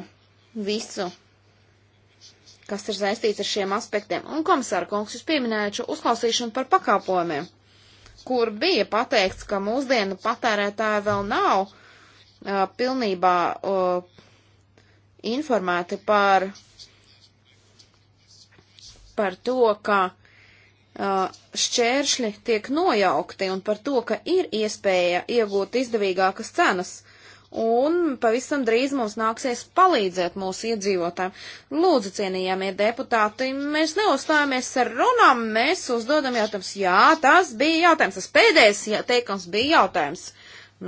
visu, kas ir saistīts ar šiem aspektiem. Un komisāra kungs, jūs pieminējāt šo uzklausīšanu par pakāpojumiem, kur bija pateikts, ka mūsdienu patērētāji vēl nav uh, pilnībā uh, informēti par, par to, ka uh, šķēršļi tiek nojaukti un par to, ka ir iespēja iegūt izdevīgākas cenas un pavisam drīz mums nāksies palīdzēt mūsu iedzīvotājiem. Lūdzu, cienījamie deputāti, mēs neuzstājāmies ar runām, mēs uzdodam jautājumus. Jā, tas bija jautājums, tas pēdējais jā, teikums bija jautājums.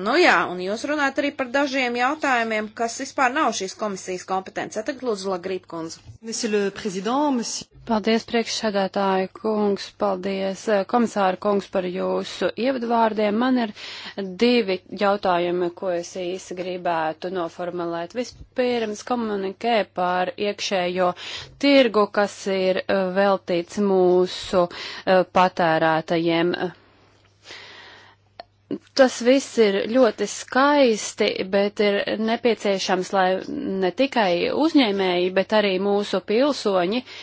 Nu jā, un jūs runājat arī par dažiem jautājumiem, kas vispār nav šīs komisijas kompetence. Tagad lūdzu, Lagrīb kundze. Paldies, priekšsēdētāji kungs, paldies, eh, komisāra kungs, par jūsu ievadvārdiem. Man ir divi jautājumi, ko es īsi gribētu noformulēt. Vispirms komunikē par iekšējo tirgu, kas ir eh, veltīts mūsu eh, patērētajiem. Tas viss ir ļoti skaisti, bet ir nepieciešams, lai ne tikai uzņēmēji, bet arī mūsu pilsoņi uh,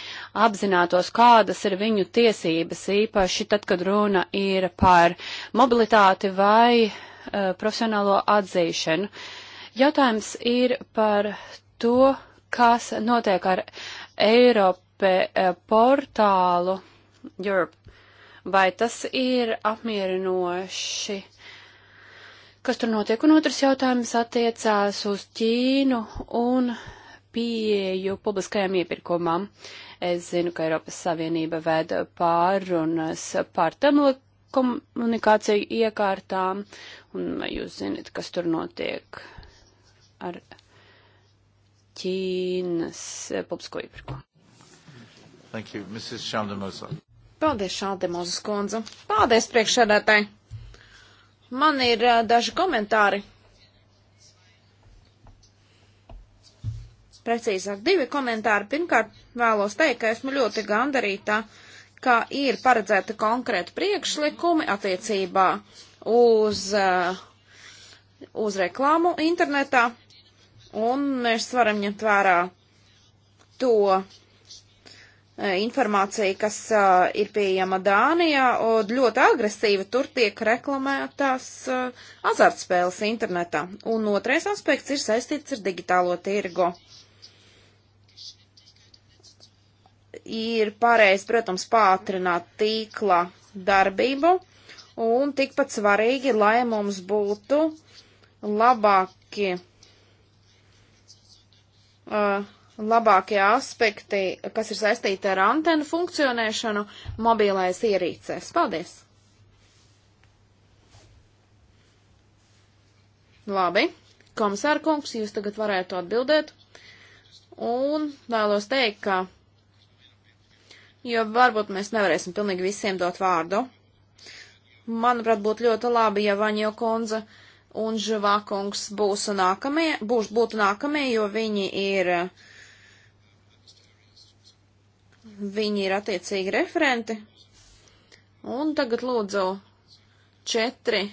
apzinātos, kādas ir viņu tiesības, īpaši tad, kad runa ir par mobilitāti vai uh, profesionālo atzīšanu. Jautājums ir par to, kas notiek ar Eirope uh, portālu Europe. Vai tas ir apmierinoši? Kas tur notiek? Un otrs jautājums attiecās uz Ķīnu un pieeju publiskajām iepirkumām. Es zinu, ka Eiropas Savienība veda pārunas pār telekomunikāciju iekārtām, un jūs zinat, kas tur notiek ar Ķīnas publisko iepirkumu. Thank you, Mrs. Šaldemoza. Paldies, Šaldemozas kundze. Paldies, priekšsēdētāji. Man ir uh, daži komentāri Precīzāk, divi komentāri. Pirmkārt, vēlos teikt, ka esmu ļoti gandarīta, ka ir paredzēta konkrēta priekšlikumi attiecībā uz, eh, uz reklāmu internetā, un mēs varam ņemt vērā to eh, informācija, kas uh, ir pieejama Dānijā, un ļoti agresīvi tur tiek reklamētās uh, azartspēles internetā. Un otrais aspekts ir saistīts ar digitālo tirgu. ir pareizi, protams, pātrināt tīkla darbību, un tikpat svarīgi, lai mums būtu labāki, uh, labākie aspekti, kas ir saistīti ar antenu funkcionēšanu mobilais ierīcēs. Paldies! Labi, komisārkungs, jūs tagad varētu atbildēt. Un vēlos teikt, ka jo varbūt mēs nevarēsim pilnīgi visiem dot vārdu. Manuprāt, būtu ļoti labi, ja Vaņo kundze un Žvākungs būs nākamie, būs, būtu nākamie, jo viņi ir, viņi ir attiecīgi referenti. Un tagad lūdzu četri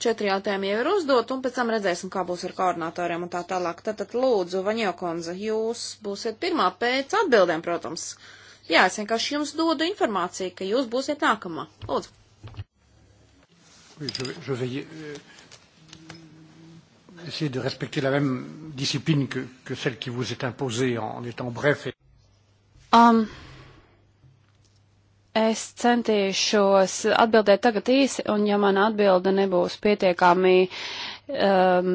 četri jautājumi jau ir uzdot, un pēc tam redzēsim, kā būs ar koordinatoriem un tā tālāk. Tātad lūdzu, Vaņokonza, jūs būsiet pirmā pēc atbildēm, protams. Jā, es vienkārši jums dodu informāciju, ka jūs būsiet nākamā. Lūdzu. Je, je vais euh, essayer de respecter la même discipline que, que celle qui vous est imposée en étant bref. Et... Um, Es centīšos atbildēt tagad īsi, un ja mana atbilde nebūs pietiekami um,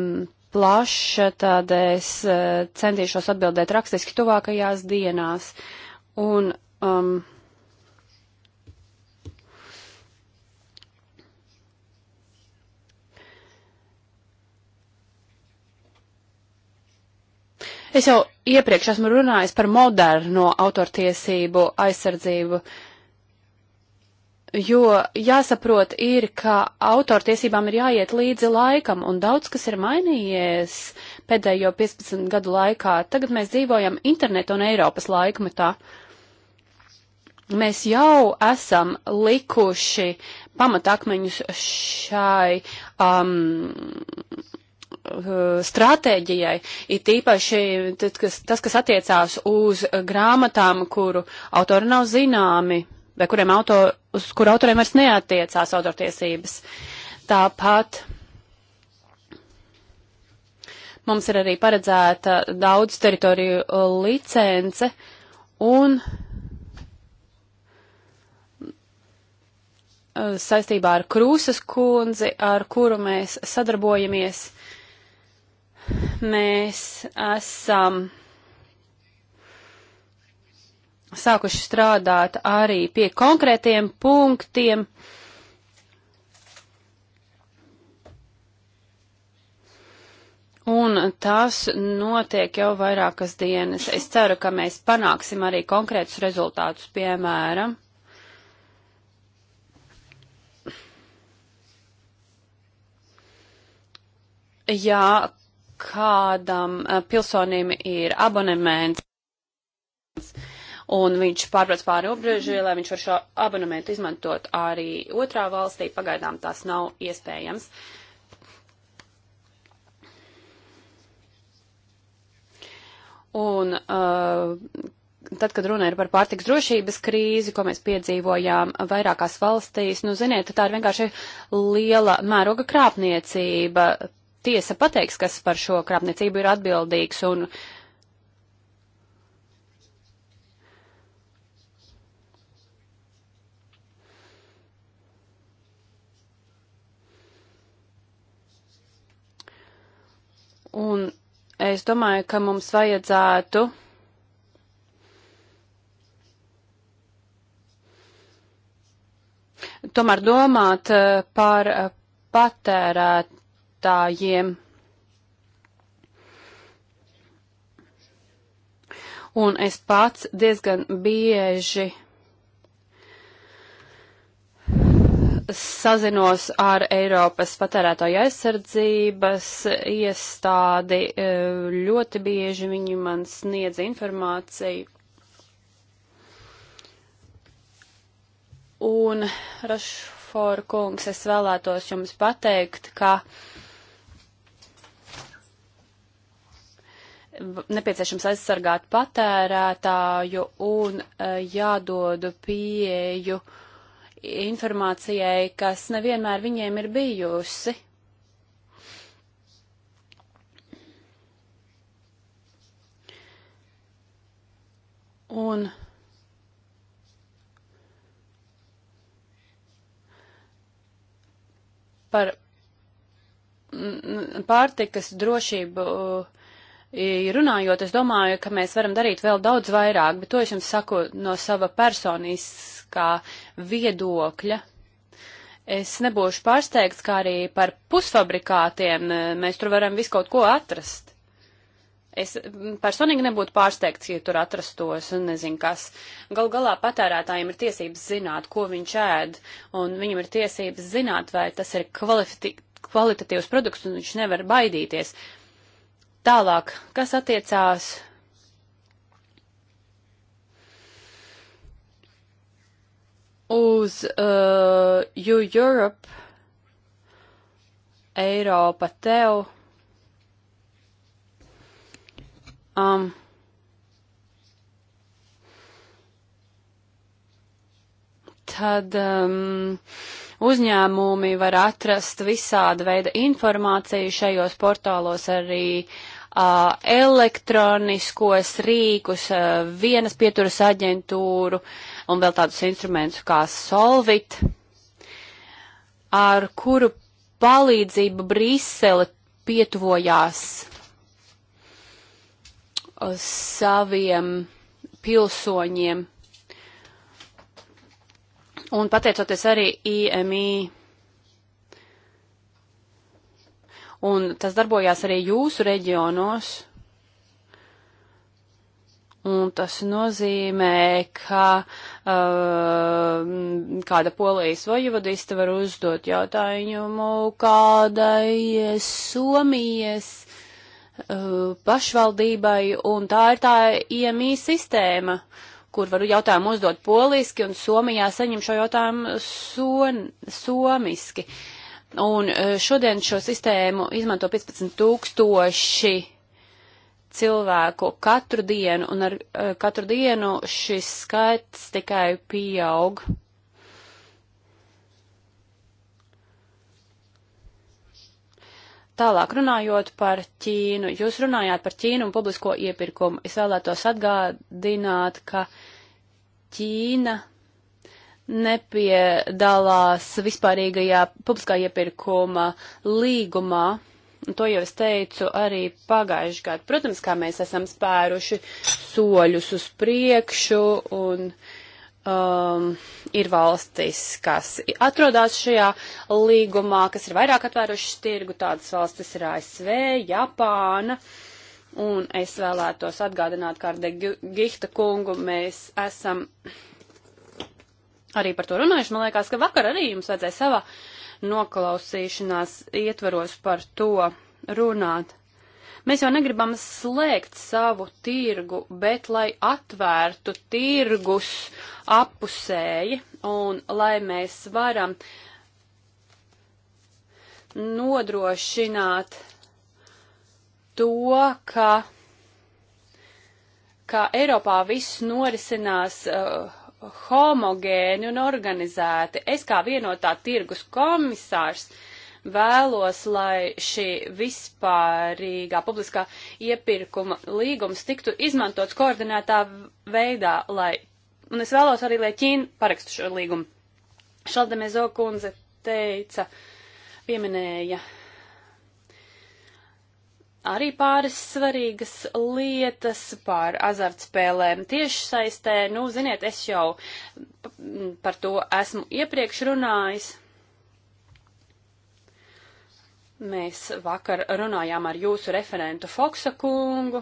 plaša, tad es uh, centīšos atbildēt rakstiski tuvākajās dienās. Un, um, Es jau iepriekš esmu runājis par moderno autortiesību aizsardzību. Uh, Jo jāsaprot ir, ka autortiesībām ir jāiet līdzi laikam, un daudz kas ir mainījies pēdējo 15 gadu laikā. Tagad mēs dzīvojam internetu un Eiropas laikmetā. Mēs jau esam likuši pamatakmeņus šai um, stratēģijai, it īpaši tas, kas, tas, kas attiecās uz grāmatām, kuru autori nav zināmi, vai kuriem auto, uz kur autoriem vairs neatiecās autortiesības. Tāpat mums ir arī paredzēta daudz teritoriju licence un uh, saistībā ar Krūsas kundzi, ar kuru mēs sadarbojamies, mēs esam. Um, sākuši strādāt arī pie konkrētiem punktiem. Un tas notiek jau vairākas dienas. Es ceru, ka mēs panāksim arī konkrētus rezultātus, piemēram. Ja kādam eh, pilsonim ir abonements, un viņš pārbrauc pāri robežai, lai viņš var šo abonementu izmantot arī otrā valstī. Pagaidām tas nav iespējams. Un uh, tad, kad runa ir par pārtiks drošības krīzi, ko mēs piedzīvojām vairākās valstīs, nu, ziniet, tā ir vienkārši liela mēroga krāpniecība tiesa pateiks, kas par šo krāpniecību ir atbildīgs, un Un es domāju, ka mums vajadzētu tomēr domāt eh, par eh, patērētājiem. Un es pats diezgan bieži sazinos ar Eiropas patērētāju aizsardzības iestādi. E, ļoti bieži viņi man sniedz informāciju. Un, Rašfor kungs, es vēlētos jums pateikt, ka nepieciešams aizsargāt patērētāju un e, jādod pieeju uh, informācijai, kas nevienmēr viņiem ir bijusi. Un par pārtikas drošību uh, runājot, es domāju, ka mēs varam darīt vēl daudz vairāk, bet to es jums saku no sava personiskā viedokļa. Es nebūšu pārsteigts, kā arī par pusfabrikātiem e, mēs tur varam visu kaut ko atrast. Es personīgi nebūtu pārsteigts, ja tur atrastos un nezinu kas. Gal galā patērētājiem ir tiesības zināt, ko viņš ēd, un viņam ir tiesības zināt, vai tas ir kvalitatīvs produkts, un viņš nevar baidīties. Uh, Tālāk, kas attiecās uz uh, You Europe, Eiropa tev. Um, tad um, uzņēmumi var atrast visāda veida informāciju šajos portālos arī uh, Uh, elektroniskos rīkus, uh, vienas pieturas aģentūru un vēl tādus instrumentus kā Solvit, ar kuru palīdzību Brisele pietuvojās uh, saviem pilsoņiem. Un pateicoties arī IMI un tas darbojās arī jūsu reģionos. Un tas nozīmē, ka uh, kāda polijas vojvodista var uzdot jautājumu kādai Somijas uh, pašvaldībai, un tā ir tā IMI sistēma, kur varu jautājumu uzdot poliski, un Somijā saņem šo jautājumu son, somiski. Uh, Un e, šodien šo sistēmu izmanto 15 tūkstoši cilvēku katru dienu, un ar e, katru dienu šis skaits tikai pieaug. Tālāk runājot par Ķīnu, jūs runājāt par Ķīnu un publisko iepirkumu. Es vēlētos atgādināt, ka Ķīna nepiedalās vispārīgajā publiskā iepirkuma līgumā. Un to jau es teicu arī pagājuši gadu. Protams, kā mēs esam spēruši soļus uz priekšu un um, ir valstis, kas atrodas šajā līgumā, kas ir vairāk atvērušas tirgu, tādas valstis ir ASV, Japāna. Un es vēlētos atgādināt, kā ar Gihta kungu mēs esam arī par to runājuši. Man liekas, ka vakar arī jums vajadzēja savā noklausīšanās ietvaros par to runāt. Mēs jau negribam slēgt savu tirgu, bet lai atvērtu tirgus apusēji un lai mēs varam nodrošināt to, ka, ka Eiropā viss norisinās uh, homogēni un organizēti. Es kā vienotā tirgus komisārs vēlos, lai šī vispārīgā publiskā iepirkuma līgums tiktu izmantots koordinētā veidā, lai, un es vēlos arī, lai Ķīna parakstu šo līgumu. Šaldemezo kundze teica, pieminēja arī pāris svarīgas lietas par azartspēlēm tieši saistē. Nu, ziniet, es jau par to esmu iepriekš runājis. Mēs vakar runājām ar jūsu referentu Foksa kungu.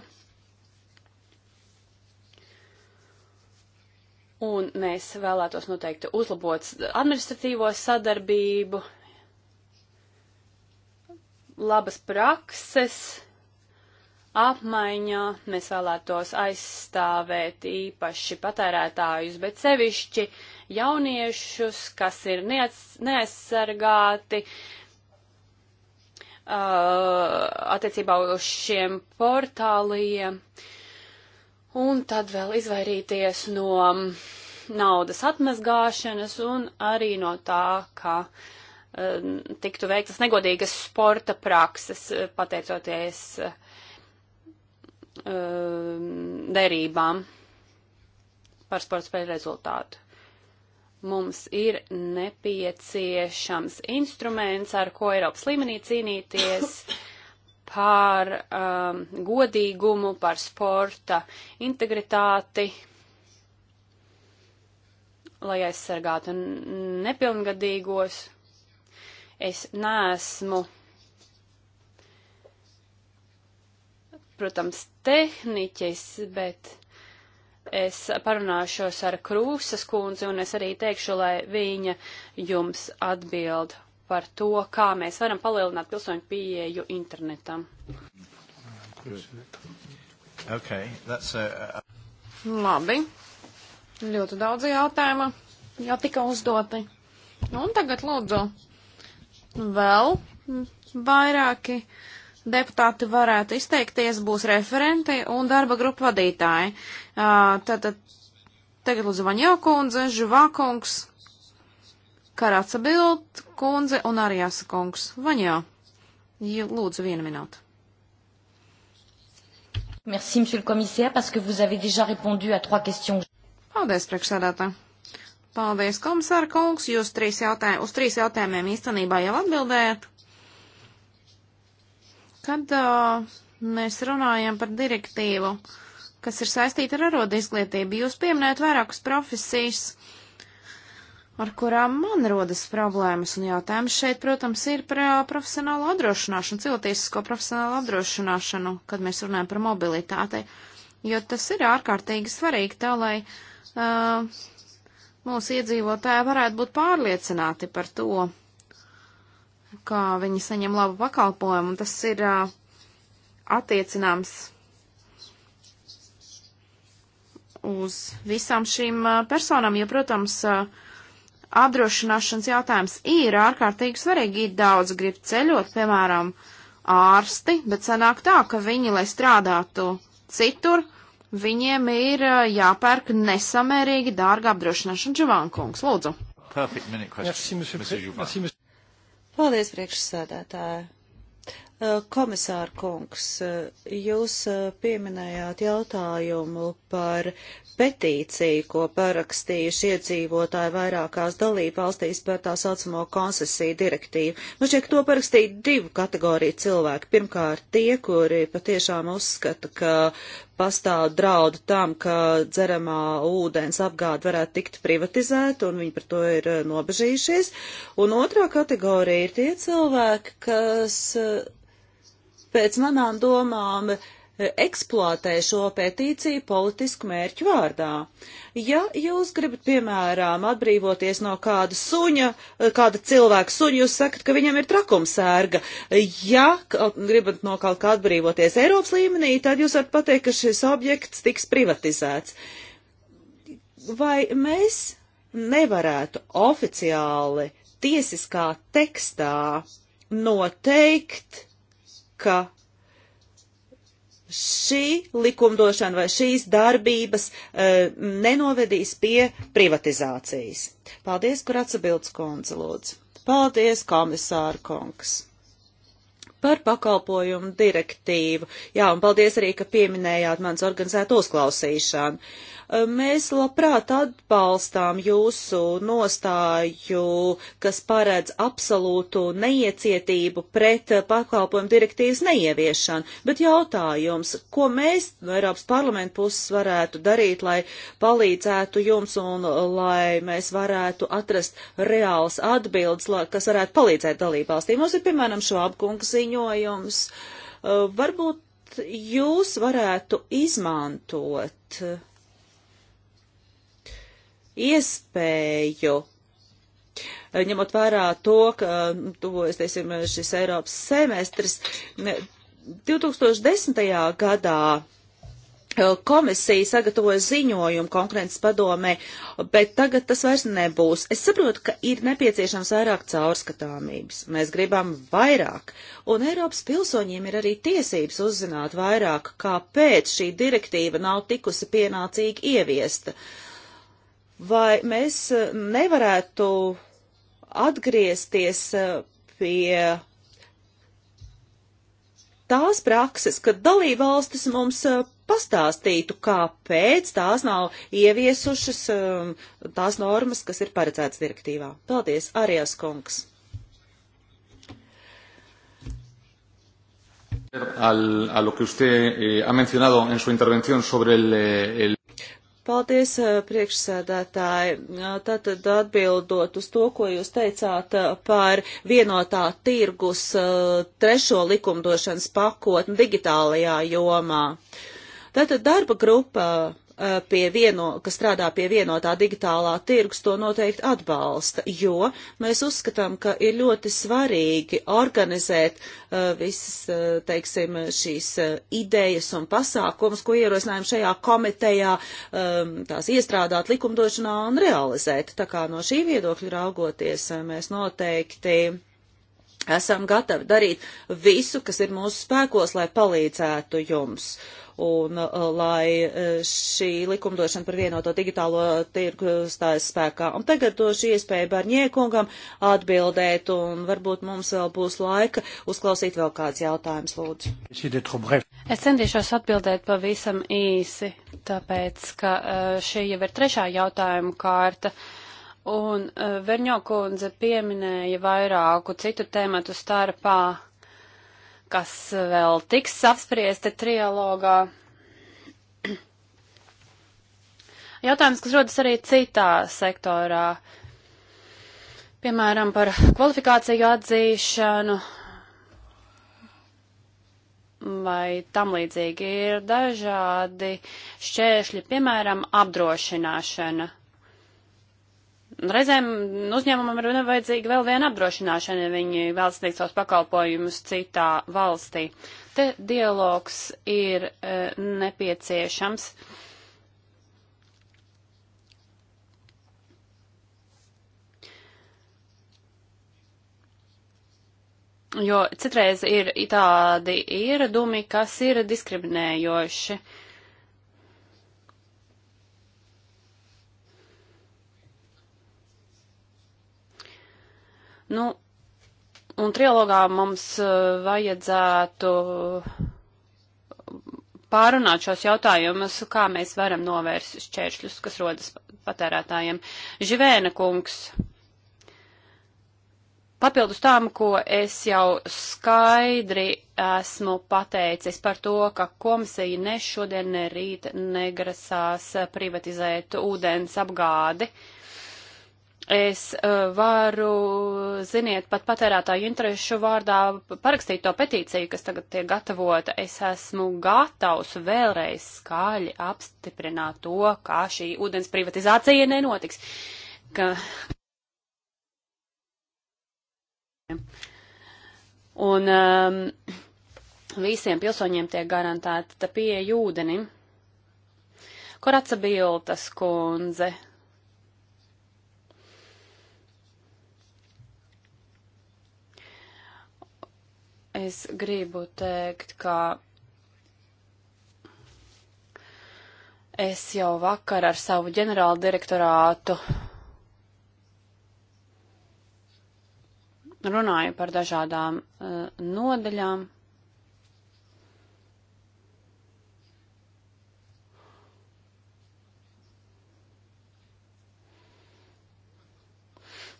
Un mēs vēlētos noteikti uzlabot administratīvo sadarbību, labas prakses, apmaiņā. Mēs vēlētos aizstāvēt īpaši patērētājus, bet sevišķi jauniešus, kas ir neaizsargāti. Uh, attiecībā uz šiem portāliem, un tad vēl izvairīties no naudas atmazgāšanas un arī no tā, ka uh, tiktu veiktas negodīgas sporta prakses, pateicoties uh, Um, derībām par sporta spēļu rezultātu. Mums ir nepieciešams instruments, ar ko Eiropas līmenī cīnīties par um, godīgumu, par sporta integritāti, lai aizsargātu nepilngadīgos. Es neesmu protams, tehniķis, bet es parunāšos ar Krūsas kundzi un es arī teikšu, lai viņa jums atbild par to, kā mēs varam palielināt pilsoņu pieeju internetam. Okay, that's a, a... Labi. Ļoti daudz jautājumu jau tika uzdoti. Un tagad lūdzu vēl vairāki deputāti varētu izteikties, būs referenti un darba grupu vadītāji. Tātad tagad lūdzu Vaņo kundze, Žuvā kungs, Karaca Bild kundze un arī Jāsa kungs. Vaņo, lūdzu vienu minūtu. Merci, monsieur le commissaire, parce que vous avez déjà répondu à trois questions. Paldies, priekšsēdētāji. Paldies, komisāra kungs, jūs trīs jautājumi, uz trīs jautājumiem īstenībā jau atbildējat. Kad uh, mēs runājam par direktīvu, kas ir saistīta ar arodu izglītību, jūs pieminējat vairākas profesijas, ar kurām man rodas problēmas un jautājums šeit, protams, ir par profesionālo apdrošināšanu, cilvēcisko profesionālo apdrošināšanu, kad mēs runājam par mobilitāti, jo tas ir ārkārtīgi svarīgi tā, lai. Uh, mūsu iedzīvotāji varētu būt pārliecināti par to, kā viņi saņem labu pakalpojumu, un tas ir uh, attiecināms uz visām šīm uh, personām, jo, protams, uh, apdrošināšanas jautājums ir ārkārtīgi svarīgi. Ir daudz grib ceļot, piemēram, ārsti, bet sanāk tā, ka viņi, lai strādātu citur, viņiem ir jāpērk nesamērīgi dārga apdrošināšana. Džavankungs, lūdzu. Perfect minute question. Merci, monsieur, monsieur, monsieur, monsieur. Paldies, priekšsēdētāji! Komisāra kungs, jūs pieminējāt jautājumu par petīciju, ko parakstījuši iedzīvotāji vairākās dalību valstīs par tā saucamo koncesiju direktīvu. Man nu, šķiet, to parakstīja divu kategoriju cilvēku. Pirmkārt, tie, kuri patiešām uzskata, ka pastāv draudu tam, ka dzeramā ūdens apgāde varētu tikt privatizēta, un viņi par to ir eh, nobežījušies. Un otrā kategorija ir tie cilvēki, kas eh, pēc manām domām, uh, eksploatē šo petīciju politisku mērķu vārdā. Ja jūs gribat, piemēram, atbrīvoties no kāda suņa, kāda cilvēka suņa, jūs sakat, ka viņam ir trakumsērga. Ja gribat no kaut kā atbrīvoties Eiropas līmenī, tad jūs varat pateikt, ka šis objekts tiks privatizēts. Vai mēs nevarētu oficiāli tiesiskā tekstā noteikt, ka šī likumdošana vai šīs darbības uh, nenovedīs pie privatizācijas. Paldies, kur atsabildes kundze lūdzu. Paldies, komisāra kungs. Par pakalpojumu direktīvu. Jā, un paldies arī, ka pieminējāt mans organizēto uzklausīšanu. Mēs labprāt atbalstām jūsu nostāju, kas paredz absolūtu neiecietību pret pakalpojumu direktīvas neieviešanu, bet jautājums, ko mēs no Eiropas parlamenta puses varētu darīt, lai palīdzētu jums un lai mēs varētu atrast reāls atbildes, kas varētu palīdzēt dalībvalstīm. Mums ir, piemēram, šo apkunga ziņojums. Uh, varbūt jūs varētu izmantot iespēju eh, ņemot vērā to, ka eh, tuvojas, teiksim, šis Eiropas semestris, 2010. gadā eh, komisija sagatavoja ziņojumu konkurences padomē, bet tagad tas vairs nebūs. Es saprotu, ka ir nepieciešams vairāk caurskatāmības. Mēs gribam vairāk, un Eiropas pilsoņiem ir arī tiesības uzzināt vairāk, kāpēc šī direktīva nav tikusi pienācīgi ieviesta. Uh, vai mēs eh, nevarētu atgriezties eh, pie tās prakses, kad dalībvalstis mums eh, pastāstītu, kāpēc tās nav ieviesušas tās normas, kas ir paredzētas direktīvā. Paldies, Arijas kungs! Al, a lo que usted eh, ha mencionado en su intervención sobre el, el Paldies, eh, priekšsēdētāji. Tātad atbildot uz to, ko jūs teicāt eh, par vienotā tirgus eh, trešo likumdošanas pakotni digitālajā jomā. Tātad darba grupa Eh, pie vieno, kas strādā pie vienotā digitālā tirgus, to noteikti atbalsta, jo mēs uzskatām, ka ir ļoti svarīgi organizēt uh, visas, uh, teiksim, šīs uh, idejas un pasākumus, ko ierosinājām šajā komitejā, um, tās iestrādāt likumdošanā un realizēt. Tā kā no šī viedokļa raugoties, mēs noteikti esam gatavi darīt visu, kas ir mūsu spēkos, lai palīdzētu jums. Uh, un uh, lai uh, šī likumdošana par vienoto digitālo tirgu stājas spēkā. Un tagad došu iespēju Barņiekungam atbildēt, un varbūt mums vēl būs laika uzklausīt vēl kāds jautājums, lūdzu. Es centīšos atbildēt pavisam īsi, tāpēc, ka uh, šī jau ir trešā jautājuma kārta. Un Verņokundze pieminēja vairāku citu tēmatu starpā kas vēl tiks apspriesti trialogā. Jautājums, kas rodas arī citā sektorā, piemēram, par kvalifikāciju atzīšanu vai tam līdzīgi ir dažādi šķēršļi, piemēram, apdrošināšana. Reizēm uzņēmumam ir nevajadzīga vēl viena apdrošināšana, ja viņi vēlas sniegt savus pakalpojumus citā valstī. Te dialogs ir uh, nepieciešams. Jo citreiz ir tādi ieradumi, kas ir diskriminējoši. Uh, Nu, un trilogā mums uh, vajadzētu pārunāt šos jautājumus, kā mēs varam novērst šķēršļus, kas rodas patērētājiem. Živēna kungs, papildus tam, ko es jau skaidri esmu pateicis par to, ka komisija ne šodien, ne rīt negrasās privatizēt ūdens apgādi. Uh, Es uh, varu, ziniet, pat patērētāju interesu vārdā parakstīt to petīciju, kas tagad tiek gatavota. Es esmu gatavs vēlreiz skaļi apstiprināt to, kā šī ūdens privatizācija nenotiks. Ka... Un um, visiem pilsoņiem tiek garantēta pieeja ūdenim. Kur atsabiltas kundze? Es gribu teikt, ka es jau vakar ar savu ģenerālu direktorātu runāju par dažādām uh, nodaļām.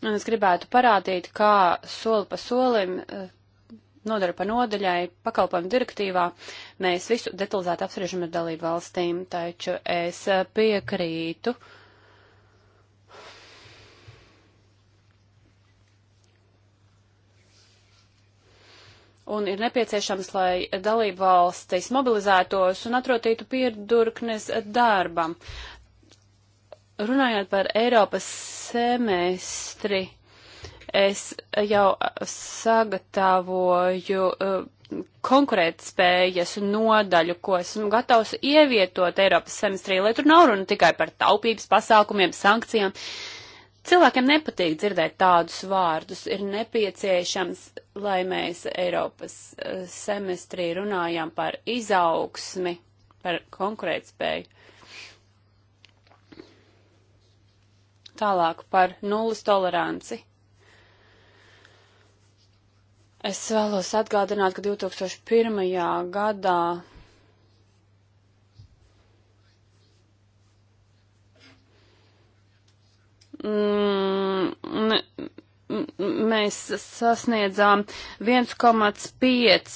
Un es gribētu parādīt, kā soli pa solim uh, nodara pa nodaļai, pakalpojumu direktīvā, mēs visu detalizēti apspriežam ar dalību valstīm, taču es eh, piekrītu. Un ir nepieciešams, lai dalību valstis mobilizētos un atrotītu piedurknes darbam. Runājot par Eiropas semestri, uh, es jau sagatavoju eh, konkurētspējas nodaļu, ko esmu gatavs ievietot Eiropas semestrī, lai tur nav runa tikai par taupības pasākumiem, sankcijām. Cilvēkiem nepatīk dzirdēt tādus vārdus. Ir nepieciešams, lai mēs Eiropas eh, semestrī runājam par izaugsmi, par konkurētspēju. Tālāk par nulles toleranci. Es vēlos atgādināt, ka 2001. gadā mm, mēs sasniedzām 1,5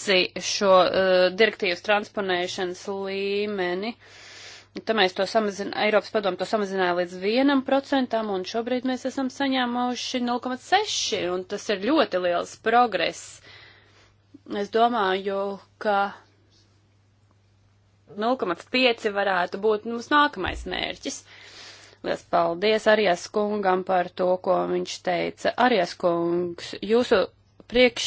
šo uh, direktīvas transponēšanas līmeni. Uh, Tā mēs to samazinām, Eiropas padomu to samazināja līdz 1%, un šobrīd mēs esam saņēmuši 0,6%, un tas ir ļoti liels progress. Es domāju, ka 0,5 varētu būt mums nākamais mērķis. Liels paldies Arijas kungam par to, ko viņš teica. Arijas kungs, jūsu priekš,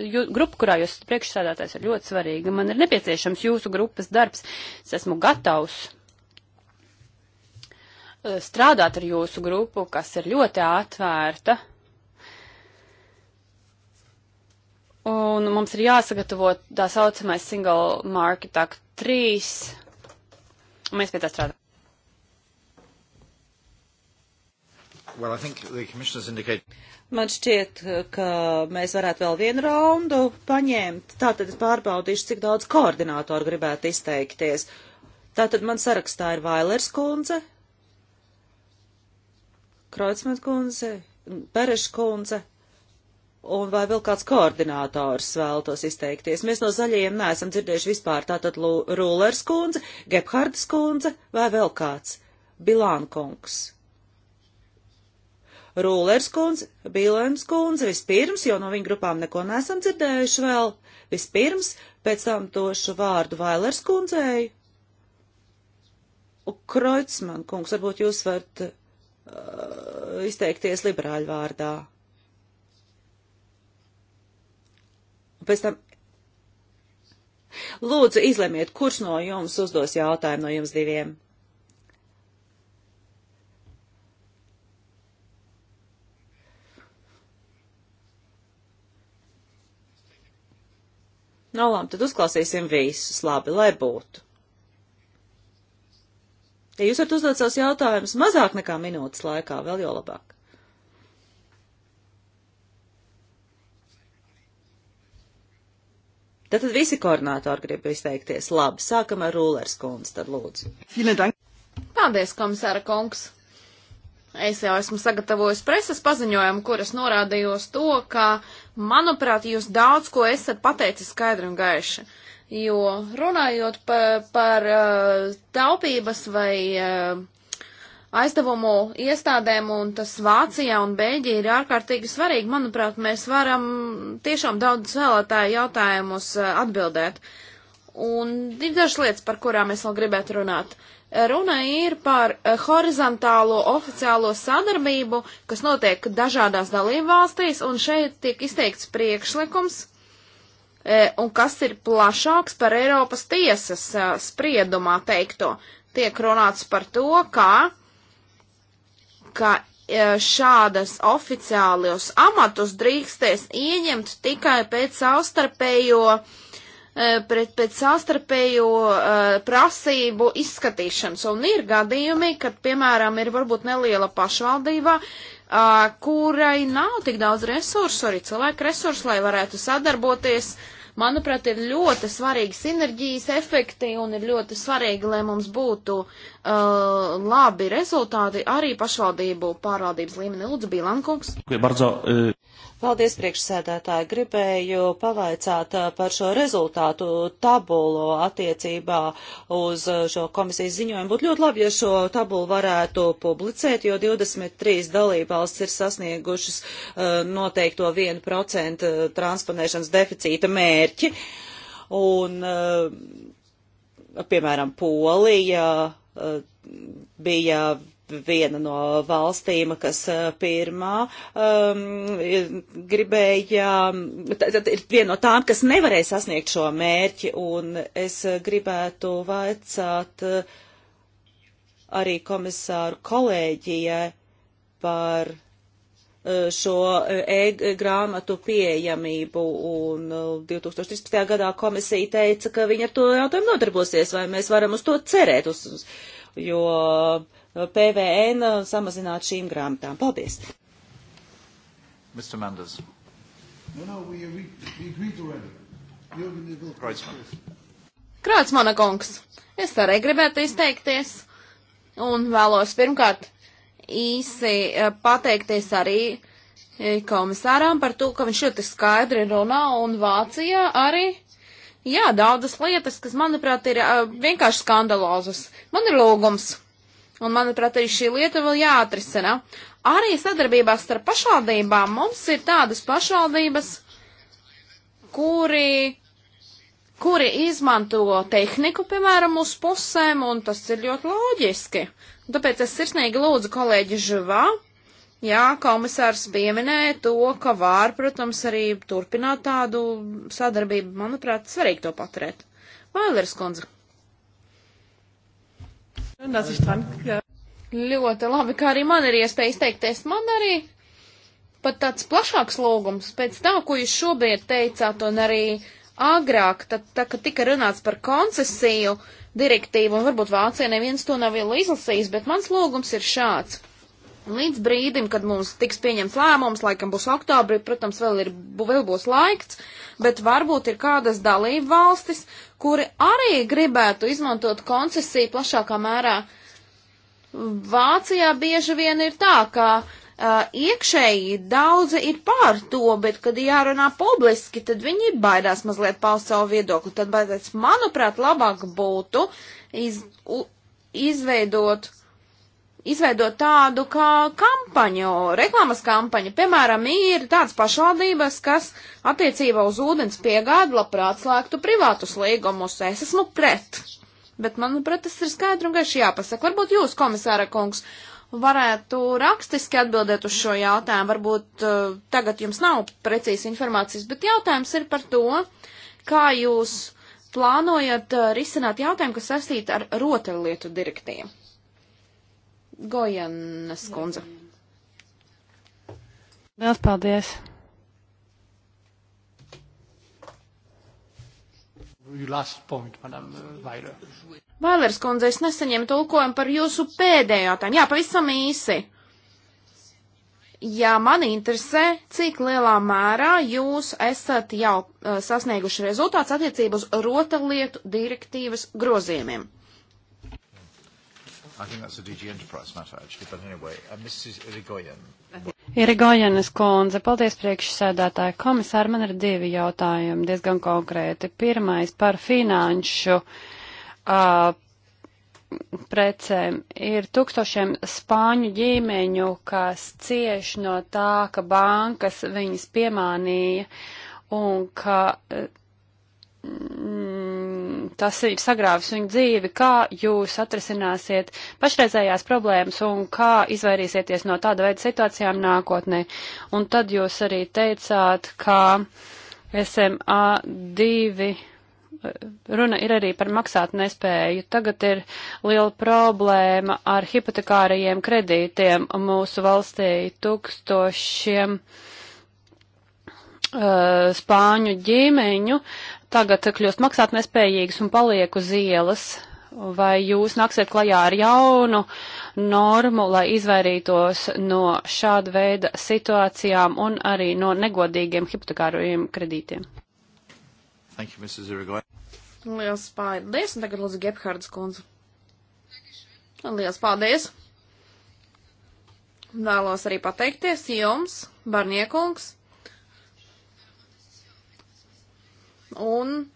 jū, grupa, kurā jūs priekšsēdātājs ir ļoti svarīga. Man ir nepieciešams jūsu grupas darbs. Es esmu gatavs strādāt ar jūsu grupu, kas ir ļoti atvērta. Un mums ir jāsagatavo tā saucamais Single Market Act 3. Un mēs pie tā strādājam. Well, indicate... Man šķiet, ka mēs varētu vēl vienu raundu paņemt. Tātad es pārbaudīšu, cik daudz koordinātoru gribētu izteikties. Tātad man sarakstā ir Vailers kundze, Kreutzmann kundze, Pereš kundze, un vai vēl kāds koordinātors vēltos izteikties? Mēs no zaļajiem neesam dzirdējuši vispār. Tātad Rūlers kundze, Gebhardas kundze vai vēl kāds? Bilankungs. Rūlers kundze, Bilans kundze vispirms, jo no viņu grupām neko neesam dzirdējuši vēl. Vispirms, pēc tam došu vārdu Vailers kundzei. Kreutzmann kungs, varbūt jūs varat Uh, izteikties liberāļu vārdā. Pēc tam lūdzu izlemiet, kurš no jums uzdos jautājumu no jums diviem. Nu, labi, tad uzklausīsim visus, labi, lai būtu. Ja jūs varat uzdot savus jautājumus mazāk nekā minūtes laikā, vēl jau labāk. Tātad visi koordinātori grib izteikties. Labi, sākam ar Rūlers kundzi, tad lūdzu. Paldies, komisāra kungs! Es jau esmu sagatavojis preses paziņojumu, kuras norādījos to, ka, manuprāt, jūs daudz ko esat pateicis skaidri un gaiši. Uh, jo runājot pa, par uh, taupības vai uh, aizdevumu iestādēm, un tas Vācijā un Beļģija ir ārkārtīgi svarīgi, manuprāt, mēs varam tiešām daudz vēlētāju jautājumus uh, atbildēt. Un ir dažas lietas, par kurām es vēl gribētu runāt. Runa ir par horizontālo oficiālo sadarbību, kas notiek dažādās dalībvalstīs, un šeit tiek izteikts priekšlikums, E, un kas ir plašāks par Eiropas tiesas e, spriedumā teikto. Tiek runāts par to, kā, ka e, šādas oficiālos amatus drīkstēs ieņemt tikai pēc savstarpējo, pret, pēc savstarpējo prasību izskatīšanas. Un ir gadījumi, kad, piemēram, ir varbūt neliela pašvaldība, kurai nav tik daudz resursu, arī cilvēku resursu, lai varētu sadarboties uh, Manuprāt, ir ļoti svarīgi sinerģijas efekti un ir ļoti svarīgi, lai mums būtu uh, labi rezultāti arī pašvaldību pārvaldības līmenī. Lūdzu, Bilankungs. Paldies, priekšsēdētāji. Gribēju pavaicāt uh, par šo rezultātu tabulu attiecībā uz uh, šo komisijas ziņojumu. Būtu ļoti labi, ja šo tabulu varētu publicēt, jo 23 dalībvalsts ir sasniegušas uh, noteikto 1% transponēšanas deficīta mērķi mērķi. Un, eh, piemēram, Polija eh, bija viena no valstīm, kas eh, pirmā um, gribēja, tad ir viena no tām, kas nevarēja sasniegt šo mērķi, un es gribētu vaicāt arī komisāru kolēģijai par šo e-grāmatu pieejamību, un 2013. gadā komisija teica, ka viņi ar to jautājumu nodarbosies, vai mēs varam uz to cerēt, uz, uz, jo PVN samazināt šīm grāmatām. Paldies! Mr. Mendes. No, no, we, we, we agreed already. Krāts mana kungs, es arī gribētu izteikties un vēlos pirmkārt īsi e, pateikties arī e, komisārām par to, ka viņš ļoti skaidri runā un Vācijā arī. Jā, daudzas lietas, kas, manuprāt, ir uh, vienkārši skandalozas. Man ir lūgums, un, manuprāt, arī šī lieta vēl jāatrisina. Arī sadarbībā starp pašvaldībām mums ir tādas pašvaldības, kuri, kuri izmanto tehniku, piemēram, uz pusēm, un tas ir ļoti loģiski. Uh, Un tāpēc es sirsnīgi lūdzu kolēģi Žuvā, jā, komisārs pieminēja to, ka var, protams, arī turpināt tādu sadarbību. Manuprāt, svarīgi to paturēt. Vailers kundze. Ļoti labi, kā arī man ir iespēja izteikties. Man arī pat tāds plašāks lūgums pēc tā, ko jūs šobrīd teicāt, un arī agrāk, tad, tā, kad tika runāts par koncesiju, direktīvu, un varbūt Vācijā neviens to nav vēl izlasījis, bet mans lūgums ir šāds. Līdz brīdim, kad mums tiks pieņemts lēmums, laikam būs oktobrī, protams, vēl, ir, vēl būs laiks, bet varbūt ir kādas dalība valstis, kuri arī gribētu izmantot koncesiju plašākā mērā. Vācijā bieži vien ir tā, ka uh, Eh, iekšēji daudzi ir pār to, bet, kad jārunā publiski, tad viņi baidās mazliet paust savu viedokli. Tad, baidās, manuprāt, labāk būtu iz, u, izveidot, izveidot tādu kā kampaņu, reklāmas kampaņu. Piemēram, ir tāds pašvaldības, kas attiecībā uz ūdens piegādu labprāt slēgtu privātus līgumus. Es esmu pret. Bet, manuprāt, tas ir skaidri un gaiši jāpasaka. Varbūt jūs, komisāra kungs, varētu rakstiski atbildēt uz šo jautājumu. Varbūt uh, tagad jums nav precīzi informācijas, bet jautājums ir par to, kā jūs plānojat uh, risināt jautājumu, kas saistīta ar rotaļlietu direktīvu. Gojanas kundze. Liels paldies! your last point, Madam Vailer. Uh, Vailers kundze, es nesaņēmu tulkojumu par jūsu pēdējo jautājumu. Jā, pavisam īsi. Jā, man interesē, cik lielā mērā jūs esat jau uh, sasnieguši rezultāts attiecībā uz rotaļlietu direktīvas grozījumiem. I think that's a DG Enterprise matter, actually, but anyway, uh, Mrs. Irigoyen. Irigoyenes kundze, paldies priekšsēdētāji. Komisāri, man ir divi jautājumi, diezgan konkrēti. Pirmais par finanšu uh, precēm. Ir tūkstošiem spāņu ģimeņu, kas cieš no tā, ka bankas viņas piemānīja un ka. Mm, tas ir sagrāvis viņu dzīvi, kā jūs atrisināsiet pašreizējās problēmas un kā izvairīsieties no tāda veida situācijām nākotnē. Un tad jūs arī teicāt, ka SMA2 eh, runa ir arī par maksāt nespēju. Tagad ir liela problēma ar hipotekārajiem kredītiem mūsu valstī tūkstošiem uh, spāņu ģimeņu tagad kļūst maksāt nespējīgas un paliek uz ielas, vai jūs nāksiet klajā ar jaunu normu, lai izvairītos no šāda veida situācijām un arī no negodīgiem hipotekārajiem kredītiem? Thank you, Mrs. Irigoy. Liels paldies, un tagad lūdzu Gebhardas kundze. Liels paldies! Vēlos arī pateikties jums, Barniekungs, Un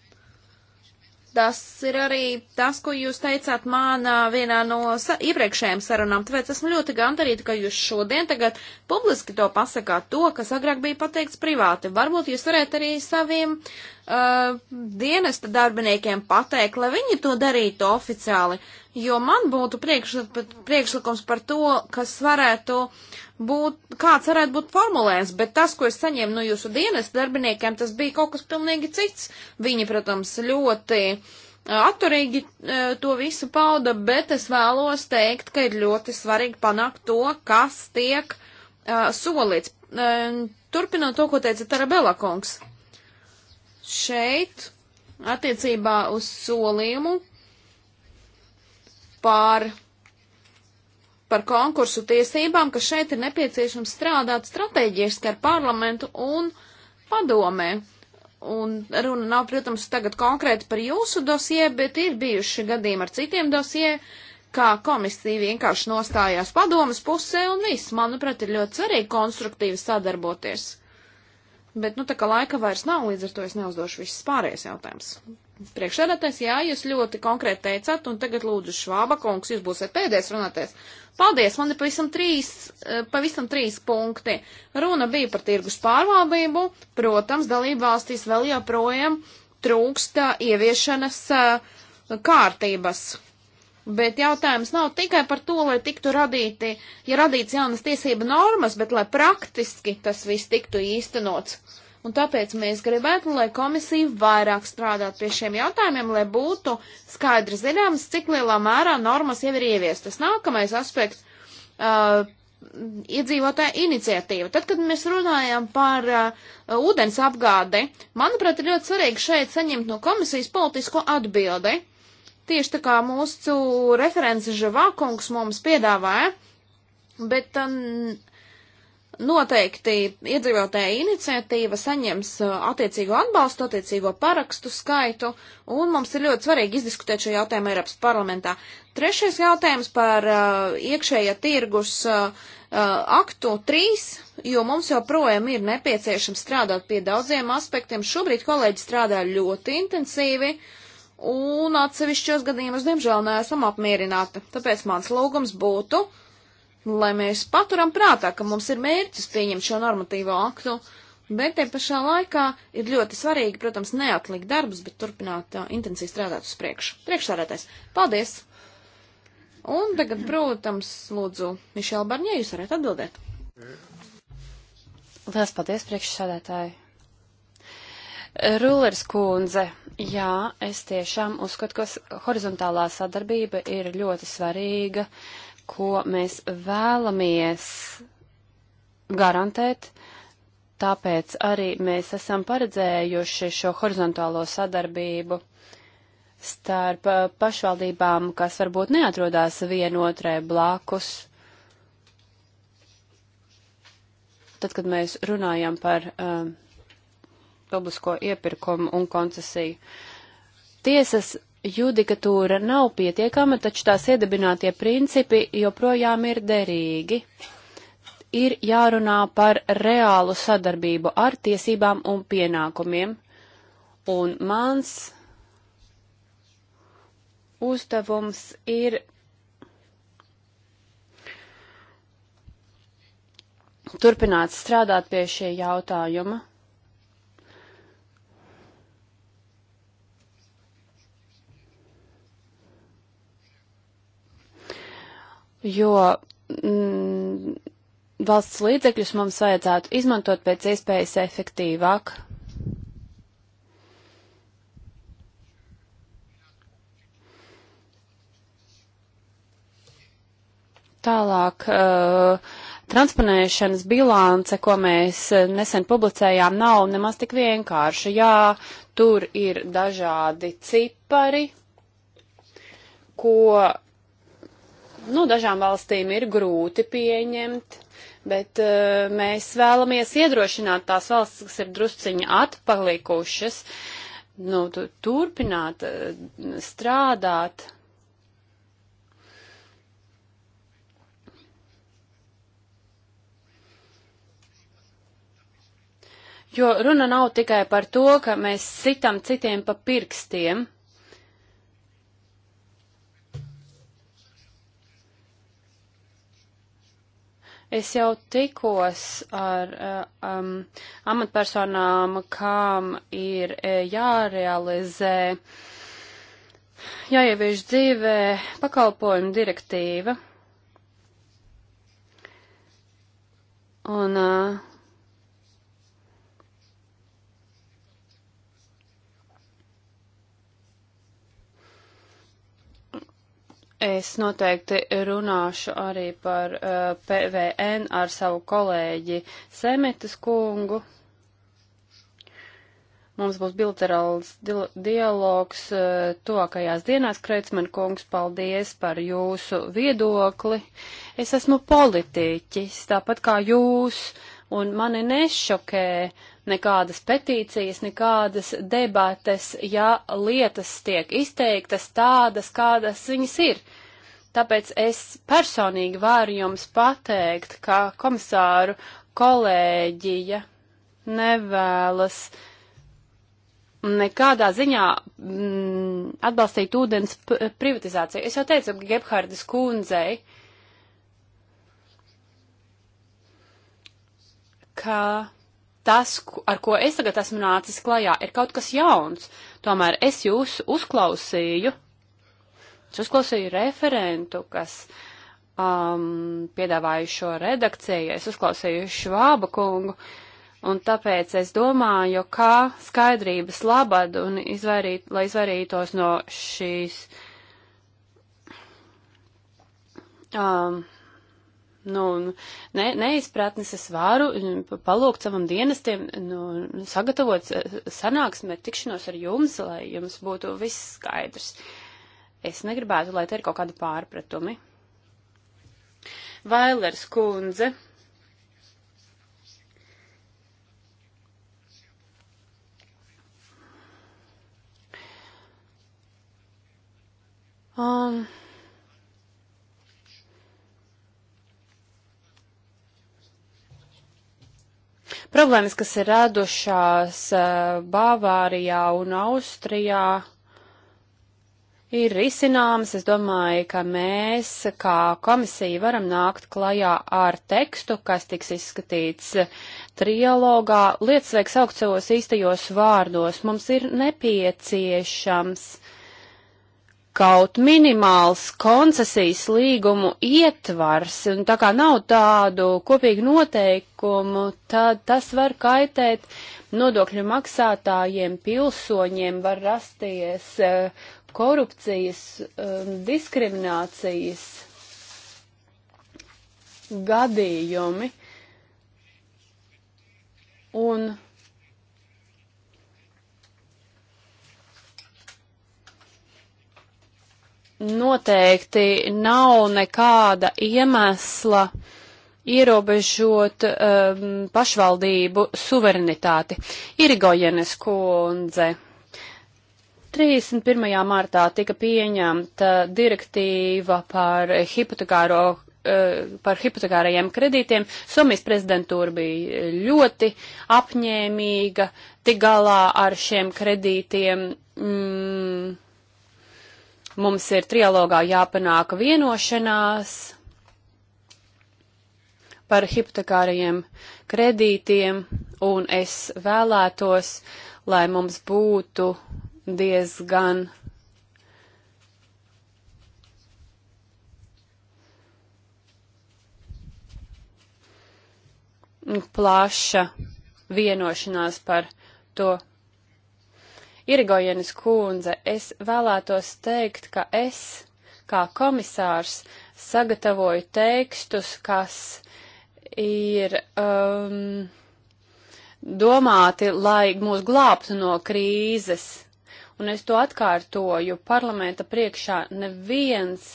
tas ir arī tas, ko jūs teicāt manā vienā no sa iepriekšējām sarunām. Tāpēc esmu ļoti gandarīta, ka jūs šodien tagad publiski to pasakāt to, kas agrāk bija pateikts privāti. Varbūt jūs varētu arī saviem uh, uh, dienesta darbiniekiem pateikt, lai viņi to darītu oficiāli, jo man būtu priekš, priekšlikums par to, kas varētu būt, kāds varētu būt formulējums, bet tas, ko es saņēmu no jūsu dienesta darbiniekiem, tas bija kaut kas pilnīgi cits. Viņi, protams, ļoti uh, atturīgi uh, to visu pauda, bet es vēlos teikt, ka ir ļoti svarīgi panākt to, kas tiek uh, solīts. Uh, turpinot to, ko teica Tarabela kungs šeit attiecībā uz solījumu par, par konkursu tiesībām, ka šeit ir nepieciešams strādāt strateģiski ar parlamentu un padomē. Un runa nav, protams, tagad konkrēti par jūsu dosie, bet ir bijuši gadījumi ar citiem dosie, kā komisija vienkārši nostājās padomas pusē un viss, manuprāt, ir ļoti svarīgi konstruktīvi sadarboties. Bet, nu, tā kā laika vairs nav, līdz ar to es neuzdošu visus pārējais jautājums. Priekšsēdētājs, jā, jūs ļoti konkrēti teicāt, un tagad lūdzu Švāba kungs, jūs būsiet pēdējais runātais. Paldies, man ir pavisam trīs, eh, pavisam trīs punkti. Runa bija par tirgus pārvaldību, protams, dalību valstīs vēl joprojām trūksta ieviešanas eh, kārtības Bet jautājums nav tikai par to, lai tiktu radīti, ja radīts jaunas tiesība normas, bet lai praktiski tas viss tiktu īstenots. Un tāpēc mēs gribētu, lai komisija vairāk strādātu pie šiem jautājumiem, lai būtu skaidri zināms, cik lielā mērā normas jau ir ieviestas. Nākamais aspekts uh, - iedzīvotāja iniciatīva. Tad, kad mēs runājam par uh, ūdens apgādi, manuprāt, ir ļoti svarīgi šeit saņemt no komisijas politisko atbildi. Uh, Tieši tā kā mūsu referents Žavakungs mums piedāvāja, bet um, noteikti iedzīvotāja iniciatīva saņems uh, attiecīgo atbalstu, attiecīgo parakstu skaitu, un mums ir ļoti svarīgi izdiskutēt šo jautājumu Eiropas parlamentā. Trešais jautājums par uh, iekšējā tirgus uh, uh aktu 3, jo mums joprojām ir nepieciešams strādāt pie daudziem aspektiem. Šobrīd kolēģi strādā ļoti intensīvi. Uh, un atsevišķos gadījumos, diemžēl, neesam apmierināti. Tāpēc mans lūgums būtu, lai mēs paturam prātā, ka mums ir mērķis pieņemt šo normatīvo aktu, bet te pašā laikā ir ļoti svarīgi, protams, neatlikt darbus, bet turpināt uh, intensīvi strādāt uz priekšu. Priekšsādātais, paldies! Un tagad, protams, lūdzu, Mišela Barņē, jūs varētu atbildēt. Lielas paldies, priekšsādātāji! Rulers kundze, jā, es tiešām uzskatu, ka horizontālā sadarbība ir ļoti svarīga, ko mēs vēlamies garantēt. Tāpēc arī mēs esam paredzējuši šo horizontālo sadarbību starp uh, pašvaldībām, kas varbūt neatrodās vienotrai blakus. Tad, kad mēs runājam par uh, um, publisko iepirkumu un koncesiju. Tiesas judikatūra nav pietiekama, taču tās iedibinātie principi joprojām ir derīgi. Ir jārunā par reālu sadarbību ar tiesībām un pienākumiem. Un mans uzdevums ir turpināt strādāt pie šī jautājuma. jo mm, valsts līdzekļus mums vajadzētu izmantot pēc iespējas efektīvāk. Tālāk, uh, transponēšanas bilance, ko mēs uh, nesen publicējām, nav nemaz tik vienkārša. Jā, tur ir dažādi cipari, ko nu, dažām valstīm ir grūti pieņemt, bet uh, mēs vēlamies iedrošināt tās valstis, kas ir drusciņi atpalikušas, nu, turpināt uh, strādāt. Jo runa nav tikai par to, ka mēs sitam citiem pa pirkstiem. Es jau tikos ar um, amatpersonām, kam ir eh, jārealizē, jāievieš dzīvē pakalpojumu direktīva. Un uh, Es noteikti runāšu arī par uh, PVN ar savu kolēģi Semetas kungu. Mums būs bilaterāls dialogs uh, tuvākajās dienās. Kreitsman kungs, paldies par jūsu viedokli. Es esmu politiķis, tāpat kā jūs. Uh, un mani nešokē nekādas petīcijas, nekādas debates, ja lietas tiek izteiktas tādas, kādas viņas ir. Tāpēc es personīgi varu jums pateikt, ka komisāru kolēģija nevēlas nekādā ziņā mm, atbalstīt ūdens privatizāciju. Es jau teicu Gebhardas kundzei, uh, ka tas, ar ko es tagad esmu nācis klajā, ir kaut kas jauns. Tomēr es jūs uzklausīju, es uzklausīju referentu, kas um, piedāvāju šo redakciju, es uzklausīju Švāba kungu. Un tāpēc es domāju, kā skaidrības labad un izvairīt, lai izvairītos no šīs um, nu, ne, neizpratnes es varu palūgt savam dienestiem nu, sagatavot eh, sanāksmi ar tikšanos ar jums, lai jums būtu viss skaidrs. Es negribētu, lai te ir kaut kādi pārpratumi. Vailers kundze. Um, Problēmas, kas ir radušās eh, Bavārijā un Austrijā, ir risināmas. Es domāju, ka mēs, kā komisija, varam nākt klajā ar tekstu, kas tiks izskatīts trialogā. Lietas vajag saukt savos īstajos vārdos. Mums ir nepieciešams uh, kaut minimāls koncesijas līgumu ietvars, un tā kā nav tādu kopīgu noteikumu, tad tas var kaitēt nodokļu maksātājiem, pilsoņiem, var rasties eh, korupcijas, eh, diskriminācijas gadījumi. Un noteikti nav nekāda iemesla ierobežot um, pašvaldību suverenitāti. Irigojenes kundze. 31. martā tika pieņemta direktīva par hipotekāro uh, par hipotekārajiem kredītiem. Somijas prezidentūra bija ļoti apņēmīga, tik galā ar šiem kredītiem. Mm, Mums ir trialogā jāpanāk vienošanās par hipotekārajiem kredītiem, un es vēlētos, lai mums būtu diezgan plaša vienošanās par to Irigojenes kundze, es vēlētos teikt, ka es, kā komisārs, sagatavoju tekstus, kas ir um, domāti, lai mūs glābtu no krīzes. Un es to atkārtoju parlamenta priekšā. Neviens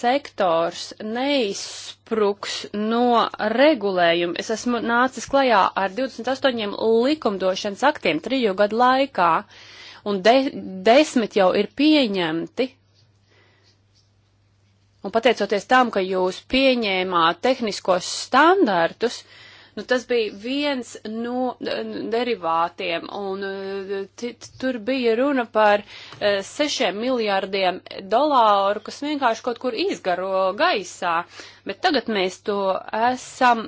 sektors neizspruks no regulējuma. Es esmu nācis klajā ar 28 likumdošanas aktiem triju gadu laikā, un de desmit jau ir pieņemti. Un pateicoties tam, ka jūs pieņēmāt tehniskos standartus, uh, Nu, tas bija viens no derivātiem, un e, tur bija runa par e, sešiem miljārdiem dolāru, kas vienkārši kaut kur izgaro gaisā. Bet tagad mēs to esam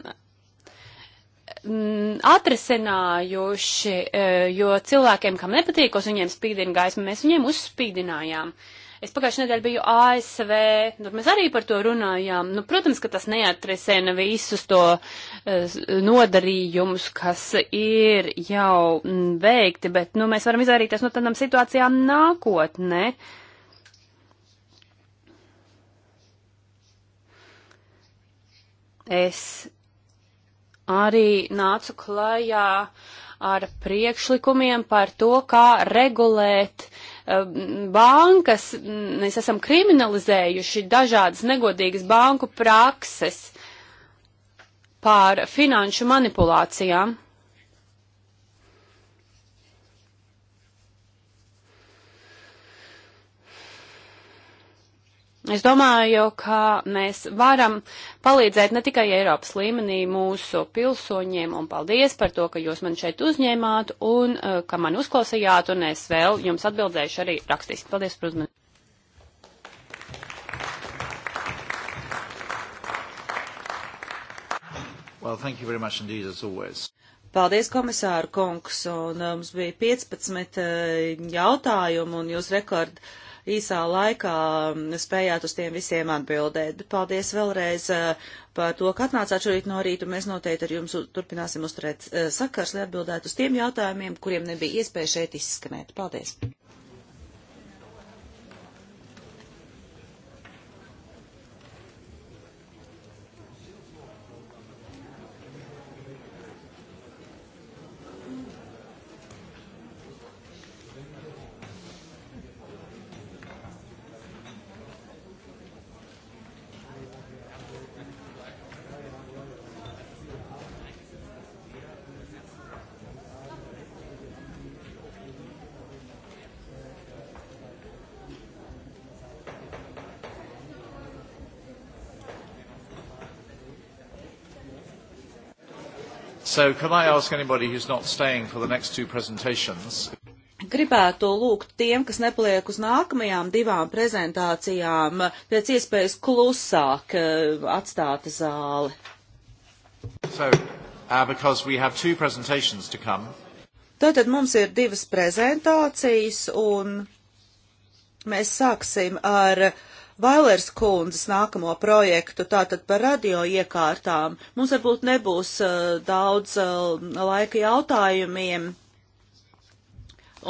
atrisinājuši, e, jo cilvēkiem, kam nepatīkos viņiem spīdina gaisma, mēs viņiem uzspīdinājām. Uh, Es pagājušajā nedēļā biju ASV, tur nu, mēs arī par to runājām. Nu, protams, ka tas neatrisina visus to uh, nodarījumus, kas ir jau mm, veikti, bet nu, mēs varam izvairīties no tādām situācijām nākotnē. Ne? es arī nācu klajā ar priekšlikumiem par to, kā regulēt bankas, mēs esam kriminalizējuši dažādas negodīgas banku prakses pār finanšu manipulācijām. Es domāju, ka mēs varam palīdzēt ne tikai Eiropas līmenī mūsu pilsoņiem, un paldies par to, ka jūs man šeit uzņēmāt un eh, ka man uzklausījāt, un es vēl jums atbildēšu arī rakstiski. Paldies par uzmanību. Well, thank you very much indeed, as always. Paldies, komisāru kungs, un uh, mums bija 15 uh, jautājumu, un jūs rekord īsā laikā mm, spējāt uz tiem visiem atbildēt. Paldies vēlreiz eh, par to, ka atnācāt šorīt no rīta. Mēs noteikti ar jums turpināsim uzturēt eh, sakars, lai atbildētu uz tiem jautājumiem, kuriem nebija iespēja šeit izskanēt. Paldies! So can I ask anybody who's not staying for the next two presentations? Gribētu lūgt tiem, kas nepaliek uz nākamajām divām prezentācijām, pēc iespējas klusāk eh, atstāt zāli. So, uh, because we have two presentations to come. Tātad mums ir divas prezentācijas, un mēs sāksim ar uh, Vailers kundzes nākamo projektu, tātad par radio iekārtām. Mums varbūt nebūs uh, daudz uh, laika jautājumiem,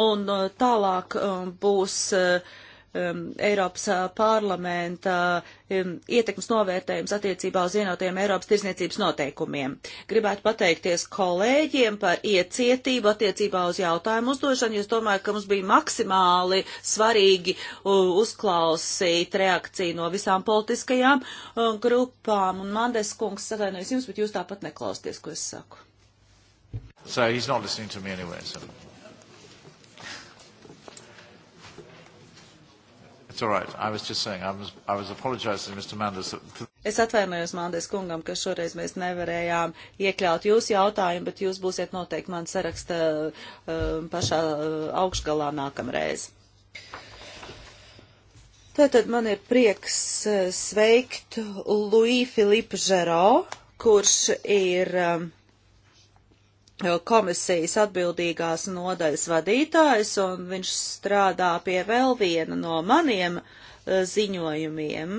un uh, tālāk um, būs. Uh, um, Eiropas uh, parlamenta um, ietekmes novērtējums attiecībā uz vienotiem Eiropas tirzniecības noteikumiem. Gribētu pateikties kolēģiem par iecietību attiecībā uz jautājumu uzdošanu, jo es domāju, ka mums bija maksimāli svarīgi uh, uzklausīt reakciju no visām politiskajām uh, grupām. Un Mandes kungs, atvainojos jums, bet jūs tāpat neklausties, ko es saku. So he's not listening to me anyway, so. Es atvainojos Mandes kungam, ka šoreiz mēs nevarējām iekļaut jūsu jautājumu, bet jūs būsiet noteikti man saraksta uh, pašā uh, augšgalā nākamreiz. Tātad man ir prieks uh, sveikt Louis Philippe Žero, kurš ir um, Eh, komisijas atbildīgās nodaļas vadītājs, un viņš strādā pie vēl viena no maniem eh, ziņojumiem.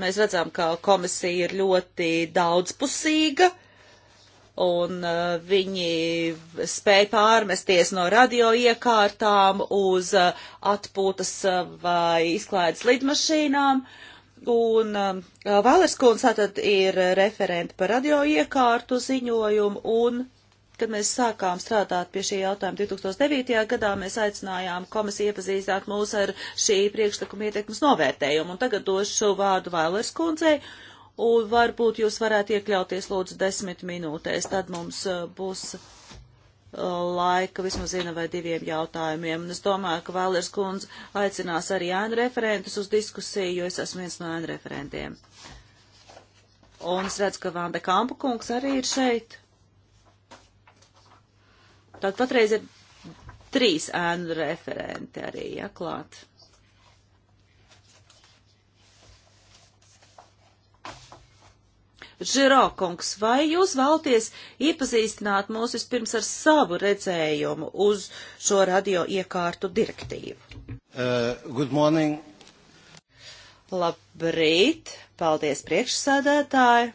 Mēs redzam, ka komisija ir ļoti daudzpusīga, un eh, viņi spēja pārmesties no radio iekārtām uz atpūtas vai izklaides lidmašīnām. Uh, Un um, Valerskundze tātad ir referenti par radio iekārtu ziņojumu un kad mēs sākām strādāt pie šī jautājuma 2009. gadā, mēs aicinājām komisiju iepazīstināt mūs ar šī priekšlikuma ietekmes novērtējumu. Un tagad došu vārdu Vailers kundzei, un varbūt jūs varētu iekļauties lūdzu desmit minūtēs, tad mums uh, būs laika vismaz viena vai diviem jautājumiem. Un es domāju, ka Vēlers kundze aicinās arī ēnu referentus uz diskusiju, jo es esmu viens no ēnu referentiem. Un es redzu, ka Vanda Kampa kungs arī ir šeit. Tad patreiz ir trīs ēnu referenti arī, ja klāt. Žirokungs, vai jūs vēlties iepazīstināt mūs vispirms ar savu redzējumu uz šo radio iekārtu direktīvu? Uh, good morning. Labrīt, paldies priekšsēdētāji,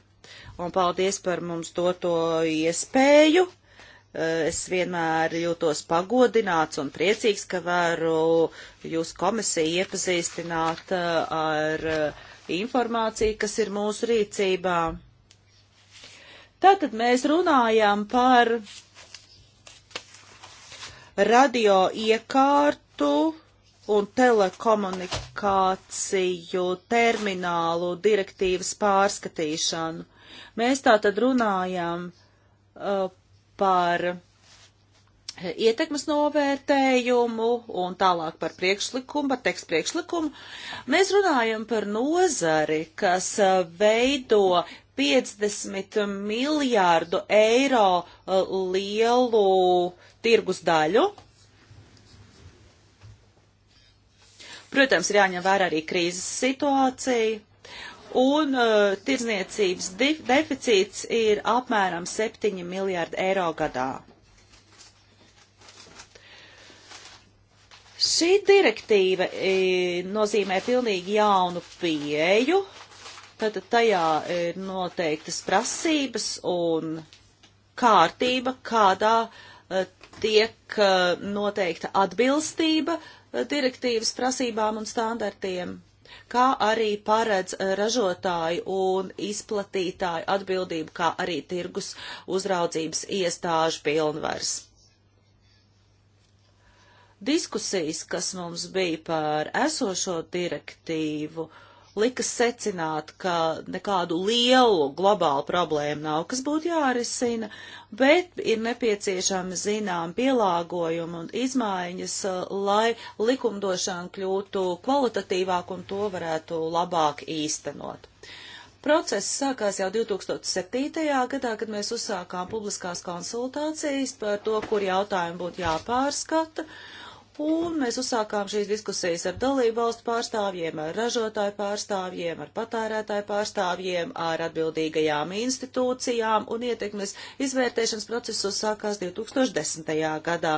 un paldies par mums doto iespēju. Uh, es vienmēr jūtos pagodināts un priecīgs, ka varu jūs komisiju iepazīstināt uh, ar uh, informāciju, kas ir mūsu rīcībā. Tātad mēs runājam par radio iekārtu un telekomunikāciju terminālu direktīvas pārskatīšanu. Mēs tātad runājam uh, par ietekmes novērtējumu un tālāk par priekšlikumu, par tekstu priekšlikumu. Mēs runājam par nozari, kas veido 50 miljārdu eiro uh, lielu tirgus daļu. Protams, ir jāņem vērā arī krīzes situācija. Un uh, tirzniecības deficīts ir apmēram 7 miljārdi eiro gadā. Šī direktīva e, nozīmē pilnīgi jaunu pieeju Tad tajā ir noteiktas prasības un kārtība, kādā eh, tiek eh, noteikta atbilstība eh, direktīvas prasībām un standartiem, kā arī paredz ražotāju un izplatītāju atbildību, kā arī tirgus uzraudzības iestāžu pilnvars. Diskusijas, kas mums bija par esošo direktīvu, uh, lika secināt, ka nekādu lielu globālu problēmu nav, kas būtu jārisina, bet ir nepieciešama zinām pielāgojuma un izmaiņas, eh, lai likumdošana kļūtu kvalitatīvāk un to varētu labāk īstenot. Process sākās jau 2007. gadā, kad mēs uzsākām publiskās konsultācijas par to, kur jautājumi būtu jāpārskata, Un mēs uzsākām šīs diskusijas ar dalību valstu pārstāvjiem, ar ražotāju pārstāvjiem, ar patērētāju pārstāvjiem, ar atbildīgajām institūcijām un ietekmes izvērtēšanas procesu sākās 2010. gadā,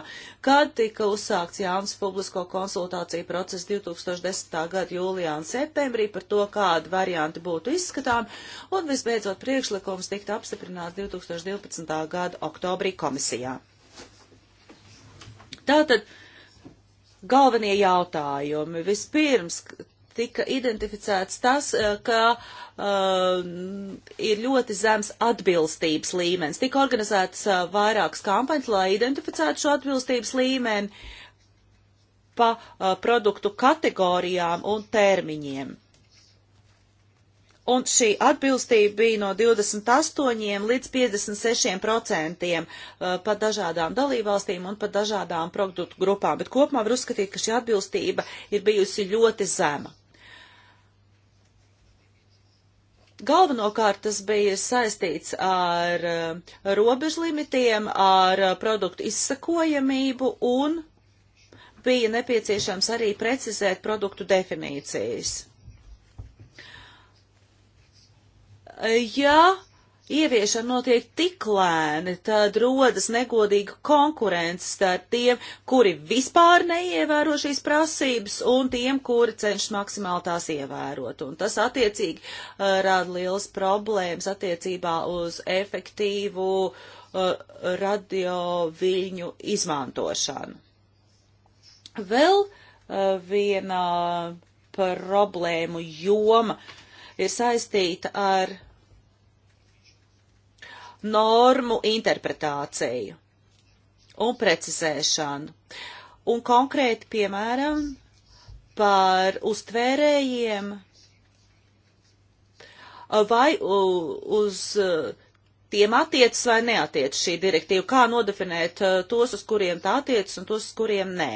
kad tika uzsākts jauns publisko konsultāciju process 2010. gada jūlijā un septembrī par to, kādi varianti būtu izskatām, un visbeidzot priekšlikums tika apstiprināts 2012. gada oktobrī komisijā. Tātad, galvenie jautājumi. Vispirms tika identificēts tas, eh, ka uh, ir ļoti zems atbilstības līmenis. Tika organizētas uh, vairākas kampaņas, lai identificētu šo atbilstības līmeni pa uh, produktu kategorijām un termiņiem un šī atbilstība bija no 28 līdz 56 procentiem uh, pa dažādām dalībvalstīm un pa dažādām produktu grupām, bet kopumā var uzskatīt, ka šī atbilstība ir bijusi ļoti zema. Galvenokārt tas bija saistīts ar uh, robežlimitiem, ar uh, produktu izsakojamību un bija nepieciešams arī precizēt produktu definīcijas. ja ieviešana notiek tik lēni, tad rodas negodīga konkurence starp tiem, kuri vispār neievēro šīs prasības, un tiem, kuri cenšas maksimāli tās ievērot. Un tas attiecīgi uh, rada liels problēmas attiecībā uz efektīvu uh, radio viļņu izmantošanu. Vēl uh, viena problēmu joma ir saistīta ar normu interpretāciju un precizēšanu. Un konkrēti, piemēram, par uztvērējiem vai uz, uz tiem attiecas vai neatiecas šī direktīva, kā nodefinēt eh, tos, uz kuriem tā attiecas un tos, uz kuriem nē.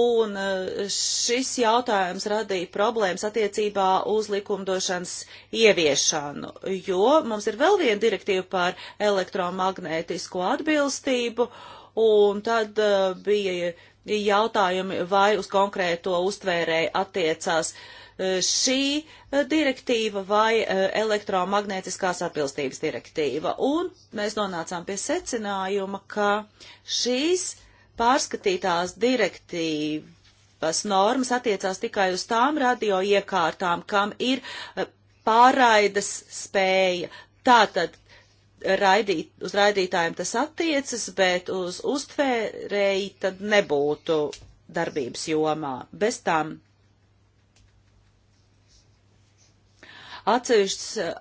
Un eh, šis jautājums radīja problēmas attiecībā uz likumdošanas ieviešanu, jo mums ir vēl viena direktīva par elektromagnētisko atbilstību, un tad eh, bija jautājumi, vai uz konkrēto uztvērēju attiecās e, šī e, direktīva vai e, elektromagnētiskās atbilstības direktīva. Un mēs nonācām pie secinājuma, ka šīs pārskatītās direktīvas normas attiecās tikai uz tām radio iekārtām, kam ir pārraides spēja. Tātad raidīt, uz raidītājiem tas attiecas, bet uz uztvērēji tad nebūtu darbības jomā. Bez tam atsevišķas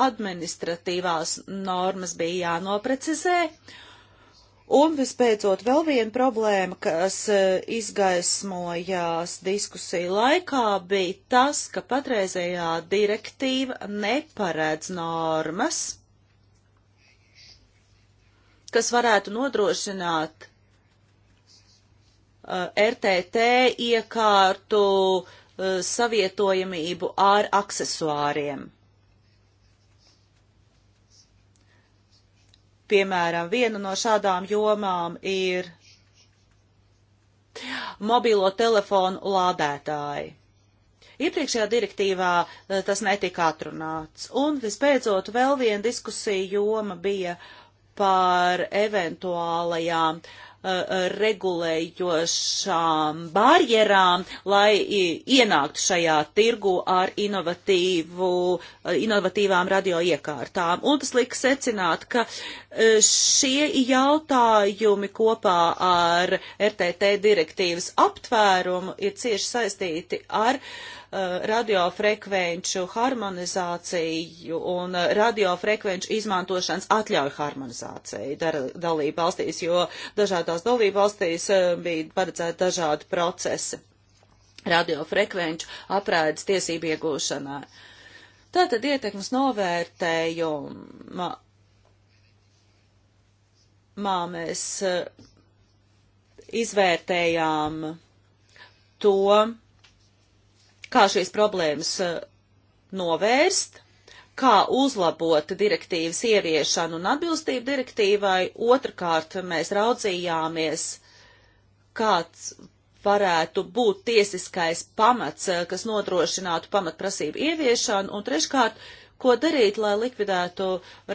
administratīvās normas bija jānoprecizē. Un visbeidzot, vēl viena problēma, kas e, izgaismojās diskusiju laikā, bija tas, ka patreizējā direktīva neparedz normas kas varētu nodrošināt uh, RTT iekārtu uh, savietojamību ar aksesuāriem. Piemēram, viena no šādām jomām ir mobilo telefonu lādētāji. Iepriekšējā direktīvā uh, tas netika atrunāts. Un visbeidzot, vēl viena diskusija joma bija uh, par eventuālajām eh, regulējošām barjerām, lai eh, ienāktu šajā tirgu ar eh, inovatīvām radioiekārtām. Un tas lika secināt, ka šie jautājumi kopā ar RTT direktīvas aptvērumu ir cieši saistīti ar uh, Eh, radiofrekvenču harmonizāciju un eh, radiofrekvenču izmantošanas atļauju harmonizāciju dalību valstīs, jo dažādās dalību valstīs eh, bija paredzēti dažādi procesi radiofrekvenču apraides tiesību iegūšanai. Tātad ietekmes novērtējuma mā mēs izvērtējām to, kā šīs problēmas uh, novērst, kā uzlabot direktīvas ieviešanu un atbilstību direktīvai. Otrakārt, mēs raudzījāmies, kāds varētu būt tiesiskais pamats, uh, kas nodrošinātu pamatprasību ieviešanu, un treškārt, ko darīt, lai likvidētu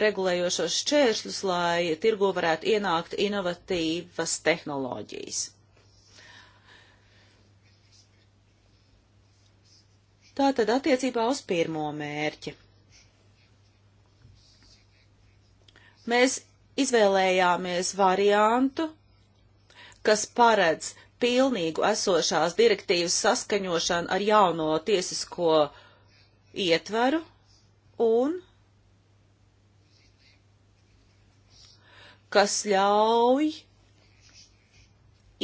regulējošos šķēršļus, lai tirgu varētu ienākt inovatīvas tehnoloģijas. Tātad attiecībā uz pirmo mērķi. Mēs izvēlējāmies variantu, kas paredz pilnīgu esošās direktīvas saskaņošanu ar jauno tiesisko ietveru un kas ļauj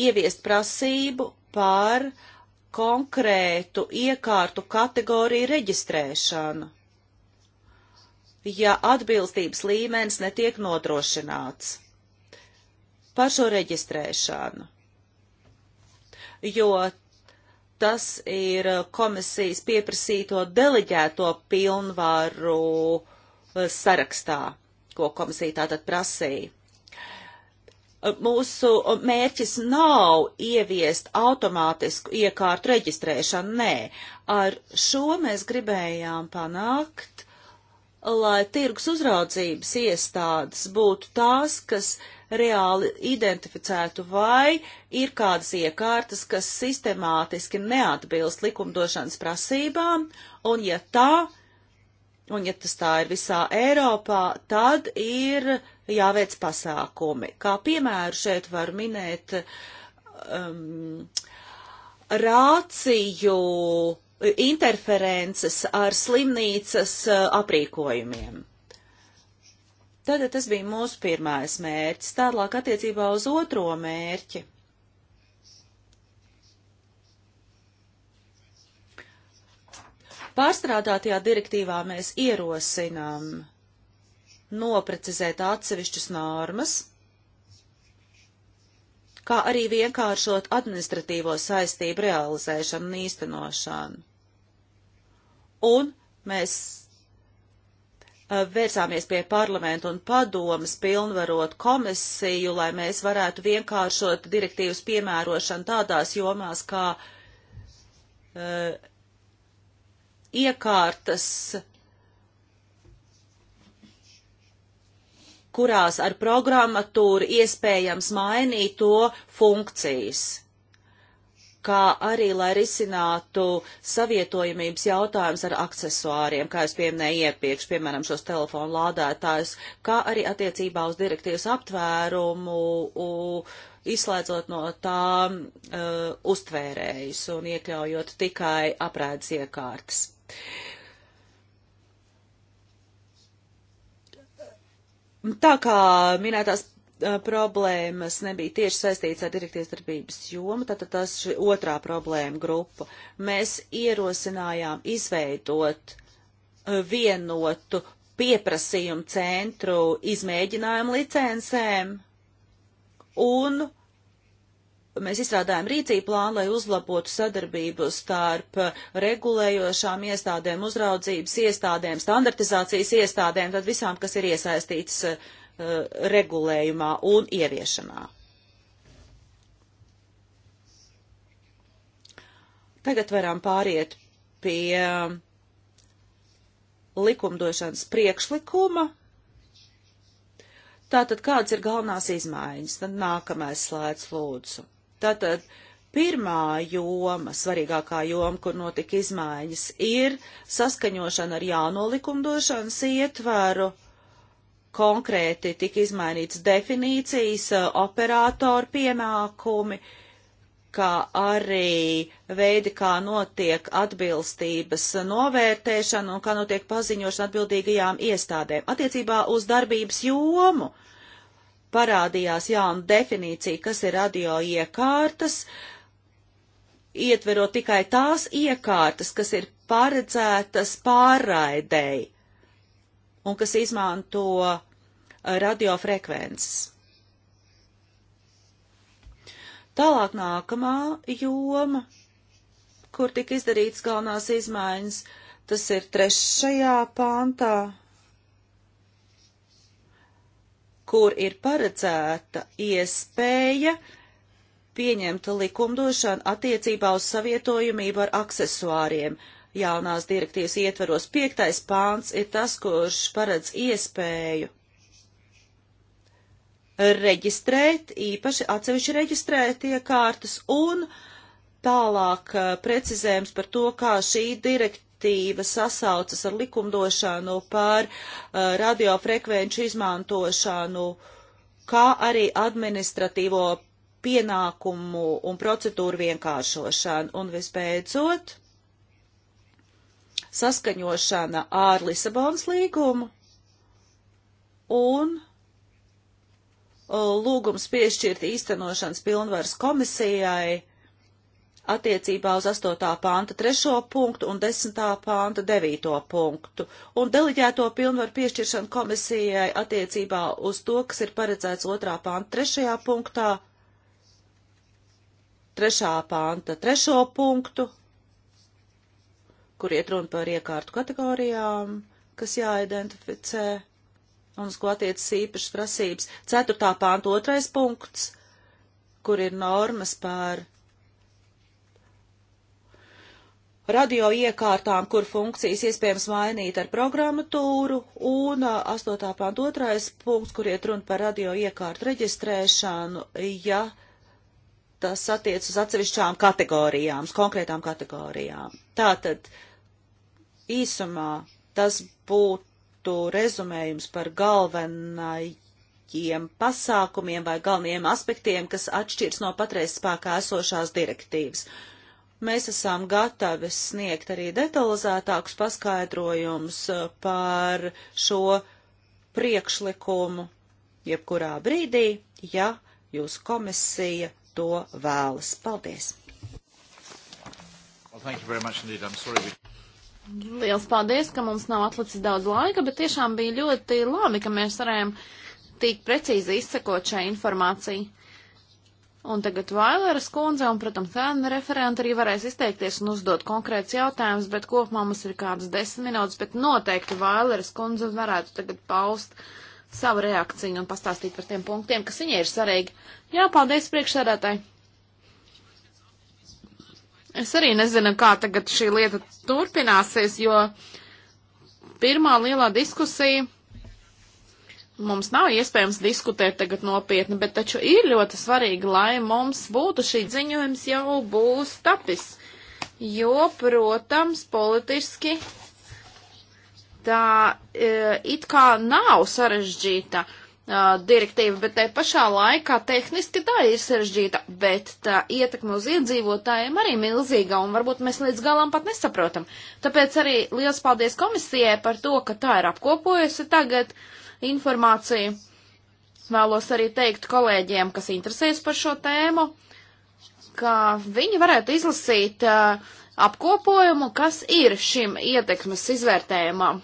ieviest prasību par uh, konkrētu iekārtu kategoriju reģistrēšanu, ja atbilstības līmenis netiek nodrošināts par šo reģistrēšanu, jo tas ir komisijas pieprasīto deleģēto pilnvaru eh, sarakstā, ko komisija tātad prasīja mūsu mērķis nav ieviest automātisku iekārtu reģistrēšanu, nē. Ar šo mēs gribējām panākt, lai tirgus uzraudzības iestādes būtu tās, kas reāli identificētu, vai ir kādas iekārtas, kas sistemātiski neatbilst likumdošanas prasībām, un ja tā, un ja tas tā ir visā Eiropā, tad ir uh, jāveic pasākumi. Kā piemēru šeit var minēt um, rāciju interferences ar slimnīcas uh, aprīkojumiem. Tātad tas bija mūsu pirmais mērķis. Tālāk attiecībā uz otro mērķi. Pārstrādātajā direktīvā mēs ierosinām noprecizēt atsevišķas normas, kā arī vienkāršot administratīvo saistību realizēšanu un īstenošanu. Un mēs eh, vērsāmies pie parlamentu un padomas pilnvarot komisiju, lai mēs varētu vienkāršot direktīvas piemērošanu tādās jomās kā uh, iekārtas kurās ar programmatūru iespējams mainīt to funkcijas, kā arī, lai risinātu savietojamības jautājums ar aksesuāriem, kā es pieminēju iepriekš, piemēram, šos telefonu lādētājus, kā arī attiecībā uz direktīvas aptvērumu, u, izslēdzot no tā uh, uztvērējus un iekļaujot tikai aprēdes iekārtas. Uh, Tā kā minētās problēmas nebija tieši saistīts ar direktīvas darbības jomu, tātad tas ir otrā problēma grupa. Mēs ierosinājām izveidot vienotu pieprasījumu centru izmēģinājumu licencēm un Mēs izstrādājam rīcību plānu, lai uzlabotu sadarbību starp regulējošām iestādēm, uzraudzības iestādēm, standartizācijas iestādēm, tad visām, kas ir iesaistīts uh, eh, regulējumā un ieviešanā. Tagad varam pāriet pie likumdošanas priekšlikuma. Tātad, kāds ir galvenās izmaiņas? Tad nākamais slēdz lūdzu. Tātad pirmā joma, svarīgākā joma, kur notika izmaiņas, ir saskaņošana ar jauno likumdošanas ietvaru. Konkrēti tika izmainīts definīcijas, eh, operātoru pienākumi, kā arī veidi, kā notiek atbilstības novērtēšana un kā notiek paziņošana atbildīgajām iestādēm attiecībā uz darbības jomu. Uh, parādījās jauna definīcija, kas ir radio iekārtas, ietverot tikai tās iekārtas, kas ir paredzētas pārraidēji un kas izmanto uh, radiofrekvences. Tālāk nākamā joma, kur tika izdarīts galvenās izmaiņas, tas ir trešajā pāntā. kur ir paredzēta iespēja pieņemt likumdošanu attiecībā uz savietojumību ar aksesuāriem. Jaunās direktīvas ietveros piektais pāns ir tas, kurš paredz iespēju reģistrēt, īpaši atsevišķi reģistrēt iekārtas un tālāk eh, precizējums par to, kā šī direktīva direktīva sasaucas ar likumdošanu par uh, radiofrekvenču izmantošanu, kā arī administratīvo pienākumu un procedūru vienkāršošanu. Un visbeidzot, saskaņošana ar Lisabonas līgumu un uh, lūgums piešķirt īstenošanas pilnvaras komisijai attiecībā uz 8. panta 3. punktu un 10. panta 9. punktu, un deleģēto pilnvaru piešķiršanu komisijai attiecībā uz to, kas ir paredzēts 2. panta 3. punktā, 3. panta 3. punktu, kur iet runa par iekārtu kategorijām, kas jāidentificē, un uz ko attiecas īpašas prasības, 4. panta 2. punkts, kur ir normas par radio iekārtām, kur funkcijas iespējams mainīt ar programmatūru, un 8. pānt otrais punkts, kur iet runa par radio iekārtu reģistrēšanu, ja tas attiec uz atsevišķām kategorijām, uz konkrētām kategorijām. Tātad, īsumā, tas būtu rezumējums par galvenai politiskajiem pasākumiem vai galvenajiem aspektiem, kas atšķirs no patreiz spēkā esošās direktīvas. Mēs esam gatavi sniegt arī detalizētākus paskaidrojumus eh, par šo priekšlikumu jebkurā brīdī, ja jūsu komisija to vēlas. Paldies! Well, Liels paldies, ka mums nav atlicis daudz laika, bet tiešām bija ļoti labi, ka mēs varējām tik precīzi izsekot šai informācijai. Un tagad Vailera skundze un, protams, Hēna referenta arī varēs izteikties un uzdot konkrēts jautājums, bet kopumā mums ir kādas desmit minūtes, bet noteikti Vailera skundze varētu tagad paust savu reakciju un pastāstīt par tiem punktiem, kas viņai ir svarīgi. Jā, paldies priekšsēdētāji! Es arī nezinu, kā tagad šī lieta turpināsies, jo pirmā lielā diskusija mums nav iespējams diskutēt tagad nopietni, bet taču ir ļoti svarīgi, lai mums būtu šī ziņojums jau būs tapis. Jo, protams, politiski tā e, it kā nav sarežģīta e, direktīva, bet tai pašā laikā tehniski tā ir sarežģīta, bet tā ietekme uz iedzīvotājiem arī milzīga, un varbūt mēs līdz galam pat nesaprotam. Tāpēc arī liels paldies komisijai par to, ka tā ir apkopojusi tagad uh, informāciju. Vēlos arī teikt kolēģiem, kas interesējas par šo tēmu, ka viņi varētu izlasīt uh, apkopojumu, kas ir šim ietekmes izvērtējumam.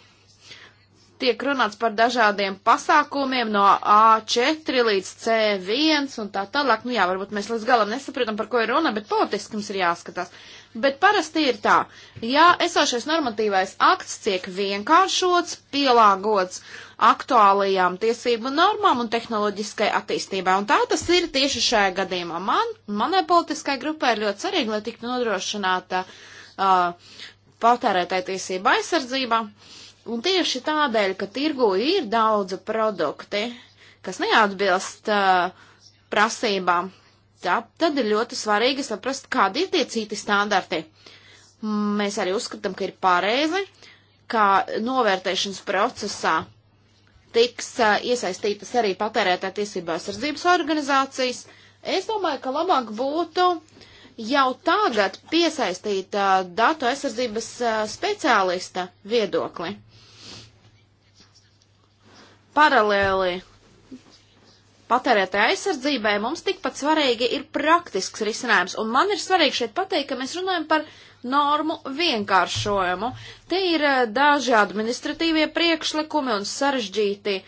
Tiek runāts par dažādiem pasākumiem no A4 līdz C1 un tā tālāk. Nu jā, varbūt mēs līdz galam nesaprotam, par ko ir runa, bet politiski mums ir jāskatās. Bet parasti ir tā, ja esošais normatīvais akts tiek vienkāršots, pielāgots aktuālajām tiesību normām un tehnoloģiskai attīstībai. Un tā tas ir tieši šajā gadījumā. Man, manai politiskai grupai ir ļoti svarīgi, lai tiktu nodrošināta uh, patērētāja tiesība aizsardzība. Un tieši tādēļ, ka tirgu ir daudzi produkti, kas neatbilst uh, prasībām, tā, tad ir ļoti svarīgi saprast, kādi ir tie citi standarti. Mēs arī uzskatām, ka ir pareizi, ka novērtēšanas procesā tiks uh, iesaistītas arī patērētā tiesībā sardzības organizācijas. Es domāju, ka labāk būtu jau tagad piesaistīt uh, datu aizsardzības uh, speciālista viedokli. Paralēli patērētāja aizsardzībai mums tikpat svarīgi ir praktisks risinājums, un man ir svarīgi šeit pateikt, ka mēs runājam par uh, normu vienkāršojumu. Te ir eh, daži administratīvie priekšlikumi un sarežģīti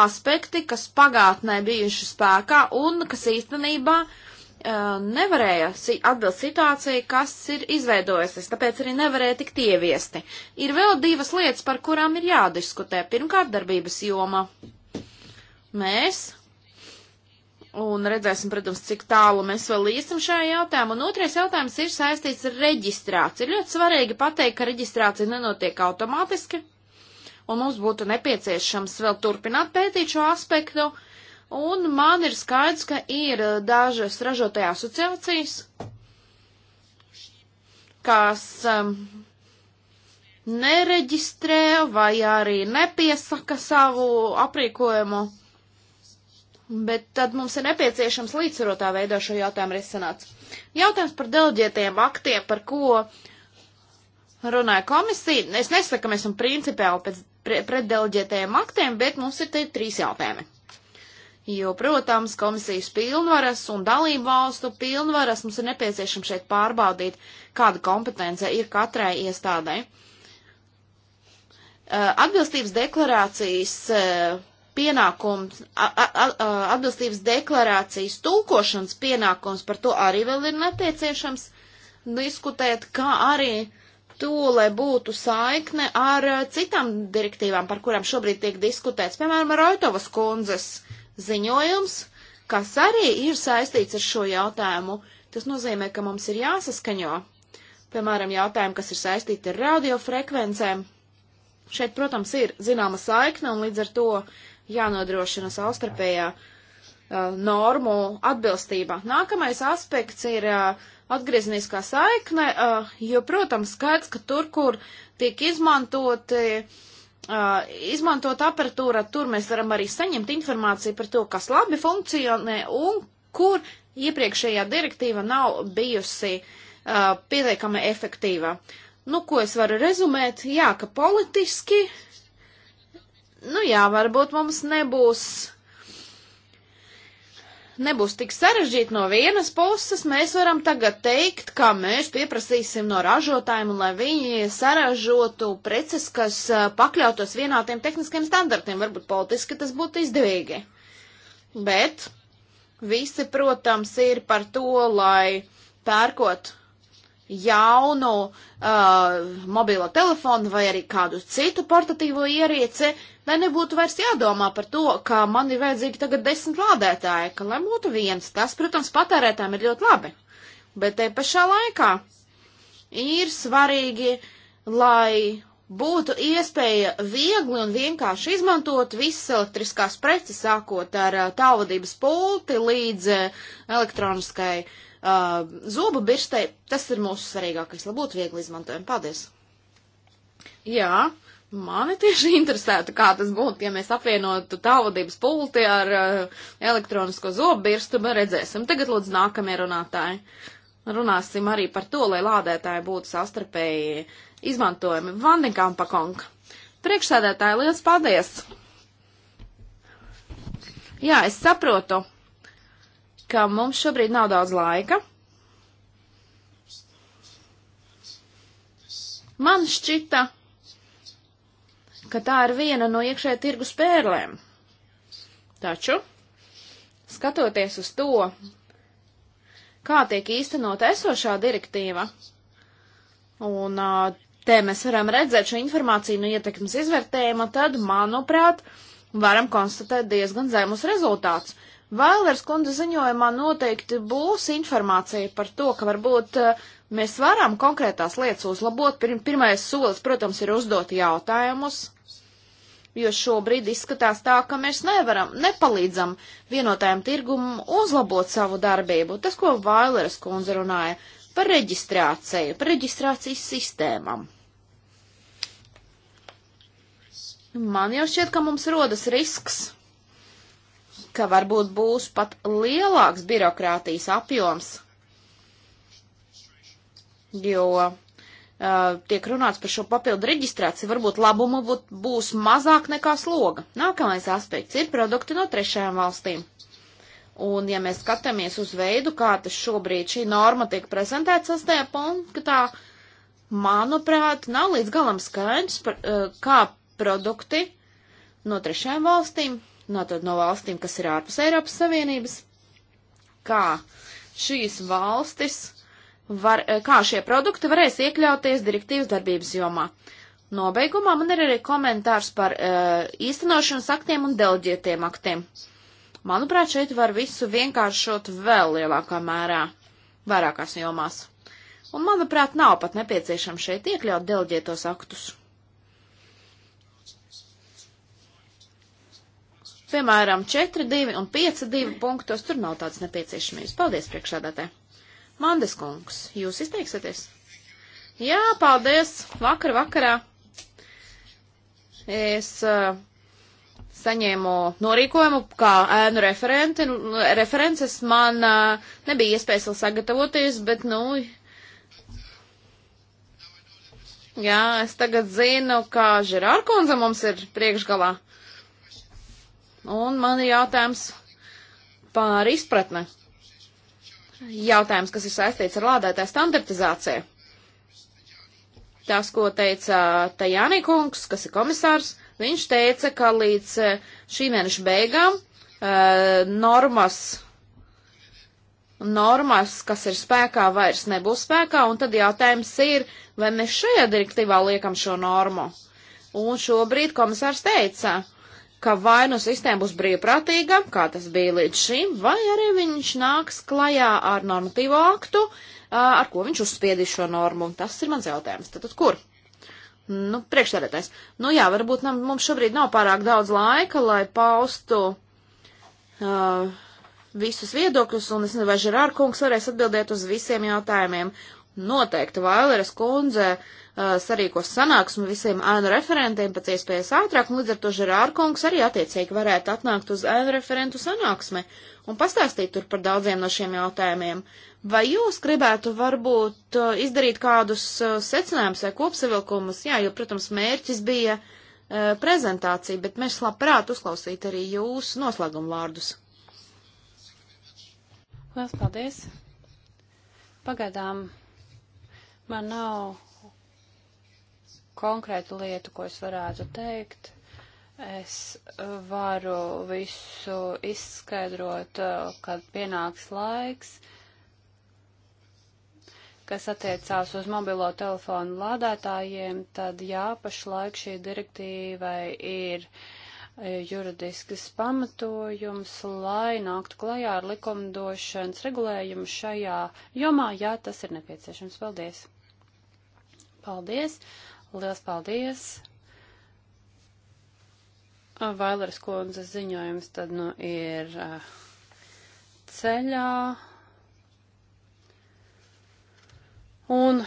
aspekti, kas pagātnē bijuši spēkā un kas īstenībā uh, nevarēja atbilst situācijai, kas ir izveidojusies, tāpēc arī nevarēja tikt ieviesti. Ir vēl divas lietas, par kurām ir jādiskutē. Pirmkārt, darbības joma. Mēs Un redzēsim, protams, cik tālu mēs vēl īstam šajā jautājumā. Un otrais jautājums ir saistīts ar reģistrāciju. Ir ļoti svarīgi pateikt, ka reģistrācija nenotiek automātiski, un mums būtu nepieciešams vēl turpināt pētīt šo aspektu. Un man ir skaidrs, ka ir uh, dažas ražotāja asociācijas, kas um, nereģistrē vai arī nepiesaka savu aprīkojumu Bet tad mums ir nepieciešams līdzsvarotā veidā šo jautājumu risināt. Jautājums par delģētiem aktiem, par ko runāja komisija. Es nesaku, ka mēs esam principiāli pēc, pre, pret delģētajiem aktiem, bet mums ir te trīs jautājumi. Jo, protams, komisijas pilnvaras un dalību valstu pilnvaras mums ir nepieciešams šeit pārbaudīt, kāda kompetence ir katrai iestādai. Atbilstības deklarācijas pienākums, atbilstības deklarācijas tulkošanas pienākums, par to arī vēl ir nepieciešams diskutēt, kā arī to, lai būtu saikne ar citām direktīvām, par kurām šobrīd tiek diskutēts, piemēram, Roitovas kundzes ziņojums, kas arī ir saistīts ar šo jautājumu. Tas nozīmē, ka mums ir jāsaskaņo, piemēram, jautājumi, kas ir saistīti ar radiofrekvencēm. Šeit, protams, ir zināma saikne, un līdz ar to jānodrošina savstarpējā uh, normu atbilstība. Nākamais aspekts ir uh, atgriezniskā saikne, uh, jo, protams, skaidrs, ka tur, kur tiek izmantoti, izmantot aparatūra, tur mēs varam arī saņemt informāciju par to, kas labi funkcionē un kur iepriekšējā direktīva nav bijusi pietiekami efektīva. Nu, ko es varu rezumēt? Jā, ka politiski uh, Nu jā, varbūt mums nebūs. Nebūs tik sarežģīti no vienas puses, mēs varam tagad teikt, ka mēs pieprasīsim no ražotājiem, lai viņi saražotu preces, kas pakļautos vienādiem tehniskiem standartiem. Varbūt politiski tas būtu izdevīgi. Bet visi, protams, ir par to, lai pērkot jaunu uh, mobilo telefonu vai arī kādu citu portatīvo ierieci, lai nebūtu vairs jādomā par to, ka man ir vajadzīgi tagad desmit lādētāji, ka lai būtu viens, tas, protams, patērētājiem ir ļoti labi. Bet te pašā laikā ir svarīgi, lai būtu iespēja viegli un vienkārši izmantot visas elektriskās preces, sākot ar tālvadības pulti līdz elektroniskai uh, zubu birstei. Tas ir mūsu svarīgākais, lai būtu viegli izmantojami. Paldies! Jā, uh, Mani tieši interesētu, kā tas būtu, ja mēs apvienotu tālvadības pulti ar uh, elektronisko zobbirstu, bet redzēsim. Tagad lūdzu nākamie runātāji. Runāsim arī par to, lai lādētāji būtu sastarpēji izmantojami. Vandenkampa konka. Priekšsēdētāji, liels paldies! Jā, es saprotu, ka mums šobrīd nav daudz laika. Man šķita, ka tā ir viena no iekšē tirgus pērlēm. Taču, skatoties uz to, kā tiek īstenot esošā direktīva, un te mēs varam redzēt šo informāciju no ietekmes izvērtējuma, tad, manuprāt, varam konstatēt diezgan zemus rezultātus. Vailers kundze ziņojumā noteikti būs informācija par to, ka varbūt mēs varam konkrētās lietas uzlabot. Pirmais solis, protams, ir uzdot jautājumus, jo šobrīd izskatās tā, ka mēs nevaram, nepalīdzam vienotajam tirgumam uzlabot savu darbību. Tas, ko Vaileras kundze runāja par reģistrāciju, par reģistrācijas sistēmām. Man jau šķiet, ka mums rodas risks, ka varbūt būs pat lielāks birokrātijas apjoms, jo Uh, tiek runāts par šo papildu reģistrāciju, varbūt labuma būt, būs mazāk nekā sloga. Nākamais aspekts ir produkti no trešajām valstīm. Un, ja mēs skatāmies uz veidu, kā tas šobrīd šī norma tiek prezentēta sastajā punktā, manuprāt, nav līdz galam skaidrs, par, uh, kā produkti no trešajām valstīm, no, no valstīm, kas ir ārpus Eiropas Savienības, kā šīs valstis var, eh, kā šie produkti varēs iekļauties direktīvas darbības jomā. Nobeigumā man ir arī komentārs par uh, īstenošanas aktiem un delģietiem aktiem. Manuprāt, šeit var visu vienkāršot vēl lielākā mērā, vairākās jomās. Un, manuprāt, nav pat nepieciešams šeit iekļaut delģietos aktus. Piemēram, 4, 2 un 5, 2 punktos tur nav tāds nepieciešamības. Paldies, priekšādātāji! Mandes kungs, jūs izteiksieties? Jā, paldies! Vakar vakarā es uh, saņēmu norīkojumu kā ēnu referenti, references. Man uh, nebija iespējas vēl sagatavoties, bet, nu, jā, es tagad zinu, kā Žerārkundze mums ir priekšgalā. Un man ir jautājums pār izpratne jautājums, kas ir saistīts ar lādētāju standartizāciju. Tas, ko teica Tajānī kungs, kas ir komisārs, viņš teica, ka līdz eh, šī mēneša beigām uh, normas, normas, kas ir spēkā, vairs nebūs spēkā, un tad jautājums ir, vai mēs šajā direktīvā liekam šo normu. Un šobrīd komisārs teica, ka vai nu sistēma būs brīvprātīga, kā tas bija līdz šim, vai arī viņš nāks klajā ar normatīvo aktu, ar ko viņš uzspiedīs šo normu. Tas ir mans jautājums. Tad, tad kur? Nu, priekšstādētais. Nu jā, varbūt nam, mums šobrīd nav pārāk daudz laika, lai paustu uh, visus viedokļus, un es nezinu, vai Žerār kungs varēs atbildēt uz visiem jautājumiem. Noteikti Vaileres kundze uh, uh, sarīkos sanāksmi visiem ēnu referentiem pēc iespējas ātrāk, un līdz ar to Žerārkungs arī attiecīgi varētu atnākt uz ēnu referentu sanāksmi un pastāstīt tur par daudziem no šiem jautājumiem. Vai jūs gribētu varbūt uh, izdarīt kādus uh, secinājumus vai kopsavilkumus? Jā, jo, protams, mērķis bija uh, prezentācija, bet mēs labprāt uzklausītu arī jūsu noslēgumu vārdus. Lielas paldies! Pagaidām man nav konkrētu lietu, ko es varētu teikt. Es varu visu izskaidrot, eh, kad pienāks laiks, kas attiecās uz mobilo telefonu lādētājiem, tad jā, pašlaik šī direktīvai ir eh, juridisks pamatojums, lai nāktu klajā ar likumdošanas regulējumu šajā jomā, ja tas ir nepieciešams. Paldies! Paldies! Liels paldies! Vaileras kundzes ziņojums tad nu ir eh, ceļā. Un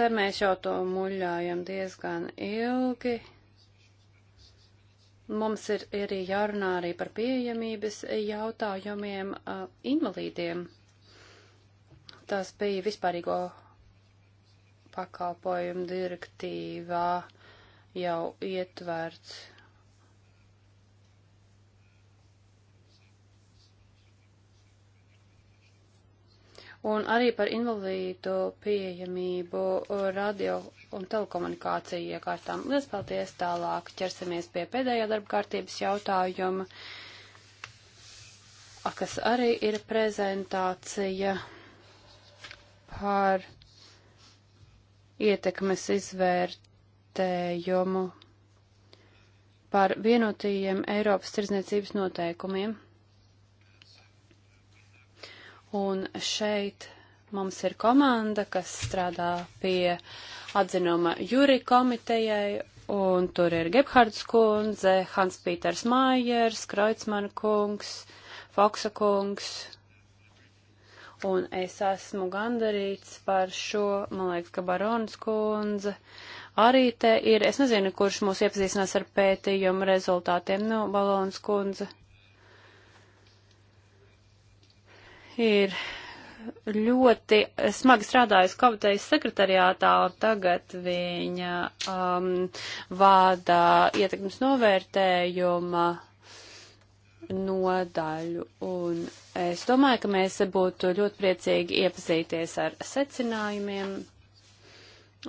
te mēs jau to muļājam diezgan ilgi. Mums ir, ir arī jārunā arī par pieejamības jautājumiem eh, invalīdiem. Tas bija vispārīgo pakalpojumu direktīvā jau ietverts. Un arī par invalīdu pieejamību radio un telekomunikāciju iekārtām. Liels paldies! Tālāk ķersimies pie pēdējā darba kārtības jautājuma, kas arī ir prezentācija par ietekmes izvērtējumu par vienotajiem Eiropas tirdzniecības noteikumiem. Un šeit mums ir komanda, kas strādā pie atzinuma jūri komitejai, un tur ir Gebhards kundze, Hans Pīters Mājers, Kreutzmann kungs, Foksa kungs, un es esmu gandarīts par šo, man liekas, ka Baronas kundze arī te ir, es nezinu, kurš mūs iepazīstinās ar pētījumu rezultātiem, nu, Baronas kundze ir ļoti smagi strādājusi komitejas sekretariātā, un tagad viņa um, vādā ietekmes novērtējuma nodaļu, un es domāju, ka mēs būtu ļoti priecīgi iepazīties ar secinājumiem,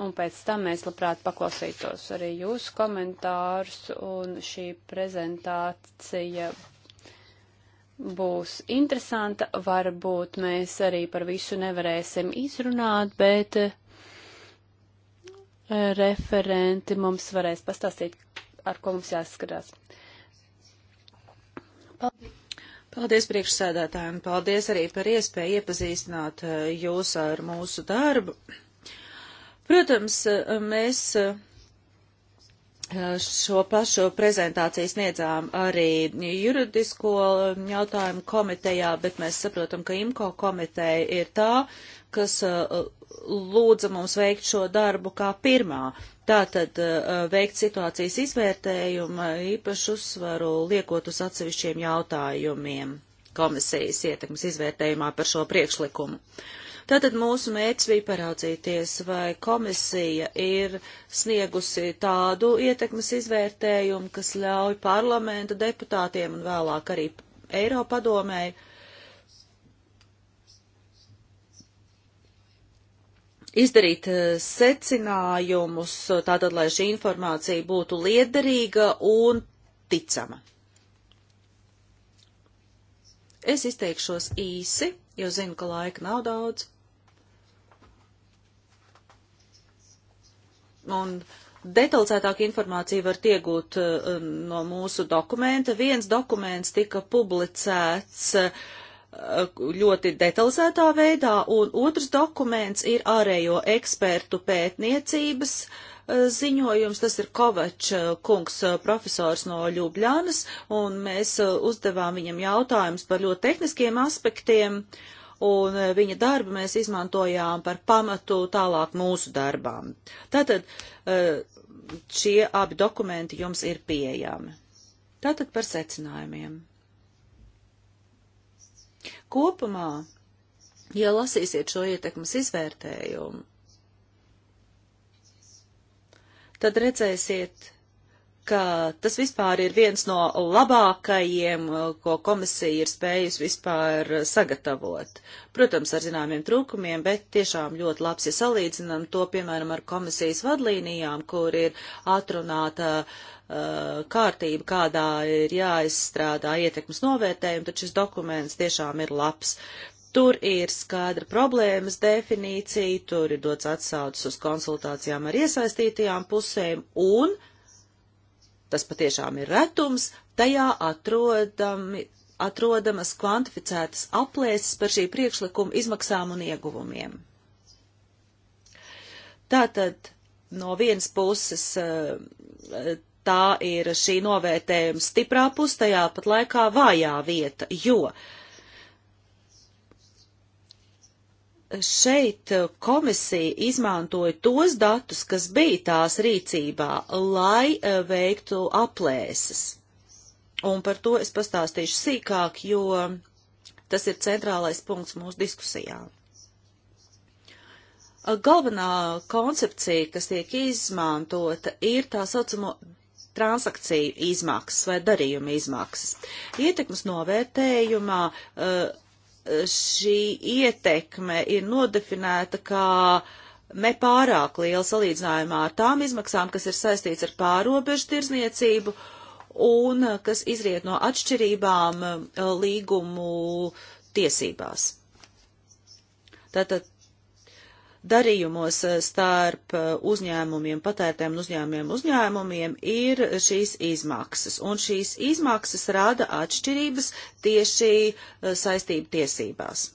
un pēc tam mēs labprāt paklausītos arī jūsu komentārus, un šī prezentācija būs interesanta. Varbūt mēs arī par visu nevarēsim izrunāt, bet eh, referenti mums varēs pastāstīt, ar ko mums jāskatās. Paldies priekšsēdētājiem, paldies arī par iespēju iepazīstināt eh, jūs ar mūsu darbu. Protams, eh, mēs eh, šo pašu prezentāciju sniedzām arī juridisko jautājumu komitejā, bet mēs saprotam, ka IMCO komiteja ir tā, kas lūdza mums veikt šo darbu kā pirmā. Tātad uh, veikt situācijas izvērtējumu, uh, īpašu uzsvaru liekot uz atsevišķiem jautājumiem komisijas ietekmes izvērtējumā par šo priekšlikumu. Tātad mūsu mērķis bija paraudzīties, vai komisija ir sniegusi tādu ietekmes izvērtējumu, kas ļauj parlamentu deputātiem un vēlāk arī Eiropadomēji izdarīt eh, secinājumus, eh, tātad, lai šī informācija būtu liederīga un ticama. Es izteikšos īsi, jo zinu, ka laika nav daudz. Un detalizētāka informācija var iegūt eh, no mūsu dokumenta. Viens dokuments tika publicēts uh, ļoti detalizētā veidā, un otrs dokuments ir ārējo ekspertu pētniecības e, ziņojums, tas ir Kovač e, kungs, e, profesors no Ljubļanas, un mēs uzdevām viņam jautājumus par ļoti tehniskiem aspektiem, un viņa darbu mēs izmantojām par pamatu tālāk mūsu darbām. Tātad šie abi dokumenti jums ir pieejami. Tātad par secinājumiem. Kopumā, ja lasīsiet šo ietekmes izvērtējumu, tad redzēsiet, ka tas vispār ir viens no labākajiem, ko komisija ir spējusi vispār sagatavot. Protams, ar zināmiem trūkumiem, bet tiešām ļoti labs, ja salīdzinam to, piemēram, ar komisijas vadlīnijām, kur ir atrunāta uh, Eh, kārtība, kādā ir jāizstrādā ietekmes novērtējumi, tad šis dokuments tiešām ir labs. Tur ir skaidra problēmas definīcija, tur ir dots atsaucis uz konsultācijām ar iesaistītajām pusēm un, tas patiešām ir retums, tajā atrodami, atrodamas kvantificētas aplēses par šī priekšlikuma izmaksām un ieguvumiem. Tātad no vienas puses eh, tā ir šī novērtējuma stiprā pustajā, pat laikā vājā vieta, jo šeit komisija izmantoja tos datus, kas bija tās rīcībā, lai eh, veiktu aplēses. Un par to es pastāstīšu sīkāk, jo tas ir centrālais punkts mūsu diskusijām. Galvenā koncepcija, kas tiek izmantota, ir tā saucamo transakciju izmaksas vai darījuma izmaksas. Ietekmes novērtējumā eh, šī ietekme ir nodefinēta kā nepārāk liela salīdzinājumā ar tām izmaksām, kas ir saistīts ar pārobežu tirzniecību un eh, kas izriet no atšķirībām eh, līgumu tiesībās. Tātad darījumos eh, starp eh, uzņēmumiem, patērtēm un uzņēmumiem uzņēmumiem ir šīs izmaksas. Un šīs izmaksas rada atšķirības tieši eh, saistību tiesībās.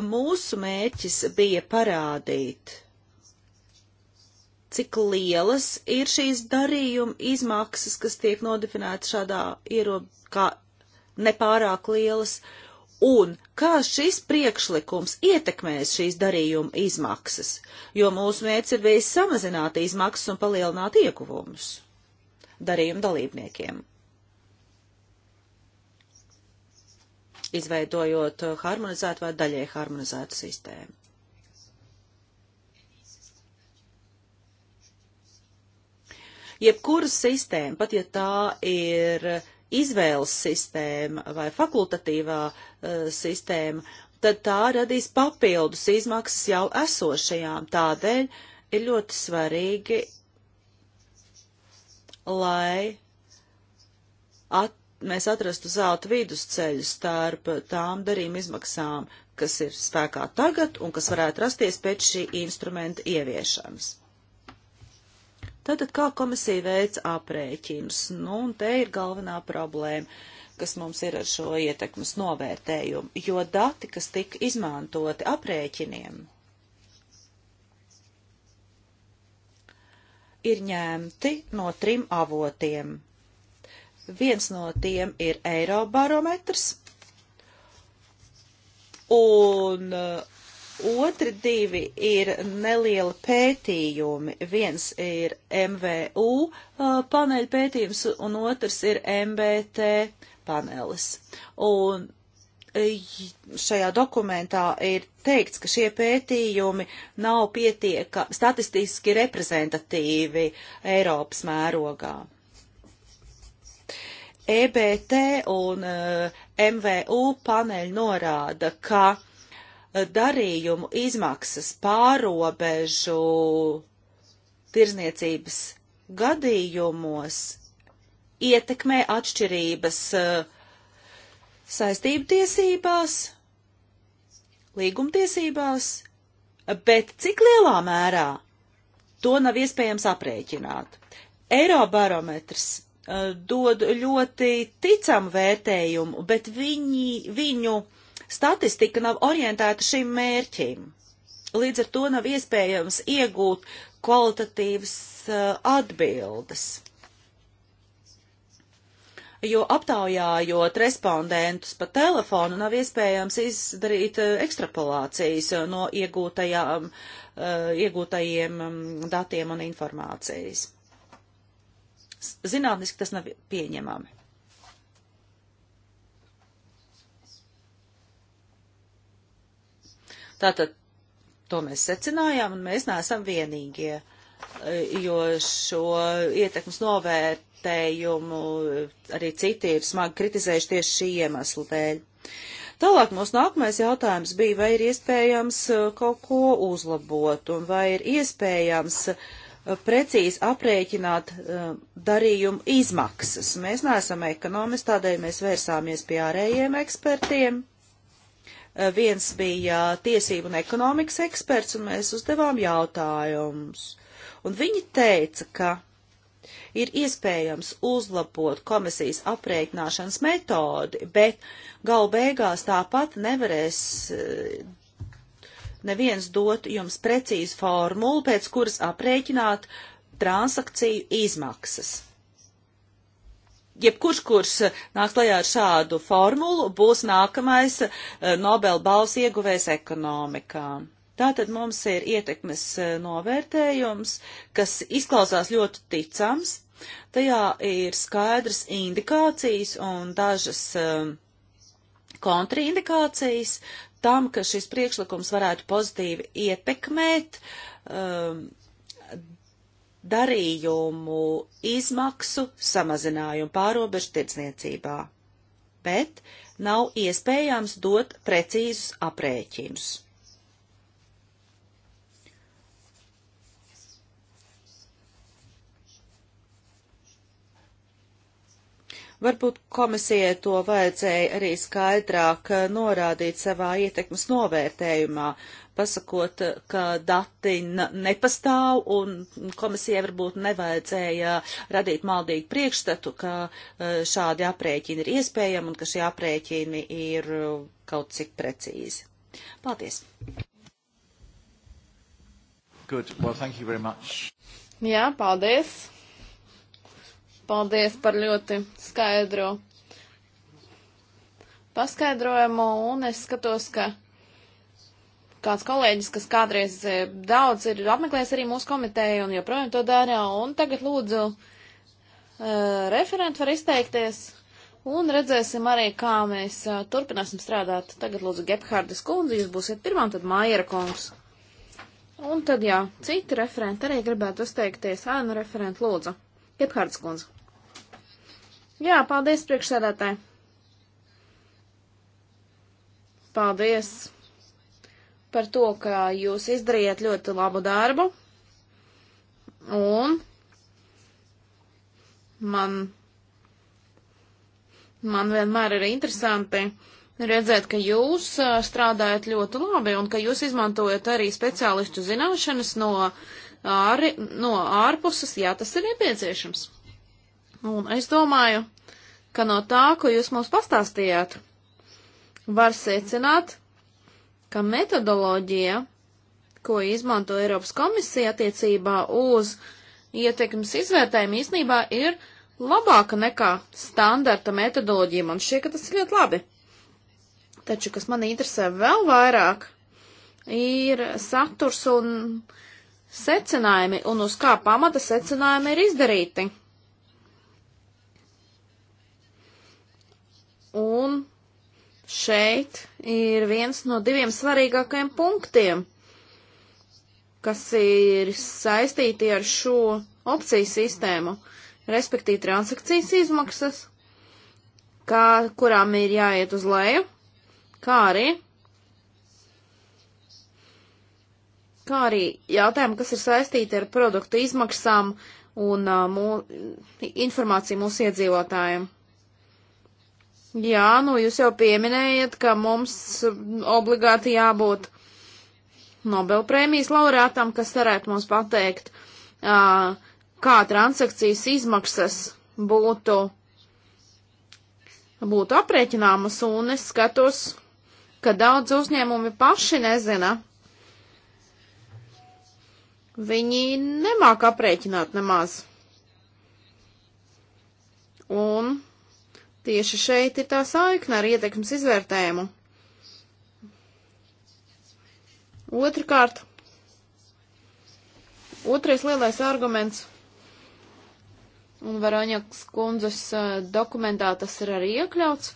Mūsu mērķis bija parādīt, cik lielas ir šīs darījuma izmaksas, kas tiek nodefinētas šādā ierobežojumā, kā nepārāk lielas, uh, un kā šis priekšlikums ietekmēs šīs darījuma izmaksas, jo mūsu mērķis ir bijis samazināt izmaksas un palielināt ieguvumus darījuma dalībniekiem. Izveidojot harmonizētu vai daļai harmonizētu sistēmu. Jebkura sistēma, pat ja tā ir uh, izvēles sistēma vai fakultatīvā uh, sistēma, tad tā radīs papildus izmaksas jau esošajām. Tādēļ ir ļoti svarīgi, lai at, mēs atrastu zelta vidusceļu starp tām darījuma izmaksām, kas ir spēkā tagad un kas varētu rasties pēc šī instrumenta ieviešanas. Tātad, kā komisija veic aprēķinus? Nu, un te ir galvenā problēma, kas mums ir ar šo ietekmes novērtējumu, jo dati, kas tika izmantoti aprēķiniem, ir ņemti no trim avotiem. Viens no tiem ir Eirobarometrs, un Otri divi ir nelieli pētījumi. Viens ir MVU uh, paneļa pētījums, un otrs ir MBT panelis. Un uh, šajā dokumentā ir teikts, ka šie pētījumi nav pietieka statistiski reprezentatīvi Eiropas mērogā. EBT un uh, MVU paneļi norāda, ka uh, darījumu izmaksas pārobežu tirzniecības gadījumos ietekmē atšķirības eh, saistību tiesībās, līgumtiesībās, bet cik lielā mērā to nav iespējams aprēķināt. Eirobarometrs eh, dod ļoti ticamu vērtējumu, bet viņi, viņu uh, Statistika nav orientēta šim mērķim. Līdz ar to nav iespējams iegūt kvalitatīvas uh, atbildes. Jo aptaujājot respondentus pa telefonu, nav iespējams izdarīt uh, ekstrapolācijas uh, no iegūtajām, iegūtajiem um, datiem un informācijas. Zinātniski tas nav pieņemami. Tātad to mēs secinājām, un mēs neesam vienīgie, jo šo ietekmes novērtējumu arī citi ir smagi kritizējuši tieši šī iemesla dēļ. Tālāk mūsu nākamais jautājums bija, vai ir iespējams uh, kaut ko uzlabot, un vai ir iespējams uh, precīzi aprēķināt uh, darījumu izmaksas. Mēs neesam ekonomisti, tādēļ mēs vērsāmies pie ārējiem ekspertiem Eh, viens bija eh, tiesību un ekonomikas eksperts, un mēs uzdevām jautājumus. Un viņi teica, ka ir iespējams uzlabot komisijas aprēķināšanas metodi, bet galu beigās tāpat nevarēs eh, neviens dot jums precīzu formulu, pēc kuras aprēķināt transakciju izmaksas jebkurš, kurš eh, nāks lajā ar šādu formulu, būs nākamais eh, Nobel balvas ieguvējs ekonomikā. Tātad mums ir ietekmes eh, novērtējums, kas izklausās ļoti ticams. Tajā ir skaidrs indikācijas un dažas kontraindikācijas tam, ka šis priekšlikums varētu pozitīvi ietekmēt um, darījumu izmaksu samazinājumu pārobežu tirdzniecībā, bet nav iespējams dot precīzus aprēķinus. Varbūt komisijai to vajadzēja arī skaidrāk norādīt savā ietekmes novērtējumā, uh, pasakot, ka dati nepastāv un komisijai varbūt nevajadzēja radīt maldīgu priekšstatu, ka e, šādi aprēķini ir iespējami un ka šie aprēķini ir kaut cik precīzi. Paldies! Good. Well, thank you very much. Jā, paldies! Paldies par ļoti skaidru paskaidrojumu, un es skatos, ka kāds kolēģis, kas kādreiz e, daudz ir apmeklējis arī mūsu komiteju un joprojām to dara, un tagad lūdzu uh, referentu var izteikties, un redzēsim arī, kā mēs uh, turpināsim strādāt. Tagad lūdzu Gebhārdas kundzi, jūs būsiet pirmā, tad Maiera kungs. Un tad jā, citi referenti arī gribētu uzteikties. Ēnu referentu lūdzu. Gebhārdas kundzi. Jā, paldies priekšsēdētāji. Paldies par to, ka jūs izdarījāt ļoti labu darbu. Un man, man vienmēr ir interesanti redzēt, ka jūs strādājat ļoti labi un ka jūs izmantojat arī speciālistu zināšanas no, āri, no ārpuses, ja tas ir nepieciešams. Un es domāju, ka no tā, ko jūs mums pastāstījāt, var secināt, ka metodoloģija, ko izmanto Eiropas komisija attiecībā uz ietekmes izvērtējumu, īstenībā ir labāka nekā standarta metodoloģija. Man šķiet, ka tas ir ļoti labi. Taču, kas man interesē vēl vairāk, ir saturs un secinājumi, un uz kā pamata secinājumi ir izdarīti. Un šeit ir viens no diviem svarīgākajiem punktiem, kas ir saistīti ar šo opciju sistēmu, respektīvi transakcijas izmaksas, kā, kurām ir jāiet uz leju, kā arī, kā arī jautājumi, kas ir saistīti ar produktu izmaksām un uh, mū, informāciju mūsu iedzīvotājiem. Jā, nu jūs jau pieminējat, ka mums obligāti jābūt Nobelprēmijas laureātam, kas varētu mums pateikt, kā transakcijas izmaksas būtu, būtu aprēķināmas, un es skatos, ka daudz uzņēmumi paši nezina. Viņi nemāk aprēķināt nemaz. Un Tieši šeit ir tā saikne ar ietekmes izvērtējumu. Otrakārt, otrais lielais arguments, un Varoņakas kundzes eh, dokumentā tas ir arī iekļauts,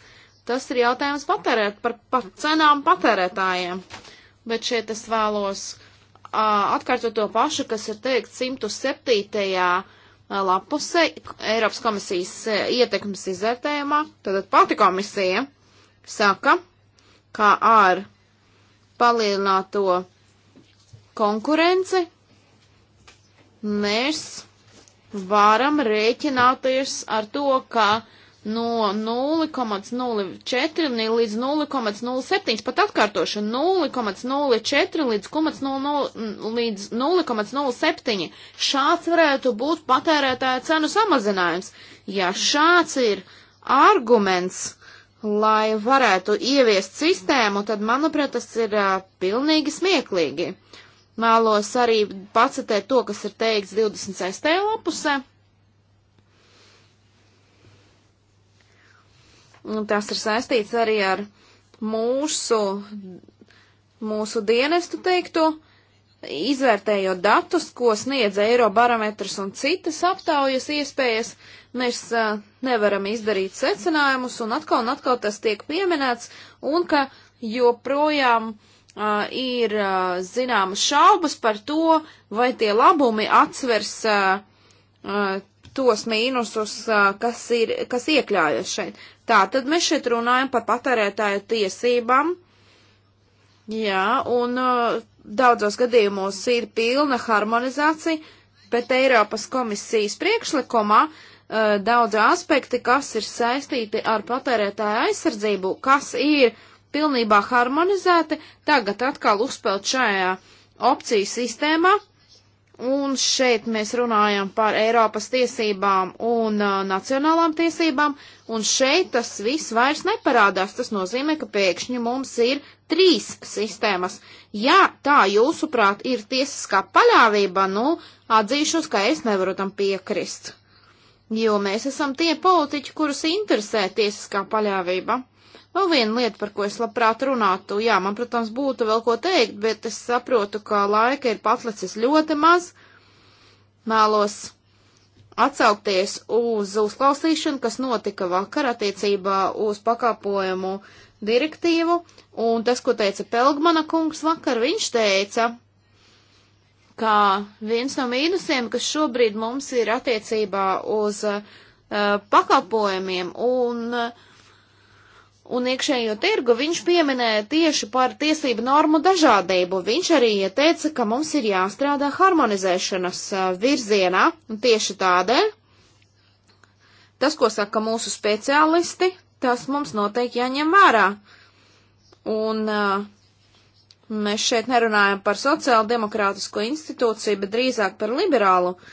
tas ir jautājums patērēt par, par cenām patērētājiem. Bet šeit es vēlos uh, atkārtot to pašu, kas ir teikt 107 Uh, lapusē Eiropas komisijas uh, ietekmes izvērtējumā, tad pati komisija saka, ka ar palielināto konkurenci mēs varam rēķināties ar to, ka uh, no 0,04 līdz 0,07, pat atkārtošu 0,04 līdz 0,07. Šāds varētu būt patērētāja cenu samazinājums. Ja šāds ir arguments, lai varētu ieviest sistēmu, tad, manuprāt, tas ir uh, pilnīgi smieklīgi. Mēlos arī pacitēt to, kas ir teikts 26. lapusē. Tas ir saistīts arī ar mūsu, mūsu dienestu teikto, izvērtējot datus, ko sniedz Eirobarometrs un citas aptaujas iespējas, mēs uh, nevaram izdarīt secinājumus, un atkal un atkal tas tiek pieminēts, un ka joprojām uh, ir uh, zināmas šaubas par to, vai tie labumi atsvers tos mīnusus, kas ir, kas iekļaujas šeit. Tā tad mēs šeit runājam par patērētāju tiesībām. Jā, un uh, daudzos gadījumos ir pilna harmonizācija, bet Eiropas komisijas priekšlikumā uh, daudz aspekti, kas ir saistīti ar patērētāju aizsardzību, kas ir pilnībā harmonizēti, tagad atkal uzspēlt šajā opciju sistēmā, Un šeit mēs runājam par Eiropas tiesībām un uh, nacionālām tiesībām, un šeit tas viss vairs neparādās. Tas nozīmē, ka pēkšņi mums ir trīs sistēmas. Ja tā jūsuprāt ir tiesiskā paļāvība, nu, atzīšos, ka es nevaru tam piekrist. Jo mēs esam tie politiķi, kurus interesē tiesiskā paļāvība. Vēl viena lieta, par ko es labprāt runātu, jā, man, protams, būtu vēl ko teikt, bet es saprotu, ka laika ir patlicis ļoti maz. Mēlos atsaukties uz uzklausīšanu, kas notika vakar attiecībā uz pakāpojumu direktīvu, un tas, ko teica Pelgmana kungs vakar, viņš teica, ka viens no mīnusiem, kas šobrīd mums ir attiecībā uz uh, eh, pakāpojumiem un uh, un iekšējo tirgu, viņš pieminēja tieši par tiesību normu dažādību. Viņš arī ieteica, ka mums ir jāstrādā harmonizēšanas virzienā, un tieši tādēļ tas, ko saka mūsu speciālisti, tas mums noteikti jāņem vērā. Un mēs šeit nerunājam par sociāldemokrātisko institūciju, bet drīzāk par liberālu uh,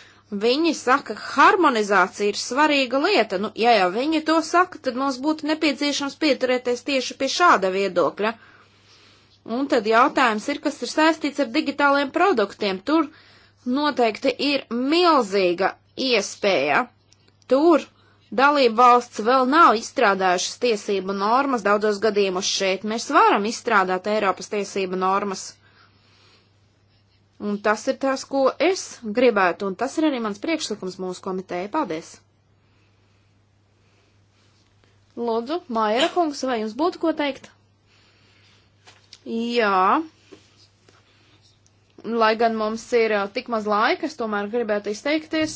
Viņi saka, ka harmonizācija ir svarīga lieta. Nu, ja jau viņi to saka, tad mums būtu nepieciešams pieturēties tieši pie šāda viedokļa. Un tad jautājums ir, kas ir saistīts ar digitāliem produktiem. Tur noteikti ir milzīga iespēja. Tur dalība valsts vēl nav izstrādājušas tiesību normas, daudzos gadījumos šeit mēs varam izstrādāt Eiropas tiesību normas. Un tas ir tas, ko es gribētu, un tas ir arī mans priekšlikums mūsu komitēja. Paldies! Lūdzu, Maira kungs, vai jums būtu ko teikt? Jā. Lai gan mums ir uh, tik maz laika, es tomēr gribētu izteikties.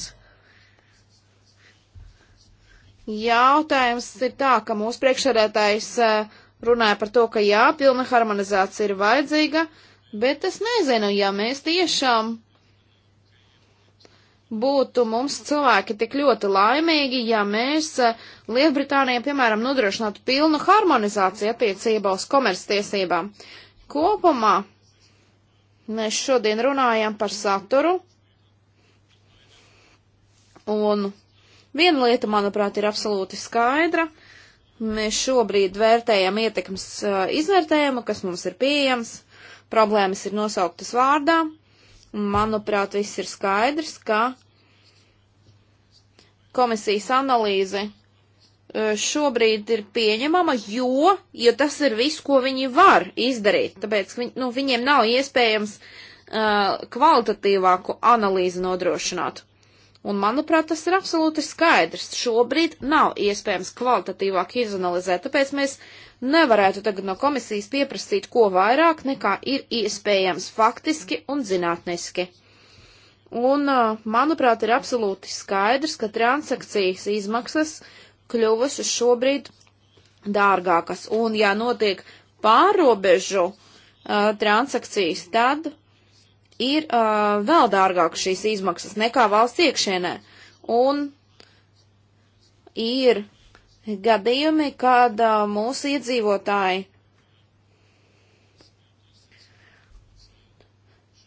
Jautājums ir tā, ka mūsu priekšsēdētājs uh, runāja par to, ka jā, pilna harmonizācija ir vajadzīga. Uh, Bet es nezinu, ja mēs tiešām būtu mums cilvēki tik ļoti laimīgi, ja mēs eh, Lielbritānijai, piemēram, nodrošinātu pilnu harmonizāciju attiecībā uz komerctiesībām. Kopumā mēs šodien runājam par saturu, un viena lieta, manuprāt, ir absolūti skaidra. Mēs šobrīd vērtējam ietekmes eh, izvērtējumu, kas mums ir pieejams problēmas ir nosauktas vārdā, un manuprāt, viss ir skaidrs, ka komisijas analīze e, šobrīd ir pieņemama, jo, jo tas ir viss, ko viņi var izdarīt, tāpēc, viņ, nu, viņiem nav iespējams uh, kvalitatīvāku analīzi nodrošināt. Un, manuprāt, tas ir absolūti skaidrs. Šobrīd nav iespējams kvalitatīvāk izanalizēt, tāpēc mēs nevarētu tagad no komisijas pieprasīt ko vairāk nekā ir iespējams faktiski un zinātniski. Un, manuprāt, ir absolūti skaidrs, ka transakcijas izmaksas kļuvušas šobrīd dārgākas, un ja notiek pārobežu uh, transakcijas, tad ir uh, vēl dārgāk šīs izmaksas nekā valsts iekšienē. Un ir gadījumi, kad mūsu iedzīvotāji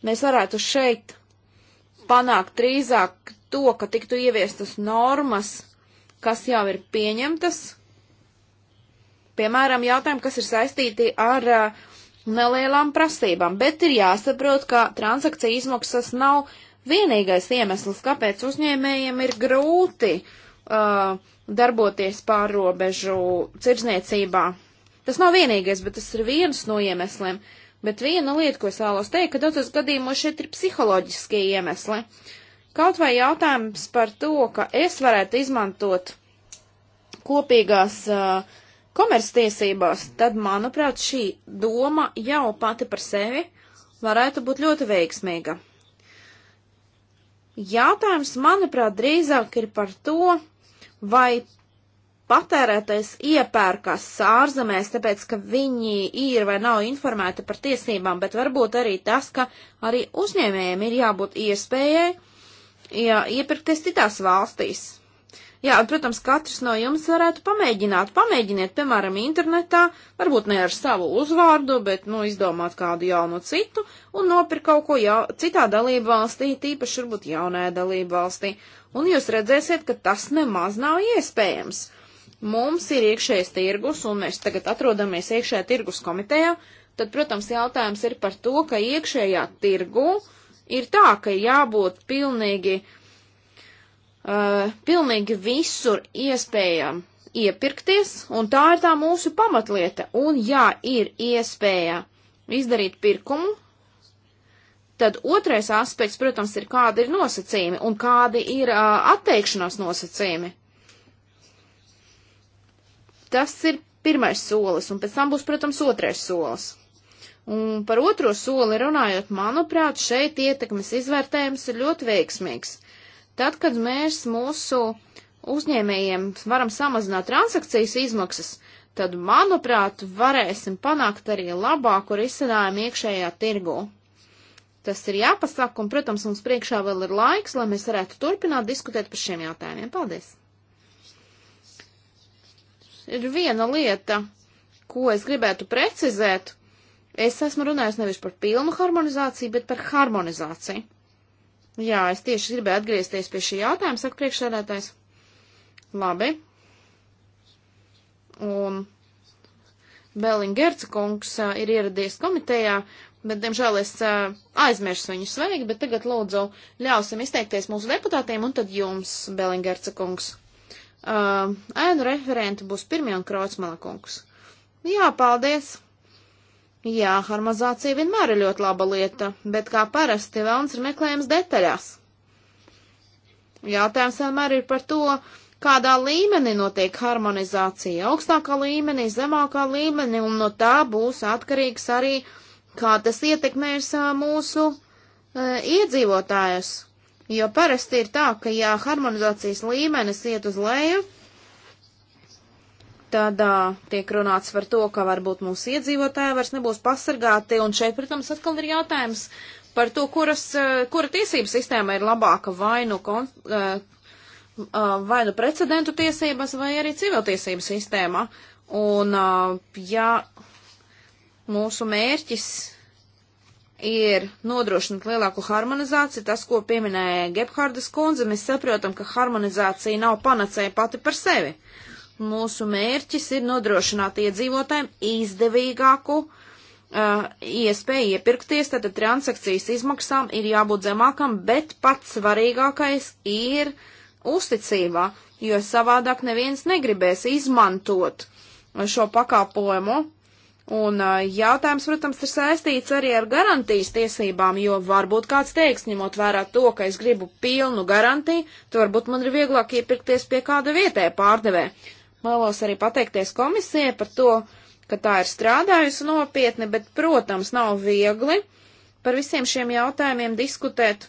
mēs varētu šeit panākt drīzāk to, ka tiktu ieviestas normas, kas jau ir pieņemtas. Piemēram, jautājumi, kas ir saistīti ar uh, nelielām prasībām, bet ir jāsaprot, ka transakcija izmaksas nav vienīgais iemesls, kāpēc uzņēmējiem ir grūti uh, darboties pārrobežu cirdzniecībā. Tas nav vienīgais, bet tas ir viens no iemesliem. Bet viena lieta, ko es vēlos teikt, ka daudzos gadījumos šeit ir psiholoģiskie iemesli. Kaut vai jautājums par to, ka es varētu izmantot kopīgās uh, komerctiesībās, tad, manuprāt, šī doma jau pati par sevi varētu būt ļoti veiksmīga. Jautājums, manuprāt, drīzāk ir par to, vai patērētais iepērkas ārzemēs, tāpēc, ka viņi ir vai nav informēti par tiesībām, bet varbūt arī tas, ka arī uzņēmējiem ir jābūt iespējai ja, iepirkties citās valstīs. Jā, un, protams, katrs no jums varētu pamēģināt. Pamēģiniet, piemēram, internetā, varbūt ne ar savu uzvārdu, bet, nu, izdomāt kādu jaunu citu un nopirkt kaut ko jau, citā dalību valstī, tīpaši, varbūt, jaunajā dalību valstī. Un jūs redzēsiet, ka tas nemaz nav iespējams. Mums ir iekšējais tirgus, un mēs tagad atrodamies iekšējā tirgus komitejā, tad, protams, jautājums ir par to, ka iekšējā tirgu ir tā, ka jābūt pilnīgi uh, pilnīgi visur iespējam iepirkties, un tā ir tā mūsu pamatlieta. Un ja ir iespēja izdarīt pirkumu, tad otrais aspekts, protams, ir kādi ir nosacījumi un kādi ir uh, atteikšanās nosacījumi. Tas ir pirmais solis, un pēc tam būs, protams, otrais solis. Un par otro soli runājot, manuprāt, šeit ietekmes izvērtējums ir ļoti veiksmīgs. Tad, kad mēs mūsu uzņēmējiem varam samazināt transakcijas izmaksas, tad, manuprāt, varēsim panākt arī labāku risinājumu iekšējā tirgu. Tas ir jāpasaka, un, protams, mums priekšā vēl ir laiks, lai mēs varētu turpināt diskutēt par šiem jautājumiem. Paldies! Ir viena lieta, ko es gribētu precizēt. Es esmu runājusi nevis par pilnu harmonizāciju, bet par harmonizāciju. Jā, es tieši gribēju atgriezties pie šī jautājuma, saka priekšsēdētājs. Labi. Un Belingerca kungs uh, ir ieradies komitejā, bet, diemžēl, es uh, aizmirsu viņu sveikt, bet tagad lūdzu ļausim izteikties mūsu deputātiem un tad jums, Belingerca kungs. Uh, ēnu referenti būs pirmie un Kraucmana kungs. Jā, paldies! Jā, harmonizācija vienmēr ir ļoti laba lieta, bet kā parasti vēlns ir meklējams detaļās. Jautājums vienmēr ir par to, kādā līmenī notiek harmonizācija, augstākā līmenī, zemākā līmenī, un no tā būs atkarīgs arī, kā tas ietekmēs mūsu e, iedzīvotājus. Jo parasti ir tā, ka ja harmonizācijas līmenis iet uz leju, Tad uh, tiek runāts par to, ka varbūt mūsu iedzīvotāji vairs nebūs pasargāti, un šeit, protams, atkal ir jautājums par to, kuras, uh, kura tiesību sistēma ir labāka vai nu, kon, uh, uh, vai nu precedentu tiesības, vai arī civiltiesību sistēma. Un uh, ja mūsu mērķis ir nodrošināt lielāku harmonizāciju. Tas, ko pieminēja Gebhardas kundze, mēs saprotam, ka harmonizācija nav panacēja pati par sevi. Mūsu mērķis ir nodrošināt iedzīvotājiem izdevīgāku uh, iespēju iepirkties, tad transakcijas izmaksām ir jābūt zemākam, bet pats svarīgākais ir uzticībā, jo savādāk neviens negribēs izmantot šo pakāpojumu. Un uh, jautājums, protams, ir saistīts arī ar garantijas tiesībām, jo varbūt kāds teiks, ņemot vērā to, ka es gribu pilnu garantiju, tad varbūt man ir vieglāk iepirkties pie kāda vietēja pārdevē. Vēlos arī pateikties komisijai par to, ka tā ir strādājusi nopietni, bet, protams, nav viegli par visiem šiem jautājumiem diskutēt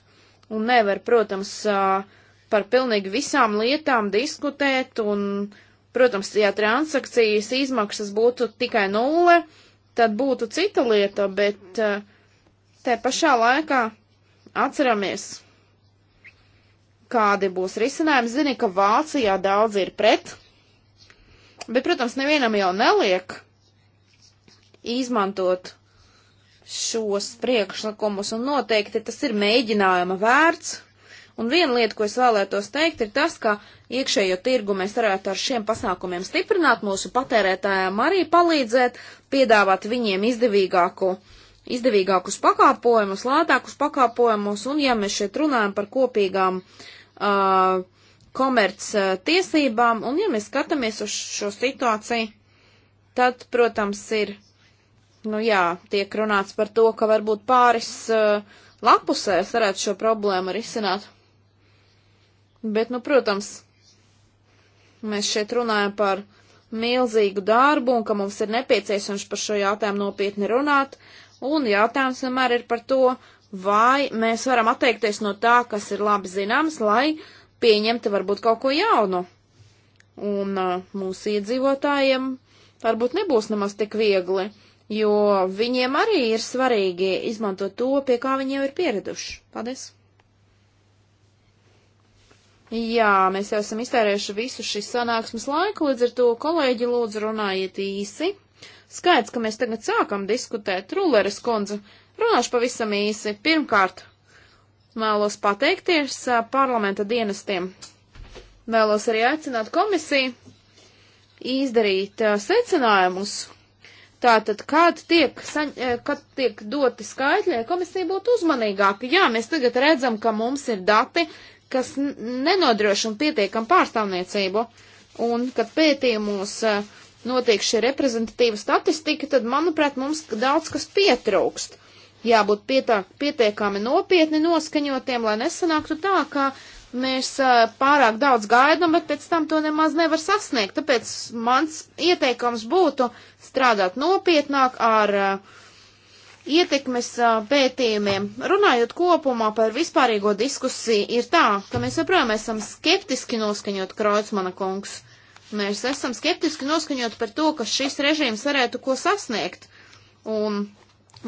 un nevar, protams, par pilnīgi visām lietām diskutēt un, protams, ja transakcijas izmaksas būtu tikai nulle, tad būtu cita lieta, bet te pašā laikā atceramies, kādi būs risinājumi. Zini, ka Vācijā daudz ir pret Bet, protams, nevienam jau neliek izmantot šos priekšlikumus, un noteikti tas ir mēģinājuma vērts. Un viena lieta, ko es vēlētos teikt, ir tas, ka iekšējo tirgu mēs varētu ar šiem pasākumiem stiprināt, mūsu patērētājiem arī palīdzēt, piedāvāt viņiem izdevīgāku, izdevīgākus pakāpojumus, lētākus pakāpojumus, un ja mēs šeit runājam par kopīgām uh, komerc eh, tiesībām, un ja mēs skatāmies uz šo situāciju, tad, protams, ir, nu jā, tiek runāts par to, ka varbūt pāris uh, lapusēs varētu šo problēmu risināt. Bet, nu, protams, mēs šeit runājam par milzīgu darbu un ka mums ir nepieciešams par šo jautājumu nopietni runāt, un jautājums vienmēr ir par to, vai mēs varam atteikties no tā, kas ir labi zināms, lai uh, pieņemt varbūt kaut ko jaunu. Un uh, mūsu iedzīvotājiem varbūt nebūs nemaz tik viegli, jo viņiem arī ir svarīgi izmantot to, pie kā viņi jau ir pieraduši. Paldies! Jā, mēs jau esam iztērējuši visu šīs sanāksmes laiku, līdz ar to kolēģi lūdzu runājiet īsi. Skaidrs, ka mēs tagad sākam diskutēt, Rulleres kundze, runāšu pavisam īsi. Pirmkārt, Vēlos pateikties parlamenta dienestiem. Vēlos arī aicināt komisiju izdarīt secinājumus. Tātad, kad tiek, saņ, kad tiek doti skaitļi, komisija būtu uzmanīgāka. Jā, mēs tagad redzam, ka mums ir dati, kas nenodrošina pietiekam pārstāvniecību. Un, kad pētījumos notiek šī reprezentatīva statistika, tad, manuprāt, mums daudz kas pietrūkst jābūt pietāk, pietiekami nopietni noskaņotiem, lai nesanāktu tā, ka mēs pārāk daudz gaidām, bet pēc tam to nemaz nevar sasniegt. Tāpēc mans ieteikums būtu strādāt nopietnāk ar ietekmes pētījumiem. Runājot kopumā par vispārīgo diskusiju, ir tā, ka mēs joprojām esam skeptiski noskaņot Kreutzmana kungs. Mēs esam skeptiski noskaņot par to, ka šis režīms varētu ko sasniegt. Un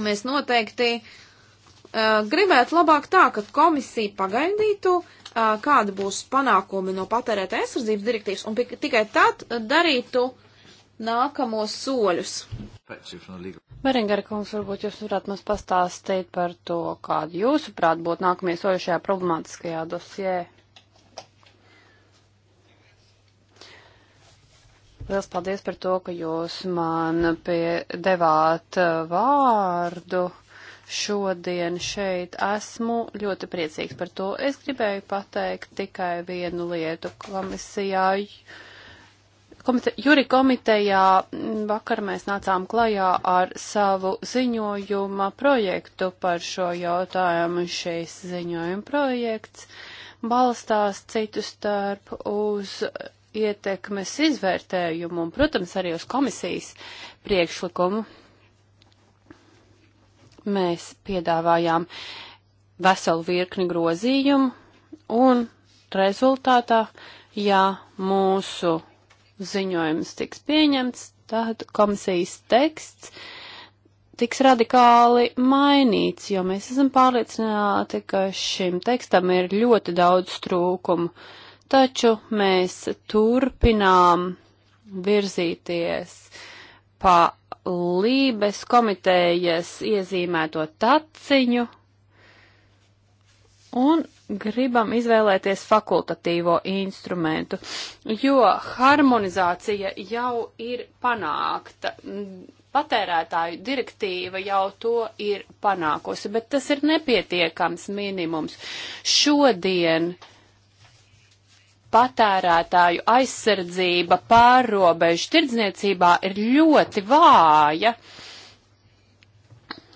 Mēs noteikti uh, gribētu labāk tā, ka komisija pagaidītu, uh, kāda būs panākumi no patērēta aizsardzības direktīvas, un tikai tad darītu nākamos soļus. Berengara kungs, varbūt jūs varētu mums pastāstīt par to, kādi jūsuprāt būtu nākamie soļi šajā problemātiskajā dosjē. Liels paldies par to, ka jūs man devāt uh, vārdu šodien šeit. Esmu ļoti priecīgs par to. Es gribēju pateikt tikai vienu lietu komisijā. Komite, Juri komitejā vakar mēs nācām klajā ar savu ziņojuma projektu par šo jautājumu. Šīs ziņojuma projekts balstās citu starp uz ietekmes izvērtējumu un, protams, arī uz komisijas priekšlikumu. Mēs piedāvājām veselu virkni grozījumu un rezultātā, ja mūsu ziņojums tiks pieņemts, tad komisijas teksts tiks radikāli mainīts, jo mēs esam pārliecināti, ka šim tekstam ir ļoti daudz trūkumu. Uh, taču mēs turpinām virzīties pa Lībes komitejas iezīmēto taciņu un gribam izvēlēties fakultatīvo instrumentu, jo harmonizācija jau ir panākta. Patērētāju direktīva jau to ir panākusi, bet tas ir nepietiekams minimums. Šodien uh, patērētāju aizsardzība pārrobežu tirdzniecībā ir ļoti vāja,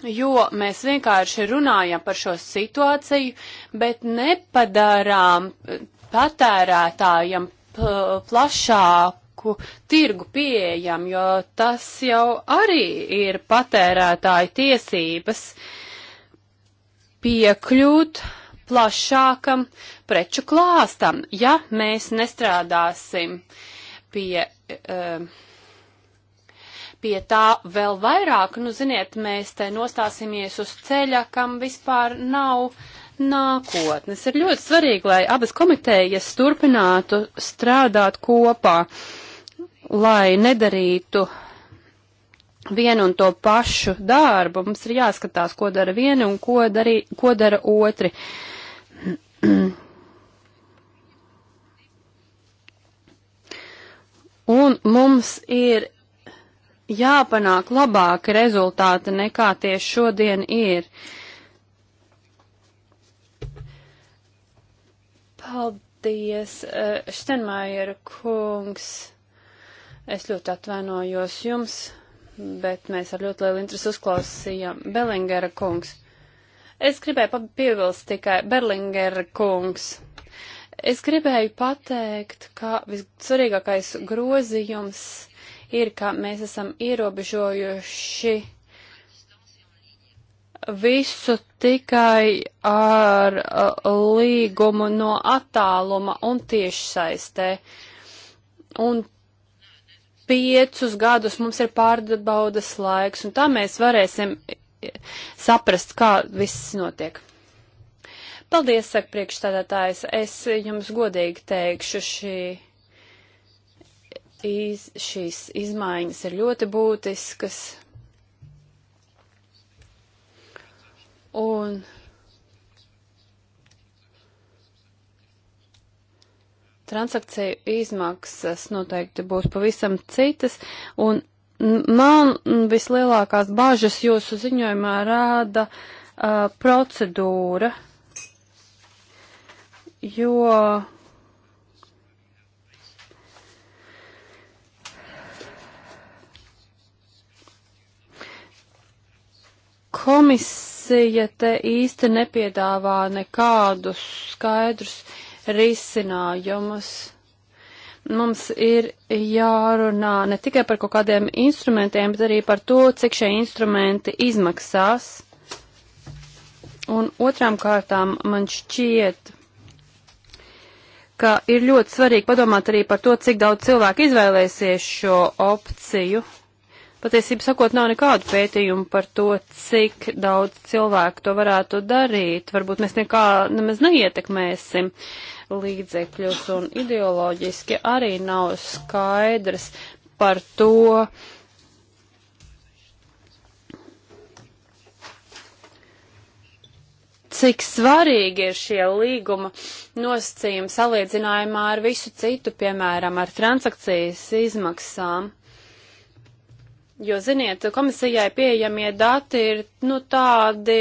jo mēs vienkārši runājam par šo situāciju, bet nepadarām patērētājam plašāku tirgu pieejam, jo tas jau arī ir patērētāju tiesības piekļūt plašākam preču klāstam, ja mēs nestrādāsim pie. Uh, pie tā vēl vairāk, nu, ziniet, mēs te nostāsimies uz ceļa, kam vispār nav nākotnes. Ir ļoti svarīgi, lai abas komitejas turpinātu strādāt kopā, lai nedarītu vienu un to pašu darbu. Mums ir jāskatās, ko dara viena un ko, darī, ko dara otri. Uh, Un mums ir jāpanāk labāki rezultāti nekā tieši šodien ir. Paldies, eh, Štenmājera kungs. Es ļoti atvainojos jums, bet mēs ar ļoti lielu interesi uzklausījām Belingera kungs. Es gribēju piebilst tikai Berlinger kungs. Es gribēju pateikt, ka vissvarīgākais grozījums ir, ka mēs esam ierobežojuši visu tikai ar līgumu no attāluma un tiešsaistē. Un piecus gadus mums ir pārbaudas laiks, un tā mēs varēsim saprast, kā viss notiek. Paldies, saka priekšstādātājs. Es jums godīgi teikšu, šī, iz, šīs izmaiņas ir ļoti būtiskas. Un transakciju izmaksas noteikti būs pavisam citas, un Man vislielākās bāžas jūsu ziņojumā rāda uh, procedūra, jo komisija te īsti nepiedāvā nekādus skaidrus risinājumus mums ir jārunā ne tikai par kaut kādiem instrumentiem, bet arī par to, cik šie instrumenti izmaksās. Un otrām kārtām man šķiet, ka ir ļoti svarīgi padomāt arī par to, cik daudz cilvēku izvēlēsies šo opciju. Patiesībā sakot, nav nekādu pētījumu par to, cik daudz cilvēku to varētu darīt. Varbūt mēs nekā nemaz neietekmēsim līdzekļus un ideoloģiski arī nav skaidrs par to, cik svarīgi ir šie līguma nosacījumi salīdzinājumā ar visu citu, piemēram, ar transakcijas izmaksām. Jo, ziniet, komisijai pieejamie dati ir nu, tādi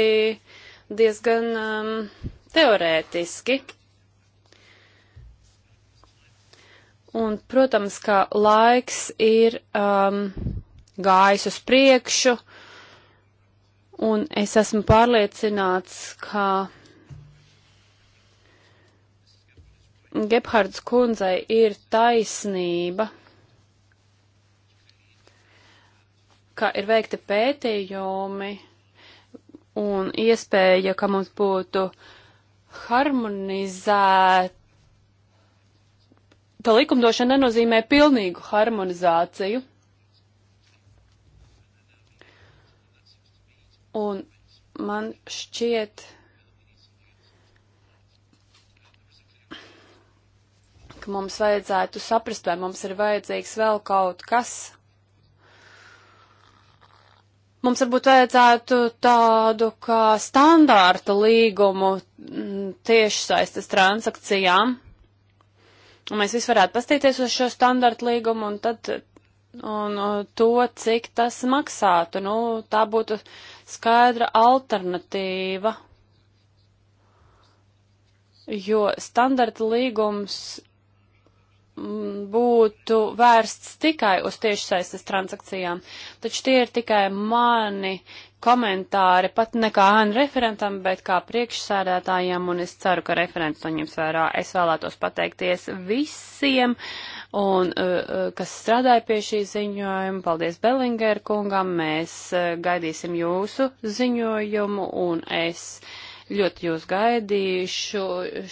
diezgan um, teorētiski. Un, protams, ka laiks ir um, gājis uz priekšu, un es esmu pārliecināts, ka Gebhards kundzei ir taisnība ka ir veikti pētījumi un iespēja, ka mums būtu harmonizēta. likumdošana nenozīmē pilnīgu harmonizāciju. Un man šķiet, ka mums vajadzētu saprast, vai mums ir vajadzīgs vēl kaut kas, Mums varbūt vajadzētu tādu kā standārta līgumu mm, tieši saistas transakcijām. Un mēs visi varētu pastīties uz šo standārtu līgumu un tad un uh, to, cik tas maksātu. Nu, tā būtu skaidra alternatīva. Jo standarta līgums būtu vērsts tikai uz tiešsaistes transakcijām. Taču tie ir tikai mani komentāri, pat ne kā ANU referentam, bet kā priekšsēdētājiem, un es ceru, ka referents to ņems vērā. Es vēlētos pateikties visiem, un, uh, uh, kas strādāja pie šī ziņojuma. Paldies Bellinger kungam, mēs uh, gaidīsim jūsu ziņojumu, un es ļoti jūs gaidīšu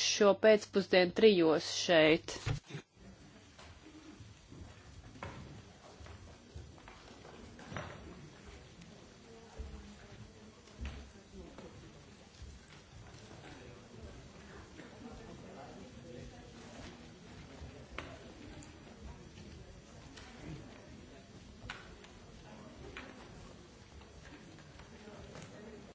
šo pēcpusdienu trijos šeit.